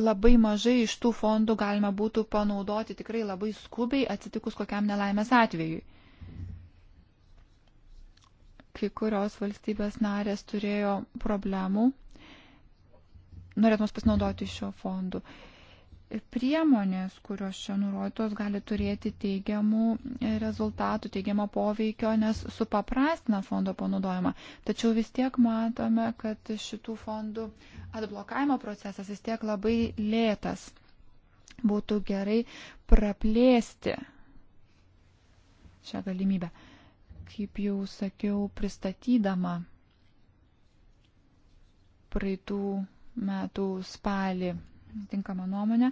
labai mažai iš tų fondų galima būtų panaudoti tikrai labai skubiai atsitikus kokiam nelaimės atvejui. Kai kurios valstybės narės turėjo problemų, norėtumas pasinaudoti šio fondu. Uh, priemonės, kurios čia nurodytos, gali turėti teigiamų rezultatų, teigiamo poveikio, nes supaprastina fondo panaudojimą. Tačiau vis tiek matome, kad šitų fondų atblokavimo procesas vis tiek labai lėtas. Būtų gerai praplėsti šią galimybę. Kaip jau sakiau, pristatydama praeitų metų spalį tinkamą nuomonę.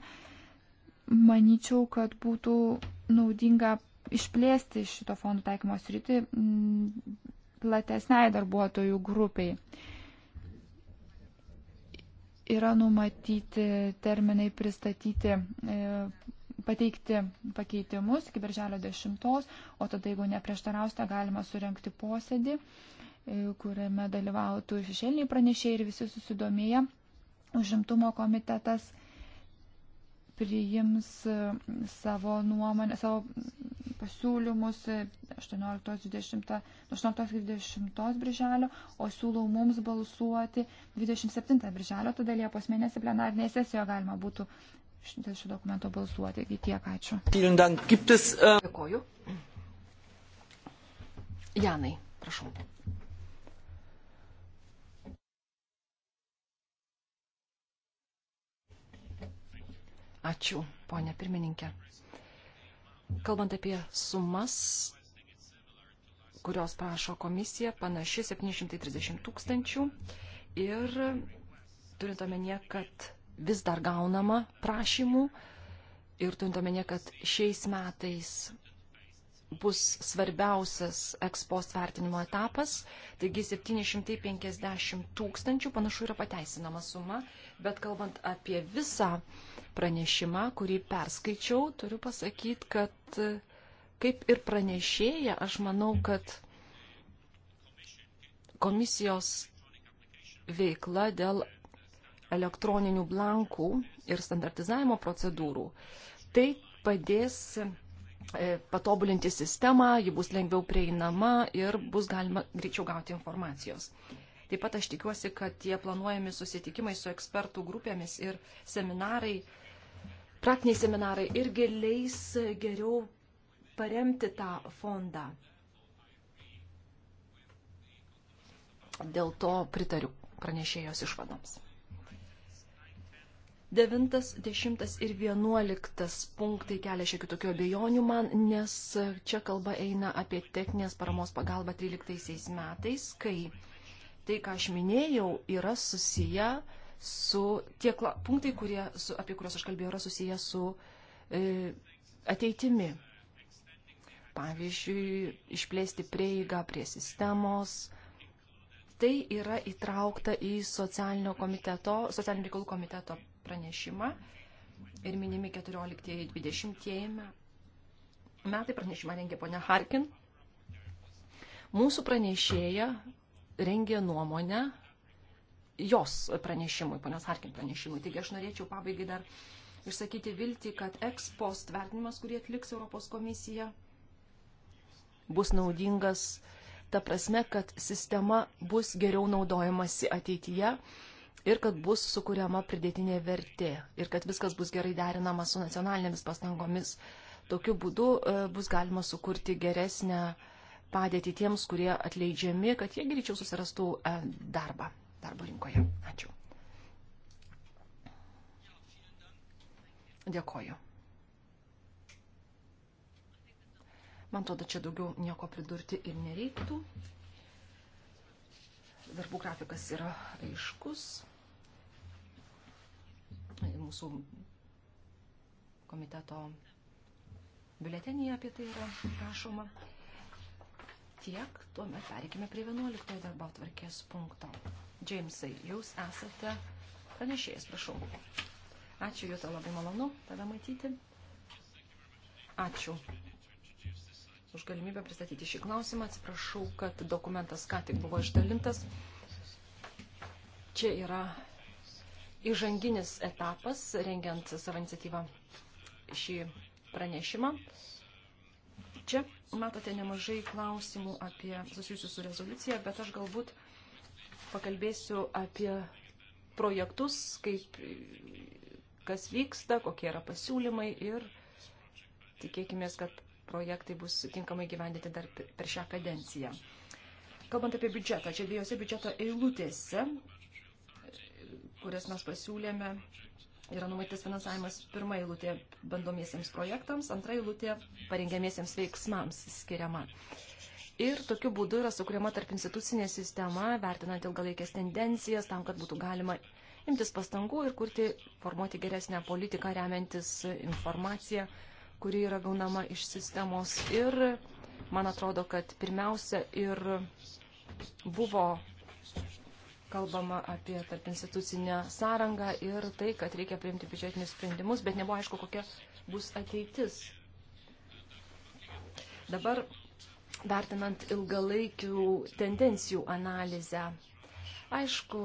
Manyčiau, kad būtų naudinga išplėsti šito fondo taikymo sritį mm, platesniai darbuotojų grupiai. Yra numatyti terminai pristatyti, e, pateikti pakeitimus iki birželio 10, o tada, jeigu neprieštarausite, galima surenkti posėdį, e, kuriame dalyvautų šešėliniai pranešėjai ir visi susidomėję užimtumo komitetas priims e, savo nuomonę, savo pasiūlymus 18-20 18 birželio, o siūlau mums balsuoti 27 birželio, tada Liepos mėnesį plenarnėje sesijoje galima būtų dėl šio dokumento balsuoti. Taigi tiek, ačiū. Äh, Dėkoju. Janai, prašau. Ačiū, ponė pirmininkė. Kalbant apie sumas, kurios prašo komisija, panaši 730 tūkstančių ir turint omenyje, kad vis dar gaunama prašymų ir turint omenyje, kad šiais metais bus svarbiausias ekspost vertinimo etapas, taigi 750 tūkstančių panašu yra pateisinama suma, bet kalbant apie visą uh, pranešimą, kurį perskaičiau. Turiu pasakyti, kad e, kaip ir pranešėja, aš manau, kad komisijos veikla dėl elektroninių blankų ir standartizavimo procedūrų. Tai padės e, patobulinti sistemą, ji bus lengviau prieinama ir bus galima greičiau gauti informacijos. Taip pat aš tikiuosi, kad tie planuojami susitikimai su ekspertų grupėmis ir seminarai praktiniai seminarai irgi leis geriau paremti tą fondą. Dėl to pritariu pranešėjos išvadoms. 9, 10 ir 11 punktai kelia šiek tiek tokių abejonių man, nes čia kalba eina apie techninės paramos pagalbą 13 metais, kai tai, ką aš minėjau, yra susiję uh, su tie punktai, kurie, su, apie kuriuos aš kalbėjau, yra susiję su e, ateitimi. Pavyzdžiui, išplėsti prieigą prie sistemos. Tai yra įtraukta į socialinio, komiteto, socialinio reikalų komiteto pranešimą ir minimi 14-20 metai pranešimą rengė ponia Harkin. Mūsų pranešėja rengė nuomonę jos pranešimui, ponios Harkin pranešimui. Taigi aš norėčiau pabaigai dar išsakyti viltį, kad ekspost vertinimas, kurį atliks Europos komisija, bus naudingas ta prasme, kad sistema bus geriau naudojamasi ateityje ir kad bus sukūriama pridėtinė vertė ir kad viskas bus gerai derinama su nacionalinėmis pastangomis. Tokiu būdu e, bus galima sukurti geresnę padėtį tiems, kurie atleidžiami, kad jie greičiau susirastų e, darbą darbo rinkoje. Ačiū. Dėkoju. Man atrodo, čia daugiau nieko pridurti ir nereiktų. Darbų grafikas yra aiškus. Mūsų komiteto biuletenyje apie tai yra rašoma. Tiek, tuomet pereikime prie 11 darbo tvarkės punkto. Džeimsai, jūs esate pranešėjas, prašau. Ačiū, jūs labai malonu tave matyti. Ačiū už galimybę pristatyti šį klausimą. Atsiprašau, kad dokumentas ką tik buvo išdalintas. Čia yra įžanginis etapas, rengiant savo iniciatyvą šį pranešimą. Čia matote nemažai klausimų apie susijusių su rezoliucija, bet aš galbūt pakalbėsiu apie projektus, kaip, kas vyksta, kokie yra pasiūlymai ir tikėkime, kad projektai bus tinkamai gyvendyti dar per šią kadenciją. Kalbant apie biudžetą, čia dviejose biudžeto eilutėse, kurias mes pasiūlėme, yra numatytas finansavimas pirma eilutė bandomiesiems projektams, antra eilutė parengiamiesiems veiksmams skiriama. Ir tokiu būdu yra sukuriama tarp institucinė sistema, vertinant ilgalaikės tendencijas, tam, kad būtų galima imtis pastangų ir kurti, formuoti geresnę politiką, remiantis informaciją, kuri yra gaunama iš sistemos. Ir man atrodo, kad pirmiausia ir buvo kalbama apie tarp institucinę sąrangą ir tai, kad reikia priimti biudžetinius sprendimus, bet nebuvo aišku, kokia bus ateitis. Dabar vertinant ilgalaikių tendencijų analizę. Aišku,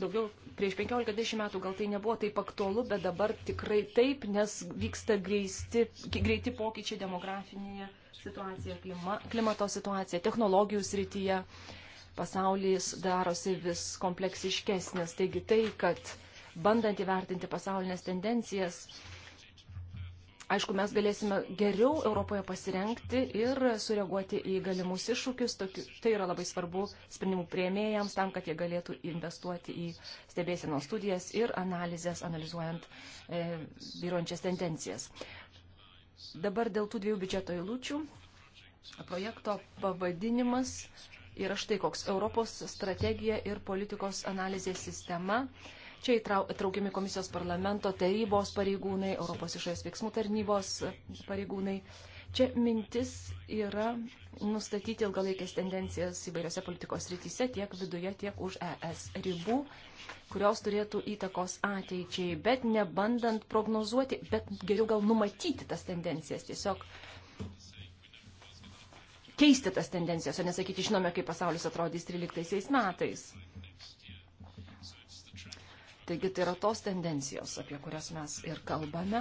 daugiau prieš 15-20 metų gal tai nebuvo taip aktualu, bet dabar tikrai taip, nes vyksta greisti, greiti pokyčiai demografinėje situacijoje, klima, klimato situacijoje, technologijų srityje. Pasaulis darosi vis kompleksiškesnis. Taigi tai, kad bandant įvertinti pasaulinės tendencijas, Aišku, mes galėsime geriau Europoje pasirenkti ir sureaguoti į galimus iššūkius. Tokiu, tai yra labai svarbu sprendimų prieimėjams tam, kad jie galėtų investuoti į stebėsienos studijas ir analizės, analizuojant e, vyruojančias tendencijas. Dabar dėl tų dviejų biudžeto eilučių. Projekto pavadinimas yra štai koks Europos strategija ir politikos analizės sistema. E, Čia įtraukiami komisijos parlamento tarybos pareigūnai, Europos išorės veiksmų tarnybos e, pareigūnai. Čia mintis yra nustatyti ilgalaikės tendencijas įvairiose politikos rytise, tiek viduje, tiek už ES ribų, kurios turėtų įtakos ateičiai, bet nebandant prognozuoti, bet geriau gal numatyti tas tendencijas, tiesiog keisti tas tendencijas, o nesakyti, žinome, kaip pasaulis atrodys 13 metais. Taigi tai yra tos tendencijos, apie kurias mes ir kalbame.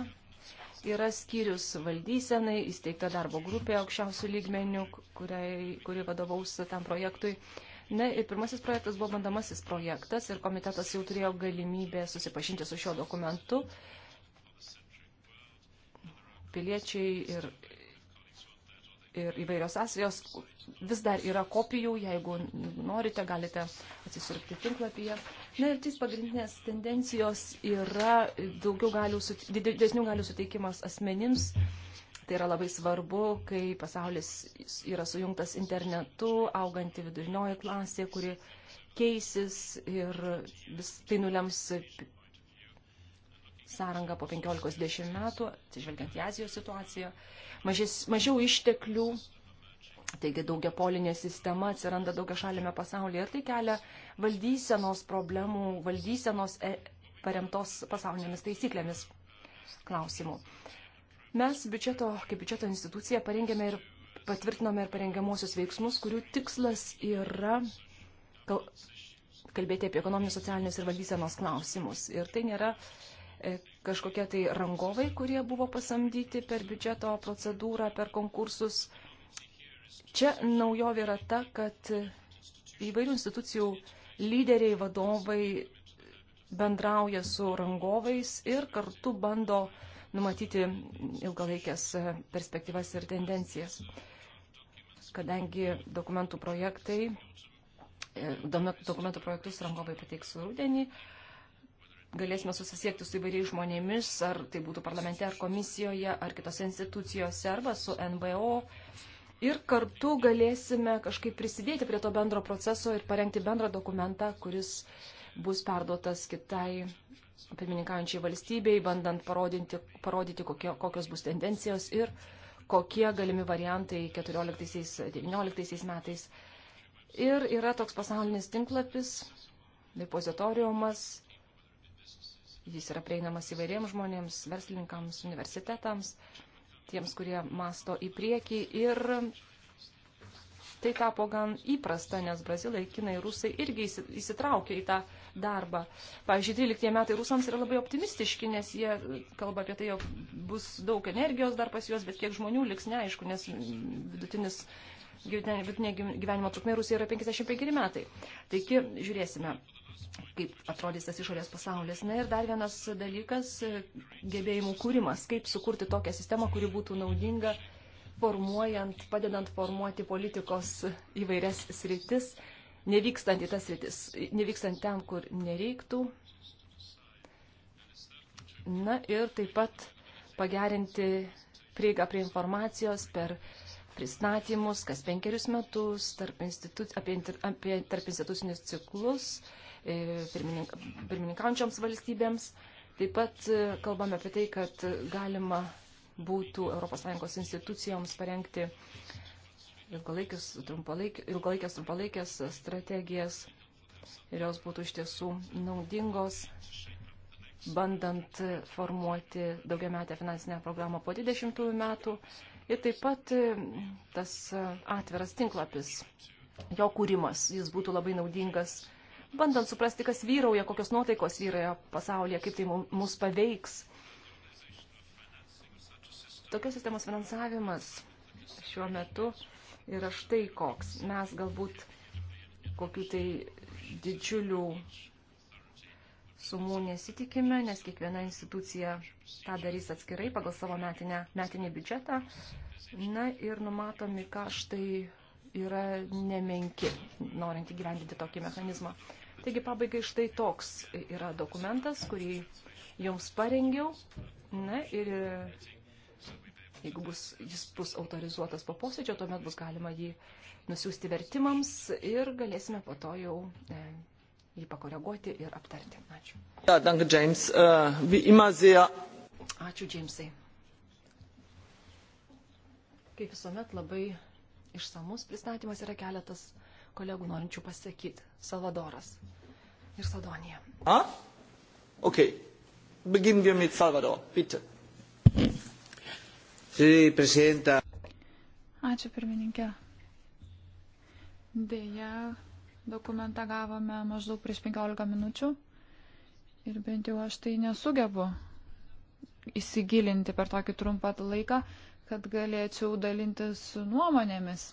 Yra skyrius valdysenai, įsteigta darbo grupė aukščiausių lygmenių, kuriai, kuri vadovaus tam projektui. Na ir pirmasis projektas buvo bandamasis projektas ir komitetas jau turėjo galimybę susipažinti su šiuo dokumentu piliečiai ir ir įvairios sąsajos. Vis dar yra kopijų, jeigu norite, galite atsisirpti tinklapyje. Na ir trys pagrindinės tendencijos yra daugiau galių, didesnių galių suteikimas asmenims. Tai yra labai svarbu, kai pasaulis yra sujungtas internetu, auganti vidurinioji klasė, kuri keisis ir vis tai nulems sąrangą po 15-10 metų, atsižvelgiant į Azijos situaciją mažis, mažiau išteklių. Taigi daugia polinė sistema atsiranda daugia šalime pasaulyje ir tai kelia valdysenos problemų, valdysenos e paremtos pasaulinėmis taisyklėmis klausimų. Mes biudžeto, kaip biudžeto institucija parengėme ir patvirtinome ir parengiamosius veiksmus, kurių tikslas yra kalbėti apie ekonominius, socialinius ir valdysenos klausimus. Ir tai nėra e, kažkokie tai rangovai, kurie buvo pasamdyti per biudžeto procedūrą, per konkursus. Čia naujovė yra ta, kad įvairių institucijų lyderiai, vadovai bendrauja su rangovais ir kartu bando numatyti ilgalaikės perspektyvas ir tendencijas. Kadangi dokumentų projektai, e, dokumentų projektus rangovai pateiks rudenį, galėsime susisiekti su įvairiais žmonėmis, ar tai būtų parlamente, ar komisijoje, ar kitose institucijose, arba su NBO. Ir kartu galėsime kažkaip prisidėti prie to bendro proceso ir parengti bendrą dokumentą, kuris bus perduotas kitai pirmininkaujančiai valstybei, bandant parodinti, parodyti, kokio, kokios bus tendencijos ir kokie galimi variantai 14-19 metais. Ir yra toks pasaulinis tinklapis, depozitoriumas, Jis yra prieinamas įvairiems žmonėms, verslininkams, universitetams, tiems, kurie masto į priekį. Ir tai tapo gan įprasta, nes brazilai, kinai, rusai irgi įsitraukia į tą darbą. Pavyzdžiui, 13 metai rusams yra labai optimistiški, nes jie kalba apie tai, jog bus daug energijos dar pas juos, bet kiek žmonių liks neaišku, nes vidutinis vidutinė gyvenimo trukmė Rusija yra 55 metai. Taigi, žiūrėsime, kaip atrodys tas išorės pasaulis. Na ir dar vienas dalykas - gebėjimų kūrimas. Kaip sukurti tokią sistemą, kuri būtų naudinga, formuojant, padedant formuoti politikos įvairias sritis, nevykstant į tas sritis, nevykstant ten, kur nereiktų. Na ir taip pat pagerinti prieigą prie informacijos per pristatymus kas penkerius metus tarp institu, apie, inter, apie tarp institucinius ciklus, uh, E, pirmininkaujančioms valstybėms. Taip pat e, kalbame apie tai, kad galima būtų ES institucijoms parengti ilgalaikės, trumpalaikės, trumpalaikės strategijas ir jos būtų iš tiesų naudingos, bandant formuoti daugiametę finansinę programą po 20 metų. Ir taip pat e, tas atviras tinklapis, jo kūrimas, jis būtų labai naudingas bandant suprasti, kas vyrauja, kokios nuotaikos vyrauja pasaulyje, kaip tai mus paveiks. Tokios sistemos finansavimas šiuo metu yra štai koks. Mes galbūt kokiu tai didžiulių sumų nesitikime, nes kiekviena institucija tą darys atskirai pagal savo metinę, metinį biudžetą. Na ir numatomi kaštai yra nemenki, norint įgyvendinti tokį mechanizmą. Taigi pabaigai štai toks yra dokumentas, kurį jums parengiau. Na ir e, jeigu bus, jis bus autorizuotas po posėdžio, tuomet bus galima jį nusiųsti vertimams ir galėsime po to jau e, jį pakoreguoti ir aptarti. Ačiū. Ja, danke, James. Uh, immer sehr... Ačiū, Jamesai. Kaip visuomet labai išsamus pristatymas yra keletas kolegų norinčių pasakyti. Salvadoras ir Sadonija. A? Ok. Begin wir mit Salvador, bitte. Sí, presidenta. Ačiū pirmininkė. Deja, dokumentą gavome maždaug prieš 15 minučių ir bent jau aš tai nesugebu įsigilinti per tokį trumpą laiką, kad galėčiau dalintis nuomonėmis.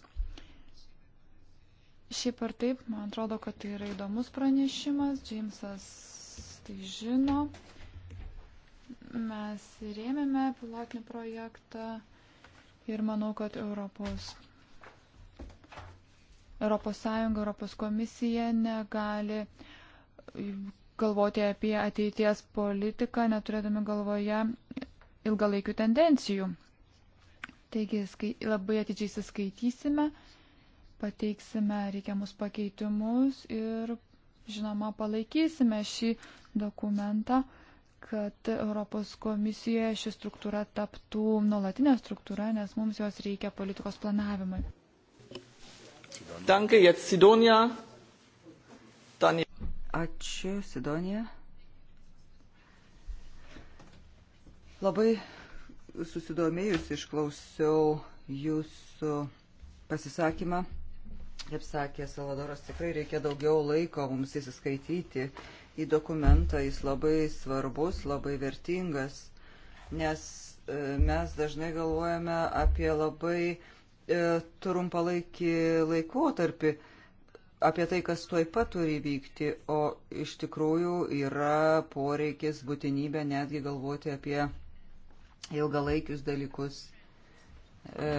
Šiaip ar taip, man atrodo, kad tai yra įdomus pranešimas, Džeimsas tai žino. Mes rėmėme pilotinį projektą ir manau, kad Europos, Europos Sąjunga, Europos komisija negali galvoti apie ateities politiką, neturėdami galvoje ilgalaikių tendencijų. Taigi labai atidžiai įsiskaitysime pateiksime reikiamus pakeitimus ir, žinoma, palaikysime šį dokumentą, kad Europos komisijoje ši struktūra taptų nuolatinė struktūra, nes mums jos reikia politikos planavimui. Danke, jetzt Sidonia. Daniel. Ačiū, Sidonija. Labai susidomėjus išklausiau jūsų pasisakymą. Kaip sakė Saladoras, tikrai reikia daugiau laiko mums įsiskaityti į dokumentą. Jis labai svarbus, labai vertingas, nes e, mes dažnai galvojame apie labai e, trumpalaikį laikotarpį, apie tai, kas tuoj pat turi vykti, o iš tikrųjų yra poreikis, būtinybė netgi galvoti apie ilgalaikius dalykus E,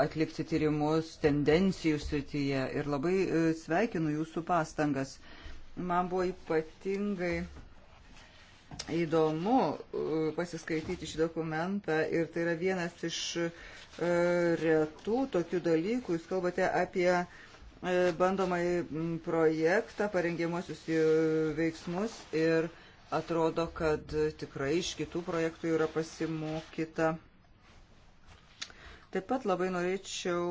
atlikti tyrimus tendencijų srityje ir labai e, sveikinu jūsų pastangas. Man buvo ypatingai įdomu e, pasiskaityti šį dokumentą ir tai yra vienas iš retų tokių dalykų. Jūs kalbate apie bandomai projektą, parengimuosius veiksmus ir atrodo, kad tikrai iš kitų projektų yra pasimokyta Taip pat labai norėčiau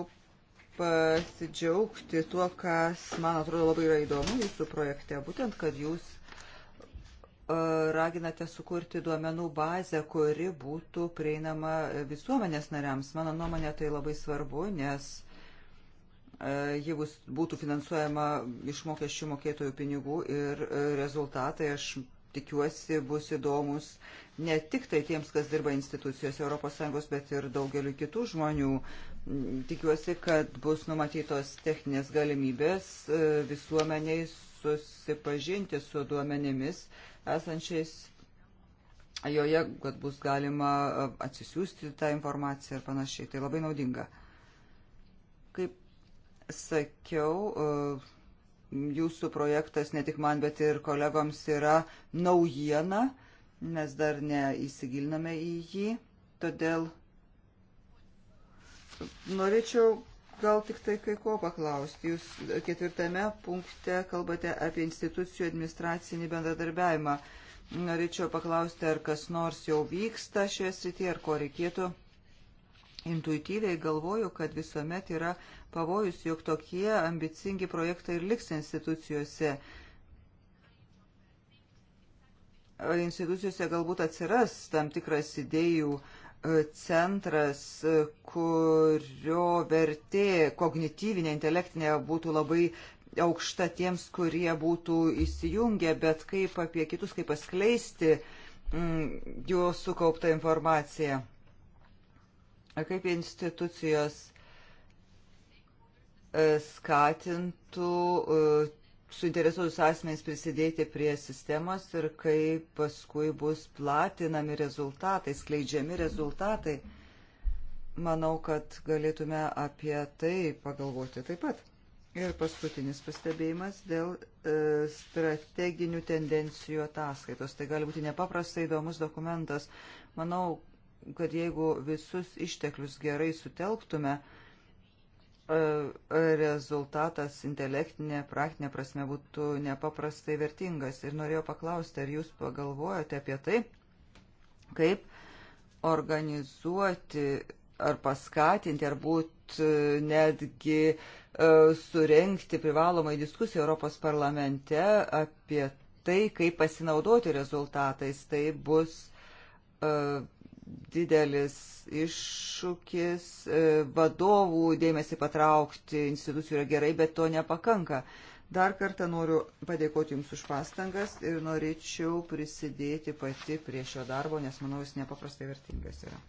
pasidžiaugti tuo, kas, man atrodo, labai yra įdomu jūsų projekte, būtent, kad jūs raginate sukurti duomenų bazę, kuri būtų prieinama visuomenės nariams. Mano nuomonė tai labai svarbu, nes ji bus, būtų finansuojama iš mokesčių mokėtojų pinigų ir rezultatai, aš tikiuosi, bus įdomus ne tik tai tiems, kas dirba institucijos ES, bet ir daugeliu kitų žmonių. Mm, tikiuosi, kad bus numatytos techninės galimybės e, visuomeniai susipažinti su duomenimis esančiais joje, kad bus galima e, atsisiųsti tą informaciją ir panašiai. Tai labai naudinga. Kaip sakiau, e, jūsų projektas ne tik man, bet ir kolegoms yra naujiena Mes dar neįsigiliname į jį, todėl norėčiau gal tik tai kai ko paklausti. Jūs ketvirtame punkte kalbate apie institucijų administracinį bendradarbiavimą. Norėčiau paklausti, ar kas nors jau vyksta šioje srityje, ar ko reikėtų. Intuityviai galvoju, kad visuomet yra pavojus, jog tokie ambicingi projektai ir liks institucijose institucijose galbūt atsiras tam tikras idėjų e, centras, e, kurio vertė kognityvinė, intelektinė būtų labai aukšta tiems, kurie būtų įsijungę, bet kaip apie kitus, kaip paskleisti mm, jų sukauptą informaciją. Kaip institucijos e, skatintų suinteresuotus asmenys prisidėti prie sistemos ir kaip paskui bus platinami rezultatai, skleidžiami rezultatai. Manau, kad galėtume apie tai pagalvoti taip pat. Ir paskutinis pastebėjimas dėl e, strateginių tendencijų ataskaitos. Tai gali būti nepaprastai įdomus dokumentas. Manau, kad jeigu visus išteklius gerai sutelktume, e, E, rezultatas intelektinė, praktinė prasme būtų nepaprastai vertingas. Ir norėjau paklausti, ar jūs pagalvojate apie tai, kaip organizuoti ar paskatinti, ar būt e, netgi e, surenkti privalomai diskusiją Europos parlamente apie tai, kaip pasinaudoti rezultatais. Tai bus didelis iššūkis, e, vadovų dėmesį patraukti institucijų yra gerai, bet to nepakanka. Dar kartą noriu padėkoti Jums už pastangas ir norėčiau prisidėti pati prie šio darbo, nes manau, jis nepaprastai vertingas yra.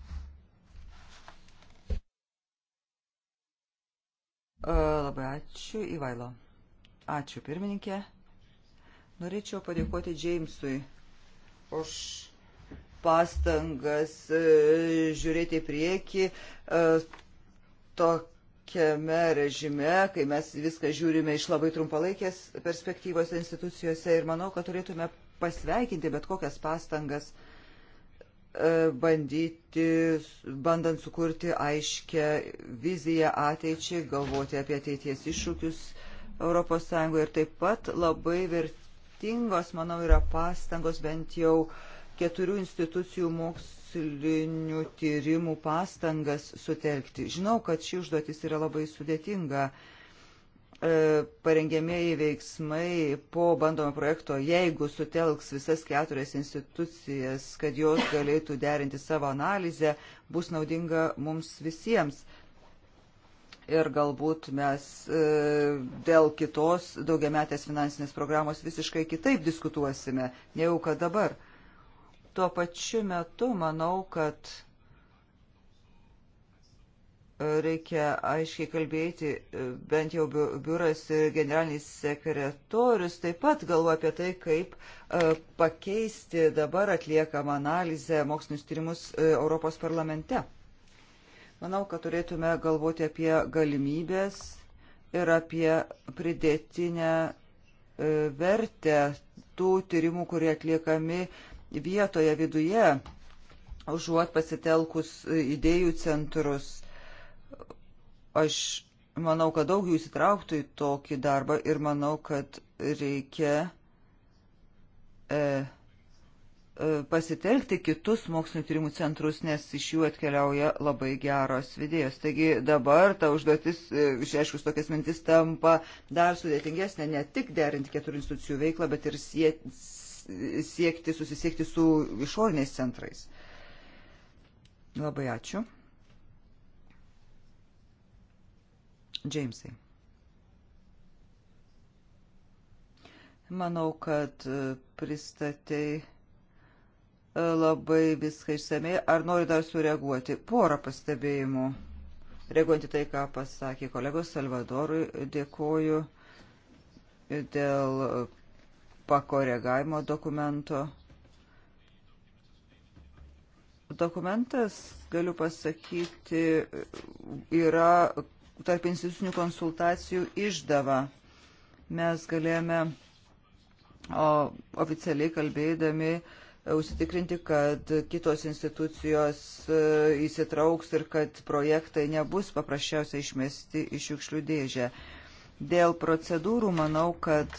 E, labai ačiū, Ivailo. Ačiū, pirmininkė. Norėčiau padėkoti Džeimsui už pastangas e, žiūrėti į priekį e, tokiame režime, kai mes viską žiūrime iš labai trumpalaikės perspektyvos institucijose ir manau, kad turėtume pasveikinti bet kokias pastangas e, bandyti, bandant sukurti aiškę viziją ateičiai, galvoti apie ateities iššūkius ES ir taip pat labai vertingos, manau, yra pastangos bent jau uh, keturių institucijų mokslinių tyrimų pastangas sutelkti. Žinau, kad ši užduotis yra labai sudėtinga. E, parengėmėjai veiksmai po bandomo projekto, jeigu sutelks visas keturias institucijas, kad jos galėtų derinti savo analizę, bus naudinga mums visiems ir galbūt mes e, dėl kitos daugiametės finansinės programos visiškai kitaip diskutuosime, negu kad dabar. Tuo pačiu metu manau, kad reikia aiškiai kalbėti, bent jau biuras ir generalinis sekretorius taip pat galvo apie tai, kaip e, pakeisti dabar atliekamą analizę mokslinius tyrimus e, Europos parlamente. Manau, kad turėtume galvoti apie galimybės ir apie pridėtinę e, vertę tų tyrimų, kurie atliekami uh, vietoje viduje, užuot pasitelkus e, idėjų centrus. Aš manau, kad daug jų įsitrauktų į tokį darbą ir manau, kad reikia e, e pasitelkti kitus mokslinio tyrimų centrus, nes iš jų atkeliauja labai geros idėjos. Taigi dabar ta užduotis, išreiškus tokias mintis, tampa dar sudėtingesnė ne tik derinti keturių institucijų veiklą, bet ir siekti siekti, susisiekti su išoriniais centrais. Labai ačiū. Džeimsai. Manau, kad e, pristatei e, labai viską išsamei. Ar nori dar sureaguoti? Porą pastebėjimų. Reaguojant į tai, ką pasakė kolegos Salvadorui, dėkoju dėl pakoregavimo dokumento. Dokumentas, galiu pasakyti, yra tarp institucinių konsultacijų išdava. Mes galėjome o, oficialiai kalbėdami užsitikrinti, kad kitos institucijos e, įsitrauks ir kad projektai nebus paprasčiausiai išmesti iš šiukšlių dėžę. Dėl procedūrų manau, kad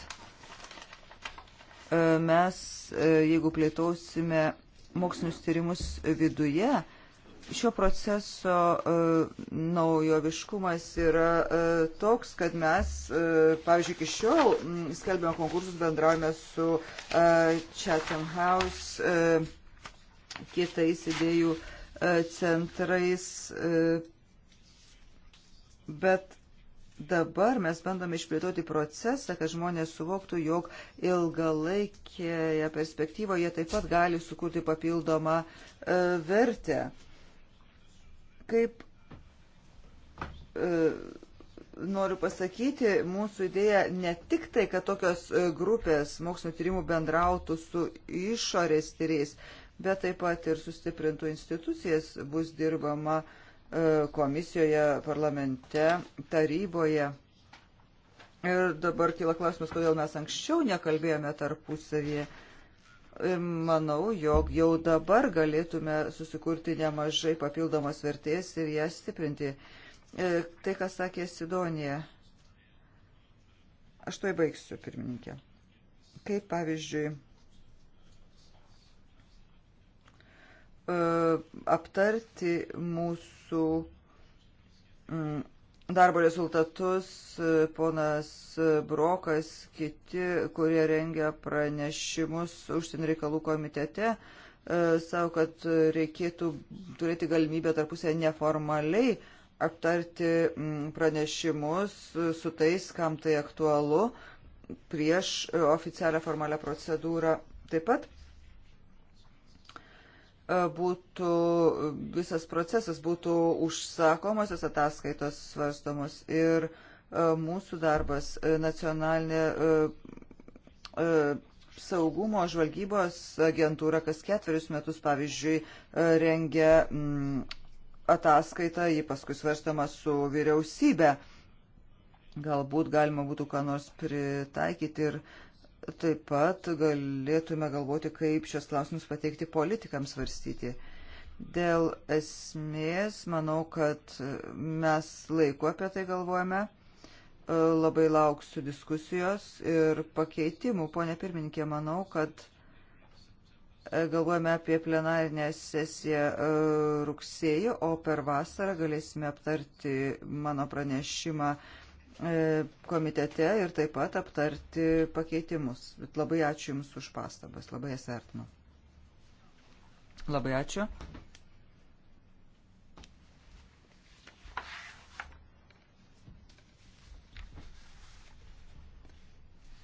E, mes, e, jeigu plėtausime mokslinius tyrimus viduje, šio proceso e, naujoviškumas yra toks, kad mes, pavyzdžiui, iki šiol skelbėme konkursus, bendraujame su Chatham House, kitais idėjų centrais, bet dabar mes bandome išplėtoti procesą, kad žmonės suvoktų, jog ilgalaikėje perspektyvoje taip pat gali sukurti papildomą e, vertę. Kaip e, noriu pasakyti, mūsų idėja ne tik tai, kad tokios e, grupės mokslinio tyrimų bendrautų su išorės tyriais, bet taip pat ir sustiprintų institucijas bus dirbama uh, E, komisijoje, parlamente, taryboje. Ir dabar kyla klausimas, kodėl mes anksčiau nekalbėjome tarpusavyje. Ir e, manau, jog jau dabar galėtume susikurti nemažai papildomos vertės ir ją stiprinti. Ir e, tai, ką sakė Sidonija. Aš tuoj baigsiu, pirmininkė. Kaip pavyzdžiui, aptarti mūsų mūsų mm, darbo rezultatus e, ponas Brokas, kiti, kurie rengia pranešimus užsienio reikalų komitete, e, savo, kad reikėtų turėti galimybę tarpusę neformaliai aptarti mm, pranešimus su tais, kam tai aktualu, prieš oficialią formalią procedūrą. Taip pat būtų visas procesas, būtų užsakomosios ataskaitos svarstomos ir e, mūsų darbas e, nacionalinė e, saugumo žvalgybos agentūra kas ketverius metus, pavyzdžiui, rengia mm, ataskaitą, jį paskui svarstama su vyriausybė. Galbūt galima būtų ką nors pritaikyti ir uh, taip pat galėtume galvoti, kaip šios klausimus pateikti politikams svarstyti. Dėl esmės, manau, kad mes laiku apie tai galvojame. E, labai lauksiu diskusijos ir pakeitimų. Pone pirmininkė, manau, kad e, galvojame apie plenarinę sesiją e, rugsėjį, o per vasarą galėsime aptarti mano pranešimą E, komitete ir taip pat aptarti pakeitimus. Bet labai ačiū Jums už pastabas, labai jas vertinu. Labai ačiū.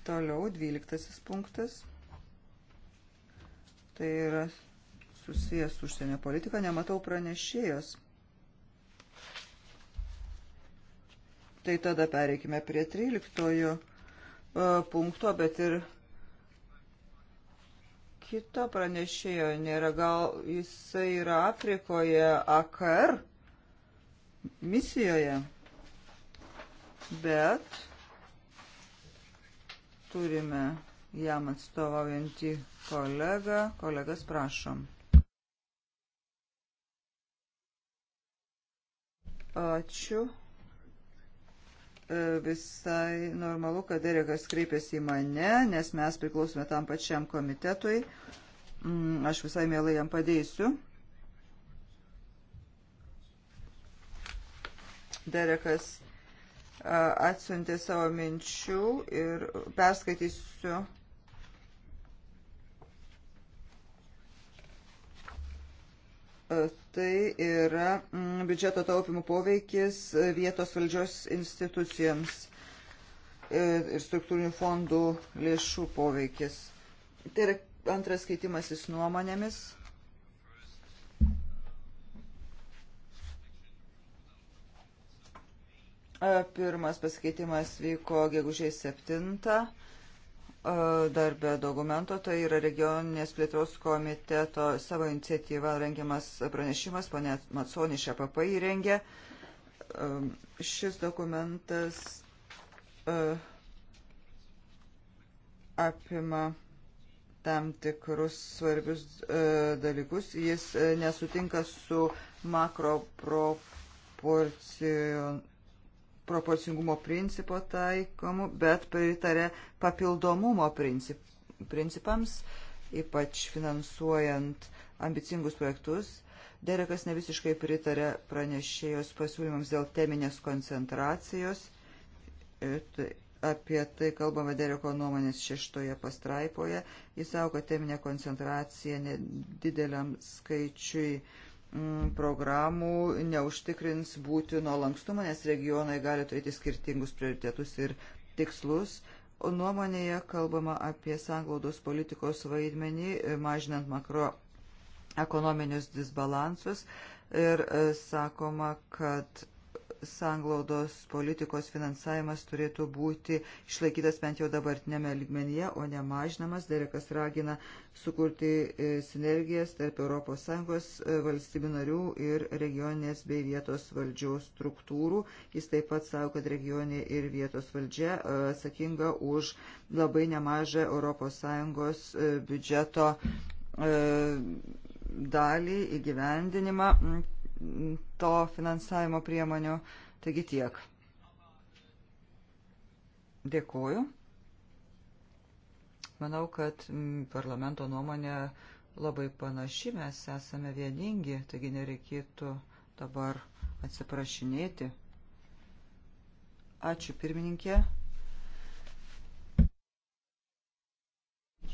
Toliau dvyliktasis punktas. Tai yra susijęs užsienio politika. Nematau pranešėjos. Tai tada pereikime prie 13 e, punkto, bet ir kito pranešėjo nėra. Gal jisai yra Afrikoje AKR misijoje, bet turime jam atstovaujantį kolegą. Kolegas prašom. Ačiū. E, visai normalu, kad Derekas kreipėsi į mane, nes mes priklausome tam pačiam komitetui. Mm, aš visai mielai jam padėsiu. Derekas e, atsiuntė savo minčių ir perskaitysiu E, tai yra mm, biudžeto taupimų poveikis e, vietos valdžios institucijoms e, ir struktūrinių fondų lėšų poveikis. Tai yra antras keitimasis nuomonėmis. Pirmas pasikeitimas vyko gegužės 7 darbe dokumento, tai yra regioninės plėtros komiteto savo iniciatyvą rengiamas pranešimas, ponė Matsonė iš APP e įrengė. Šis dokumentas apima tam tikrus svarbius dalykus. Jis nesutinka su makroproporcijomis proporcingumo principo taikomu, bet pritarė papildomumo princip, principams, ypač finansuojant ambicingus projektus. Derekas nevisiškai pritarė pranešėjos pasiūlymams dėl teminės koncentracijos. E, tai apie tai kalbame Dereko nuomonės šeštoje pastraipoje. Jis savo, kad teminė koncentracija nedideliam skaičiui Mm, programų neužtikrins būtino lankstumo, nes regionai gali turėti skirtingus prioritetus ir tikslus. O nuomonėje kalbama apie sanglaudos politikos vaidmenį, e, mažinant makroekonominius disbalansus ir e, sakoma, kad sanglaudos politikos finansavimas turėtų būti išlaikytas bent jau dabartinėme ligmenyje, o ne mažinamas. Derekas ragina sukurti e, sinergijas tarp ES e, valstybių narių ir regioninės bei vietos valdžios struktūrų. Jis taip pat savo, kad regionė ir vietos valdžia e, atsakinga už labai nemažą ES biudžeto dalį įgyvendinimą to finansavimo priemonių. Taigi tiek. Dėkuoju. Manau, kad parlamento nuomonė labai panaši, mes esame vieningi, taigi nereikėtų dabar atsiprašinėti. Ačiū pirmininkė.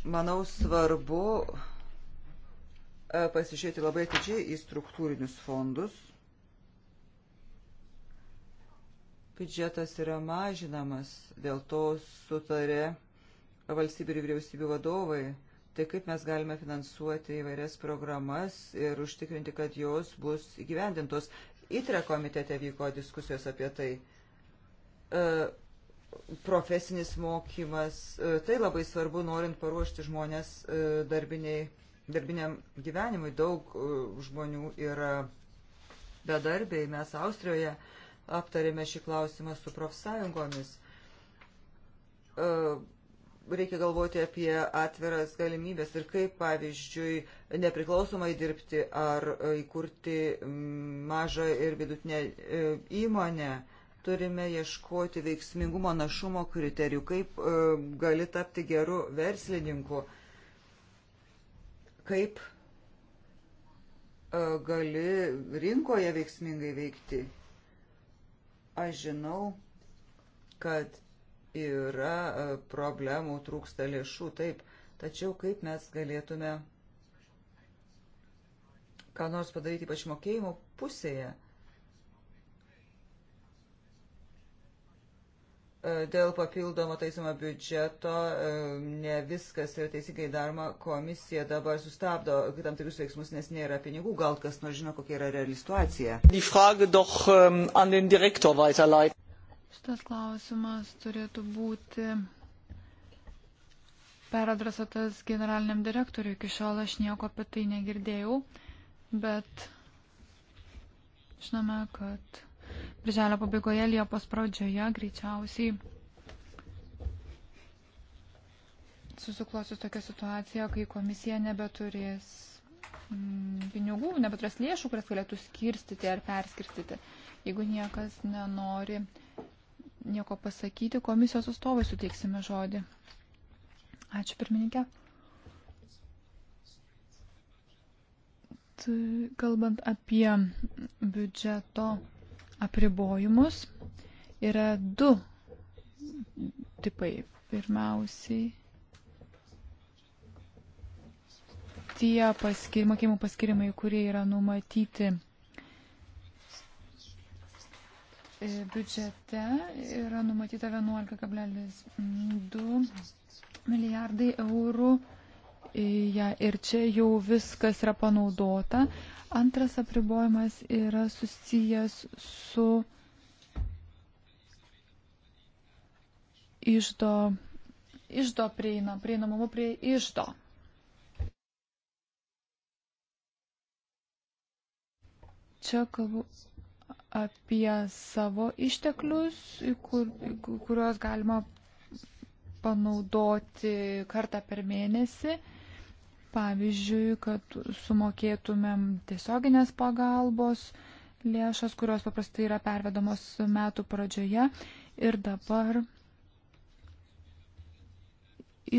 Manau svarbu E, pasižiūrėti labai atidžiai į struktūrinius fondus. Biudžetas yra mažinamas, dėl to sutarė valstybių ir vyriausybių vadovai. Tai kaip mes galime finansuoti įvairias programas ir užtikrinti, kad jos bus įgyvendintos. ITRE komitete vyko diskusijos apie tai. E, profesinis mokymas, e, tai labai svarbu, norint paruošti žmonės darbiniai darbiniam gyvenimui. Daug e, žmonių yra bedarbiai. Mes Austrijoje aptarėme šį klausimą su profsąjungomis. E, reikia galvoti apie atviras galimybės ir kaip, pavyzdžiui, nepriklausomai dirbti ar įkurti mažą ir vidutinę e, įmonę. Turime ieškoti veiksmingumo našumo kriterijų, kaip gali tapti geru verslininku kaip e, gali rinkoje veiksmingai veikti. Aš žinau, kad yra e, problemų, trūksta lėšų, taip, tačiau kaip mes galėtume ką nors padaryti ypač mokėjimo pusėje, dėl papildomo taisymo biudžeto e, ne viskas yra teisingai daroma. Komisija dabar sustabdo tam tikrus veiksmus, nes nėra pinigų. Gal kas nors žino, kokia yra reali situacija. Ähm, Šitas klausimas turėtų būti peradrasatas generaliniam direktoriui. Iki šiol aš nieko apie tai negirdėjau, bet žinome, kad Birželio pabaigoje, Liepos pradžioje greičiausiai susiklosius tokia situacija, kai komisija nebeturės mm, pinigų, nebeturės lėšų, kurias galėtų skirstyti ar perskirstyti. Jeigu niekas nenori nieko pasakyti, komisijos atstovai suteiksime žodį. Ačiū pirmininkė. Kalbant apie biudžeto apribojimus yra du tipai. Pirmiausiai tie paskir, mokymų paskirimai, kurie yra numatyti e, biudžete, yra numatyta 11,2 milijardai eurų. E, ja, ir čia jau viskas yra panaudota. Antras apribojimas yra susijęs su išdo, išdo prieina, prieinamumu prie išdo. Čia kalbu apie savo išteklius, kur, kuriuos galima panaudoti kartą per mėnesį Pavyzdžiui, kad sumokėtumėm tiesioginės pagalbos lėšas, kurios paprastai yra pervedamos metų pradžioje ir dabar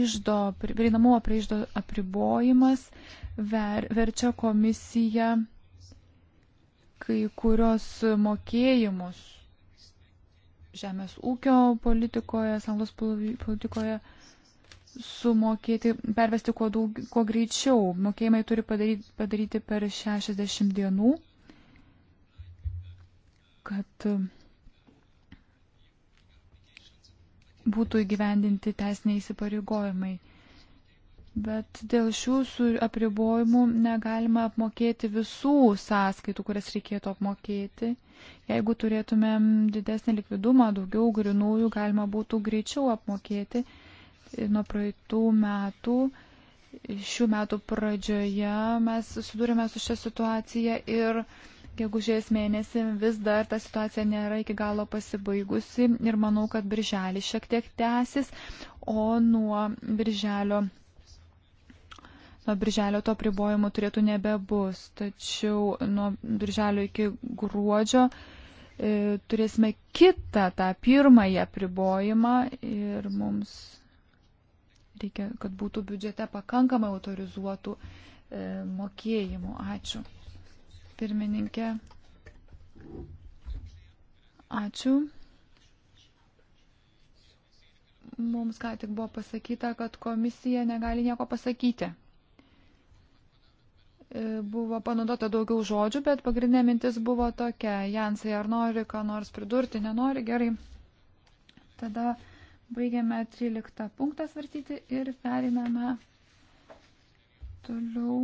išdo, prieinamumo prie išdo apribojimas ver, verčia komisiją kai kurios mokėjimus žemės ūkio politikoje, sanglos politikoje sumokėti, pervesti kuo, daug, kuo greičiau. Mokėjimai turi padaryti, padaryti per 60 dienų, kad e, būtų įgyvendinti teisiniai įsipareigojimai. Bet dėl šių apribojimų negalima apmokėti visų sąskaitų, kurias reikėtų apmokėti. Jeigu turėtumėm didesnį likvidumą, daugiau grinųjų, galima būtų greičiau apmokėti nuo praeitų metų šių metų pradžioje mes susidūrėme su šią situaciją ir gegužės mėnesį vis dar ta situacija nėra iki galo pasibaigusi ir manau, kad birželis šiek tiek tęsis, o nuo birželio, nuo birželio to pribojimo turėtų nebebus. Tačiau nuo birželio iki gruodžio e, turėsime kitą tą pirmąją pribojimą ir mums Reikia, kad būtų biudžete pakankamai autorizuotų e, mokėjimų. Ačiū. Pirmininkė. Ačiū. Mums ką tik buvo pasakyta, kad komisija negali nieko pasakyti e, buvo panaudota daugiau žodžių, bet pagrindinė mintis buvo tokia. Jansai, ar nori ką nors pridurti, nenori, gerai. Tada Baigiame 13 punktą svarstyti ir periname toliau.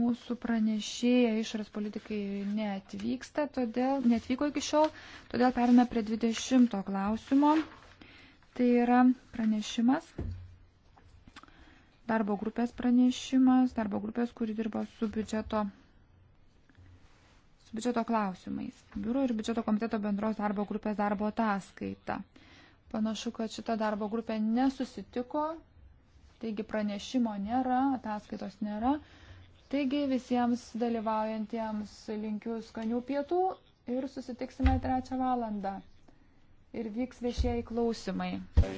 Mūsų pranešėja išras politikai neatvyksta, todėl netvyko iki šiol, todėl perėmė prie 20 klausimo. Tai yra pranešimas darbo grupės pranešimas, darbo grupės, kuri dirbo su biudžeto, su biudžeto klausimais. Biuro ir biudžeto komiteto bendros darbo grupės darbo ataskaita. Panašu, kad šita darbo grupė nesusitiko, taigi pranešimo nėra, ataskaitos nėra. Taigi visiems dalyvaujantiems linkiu skanių pietų ir susitiksime trečią valandą. Ir vyks viešieji klausimai.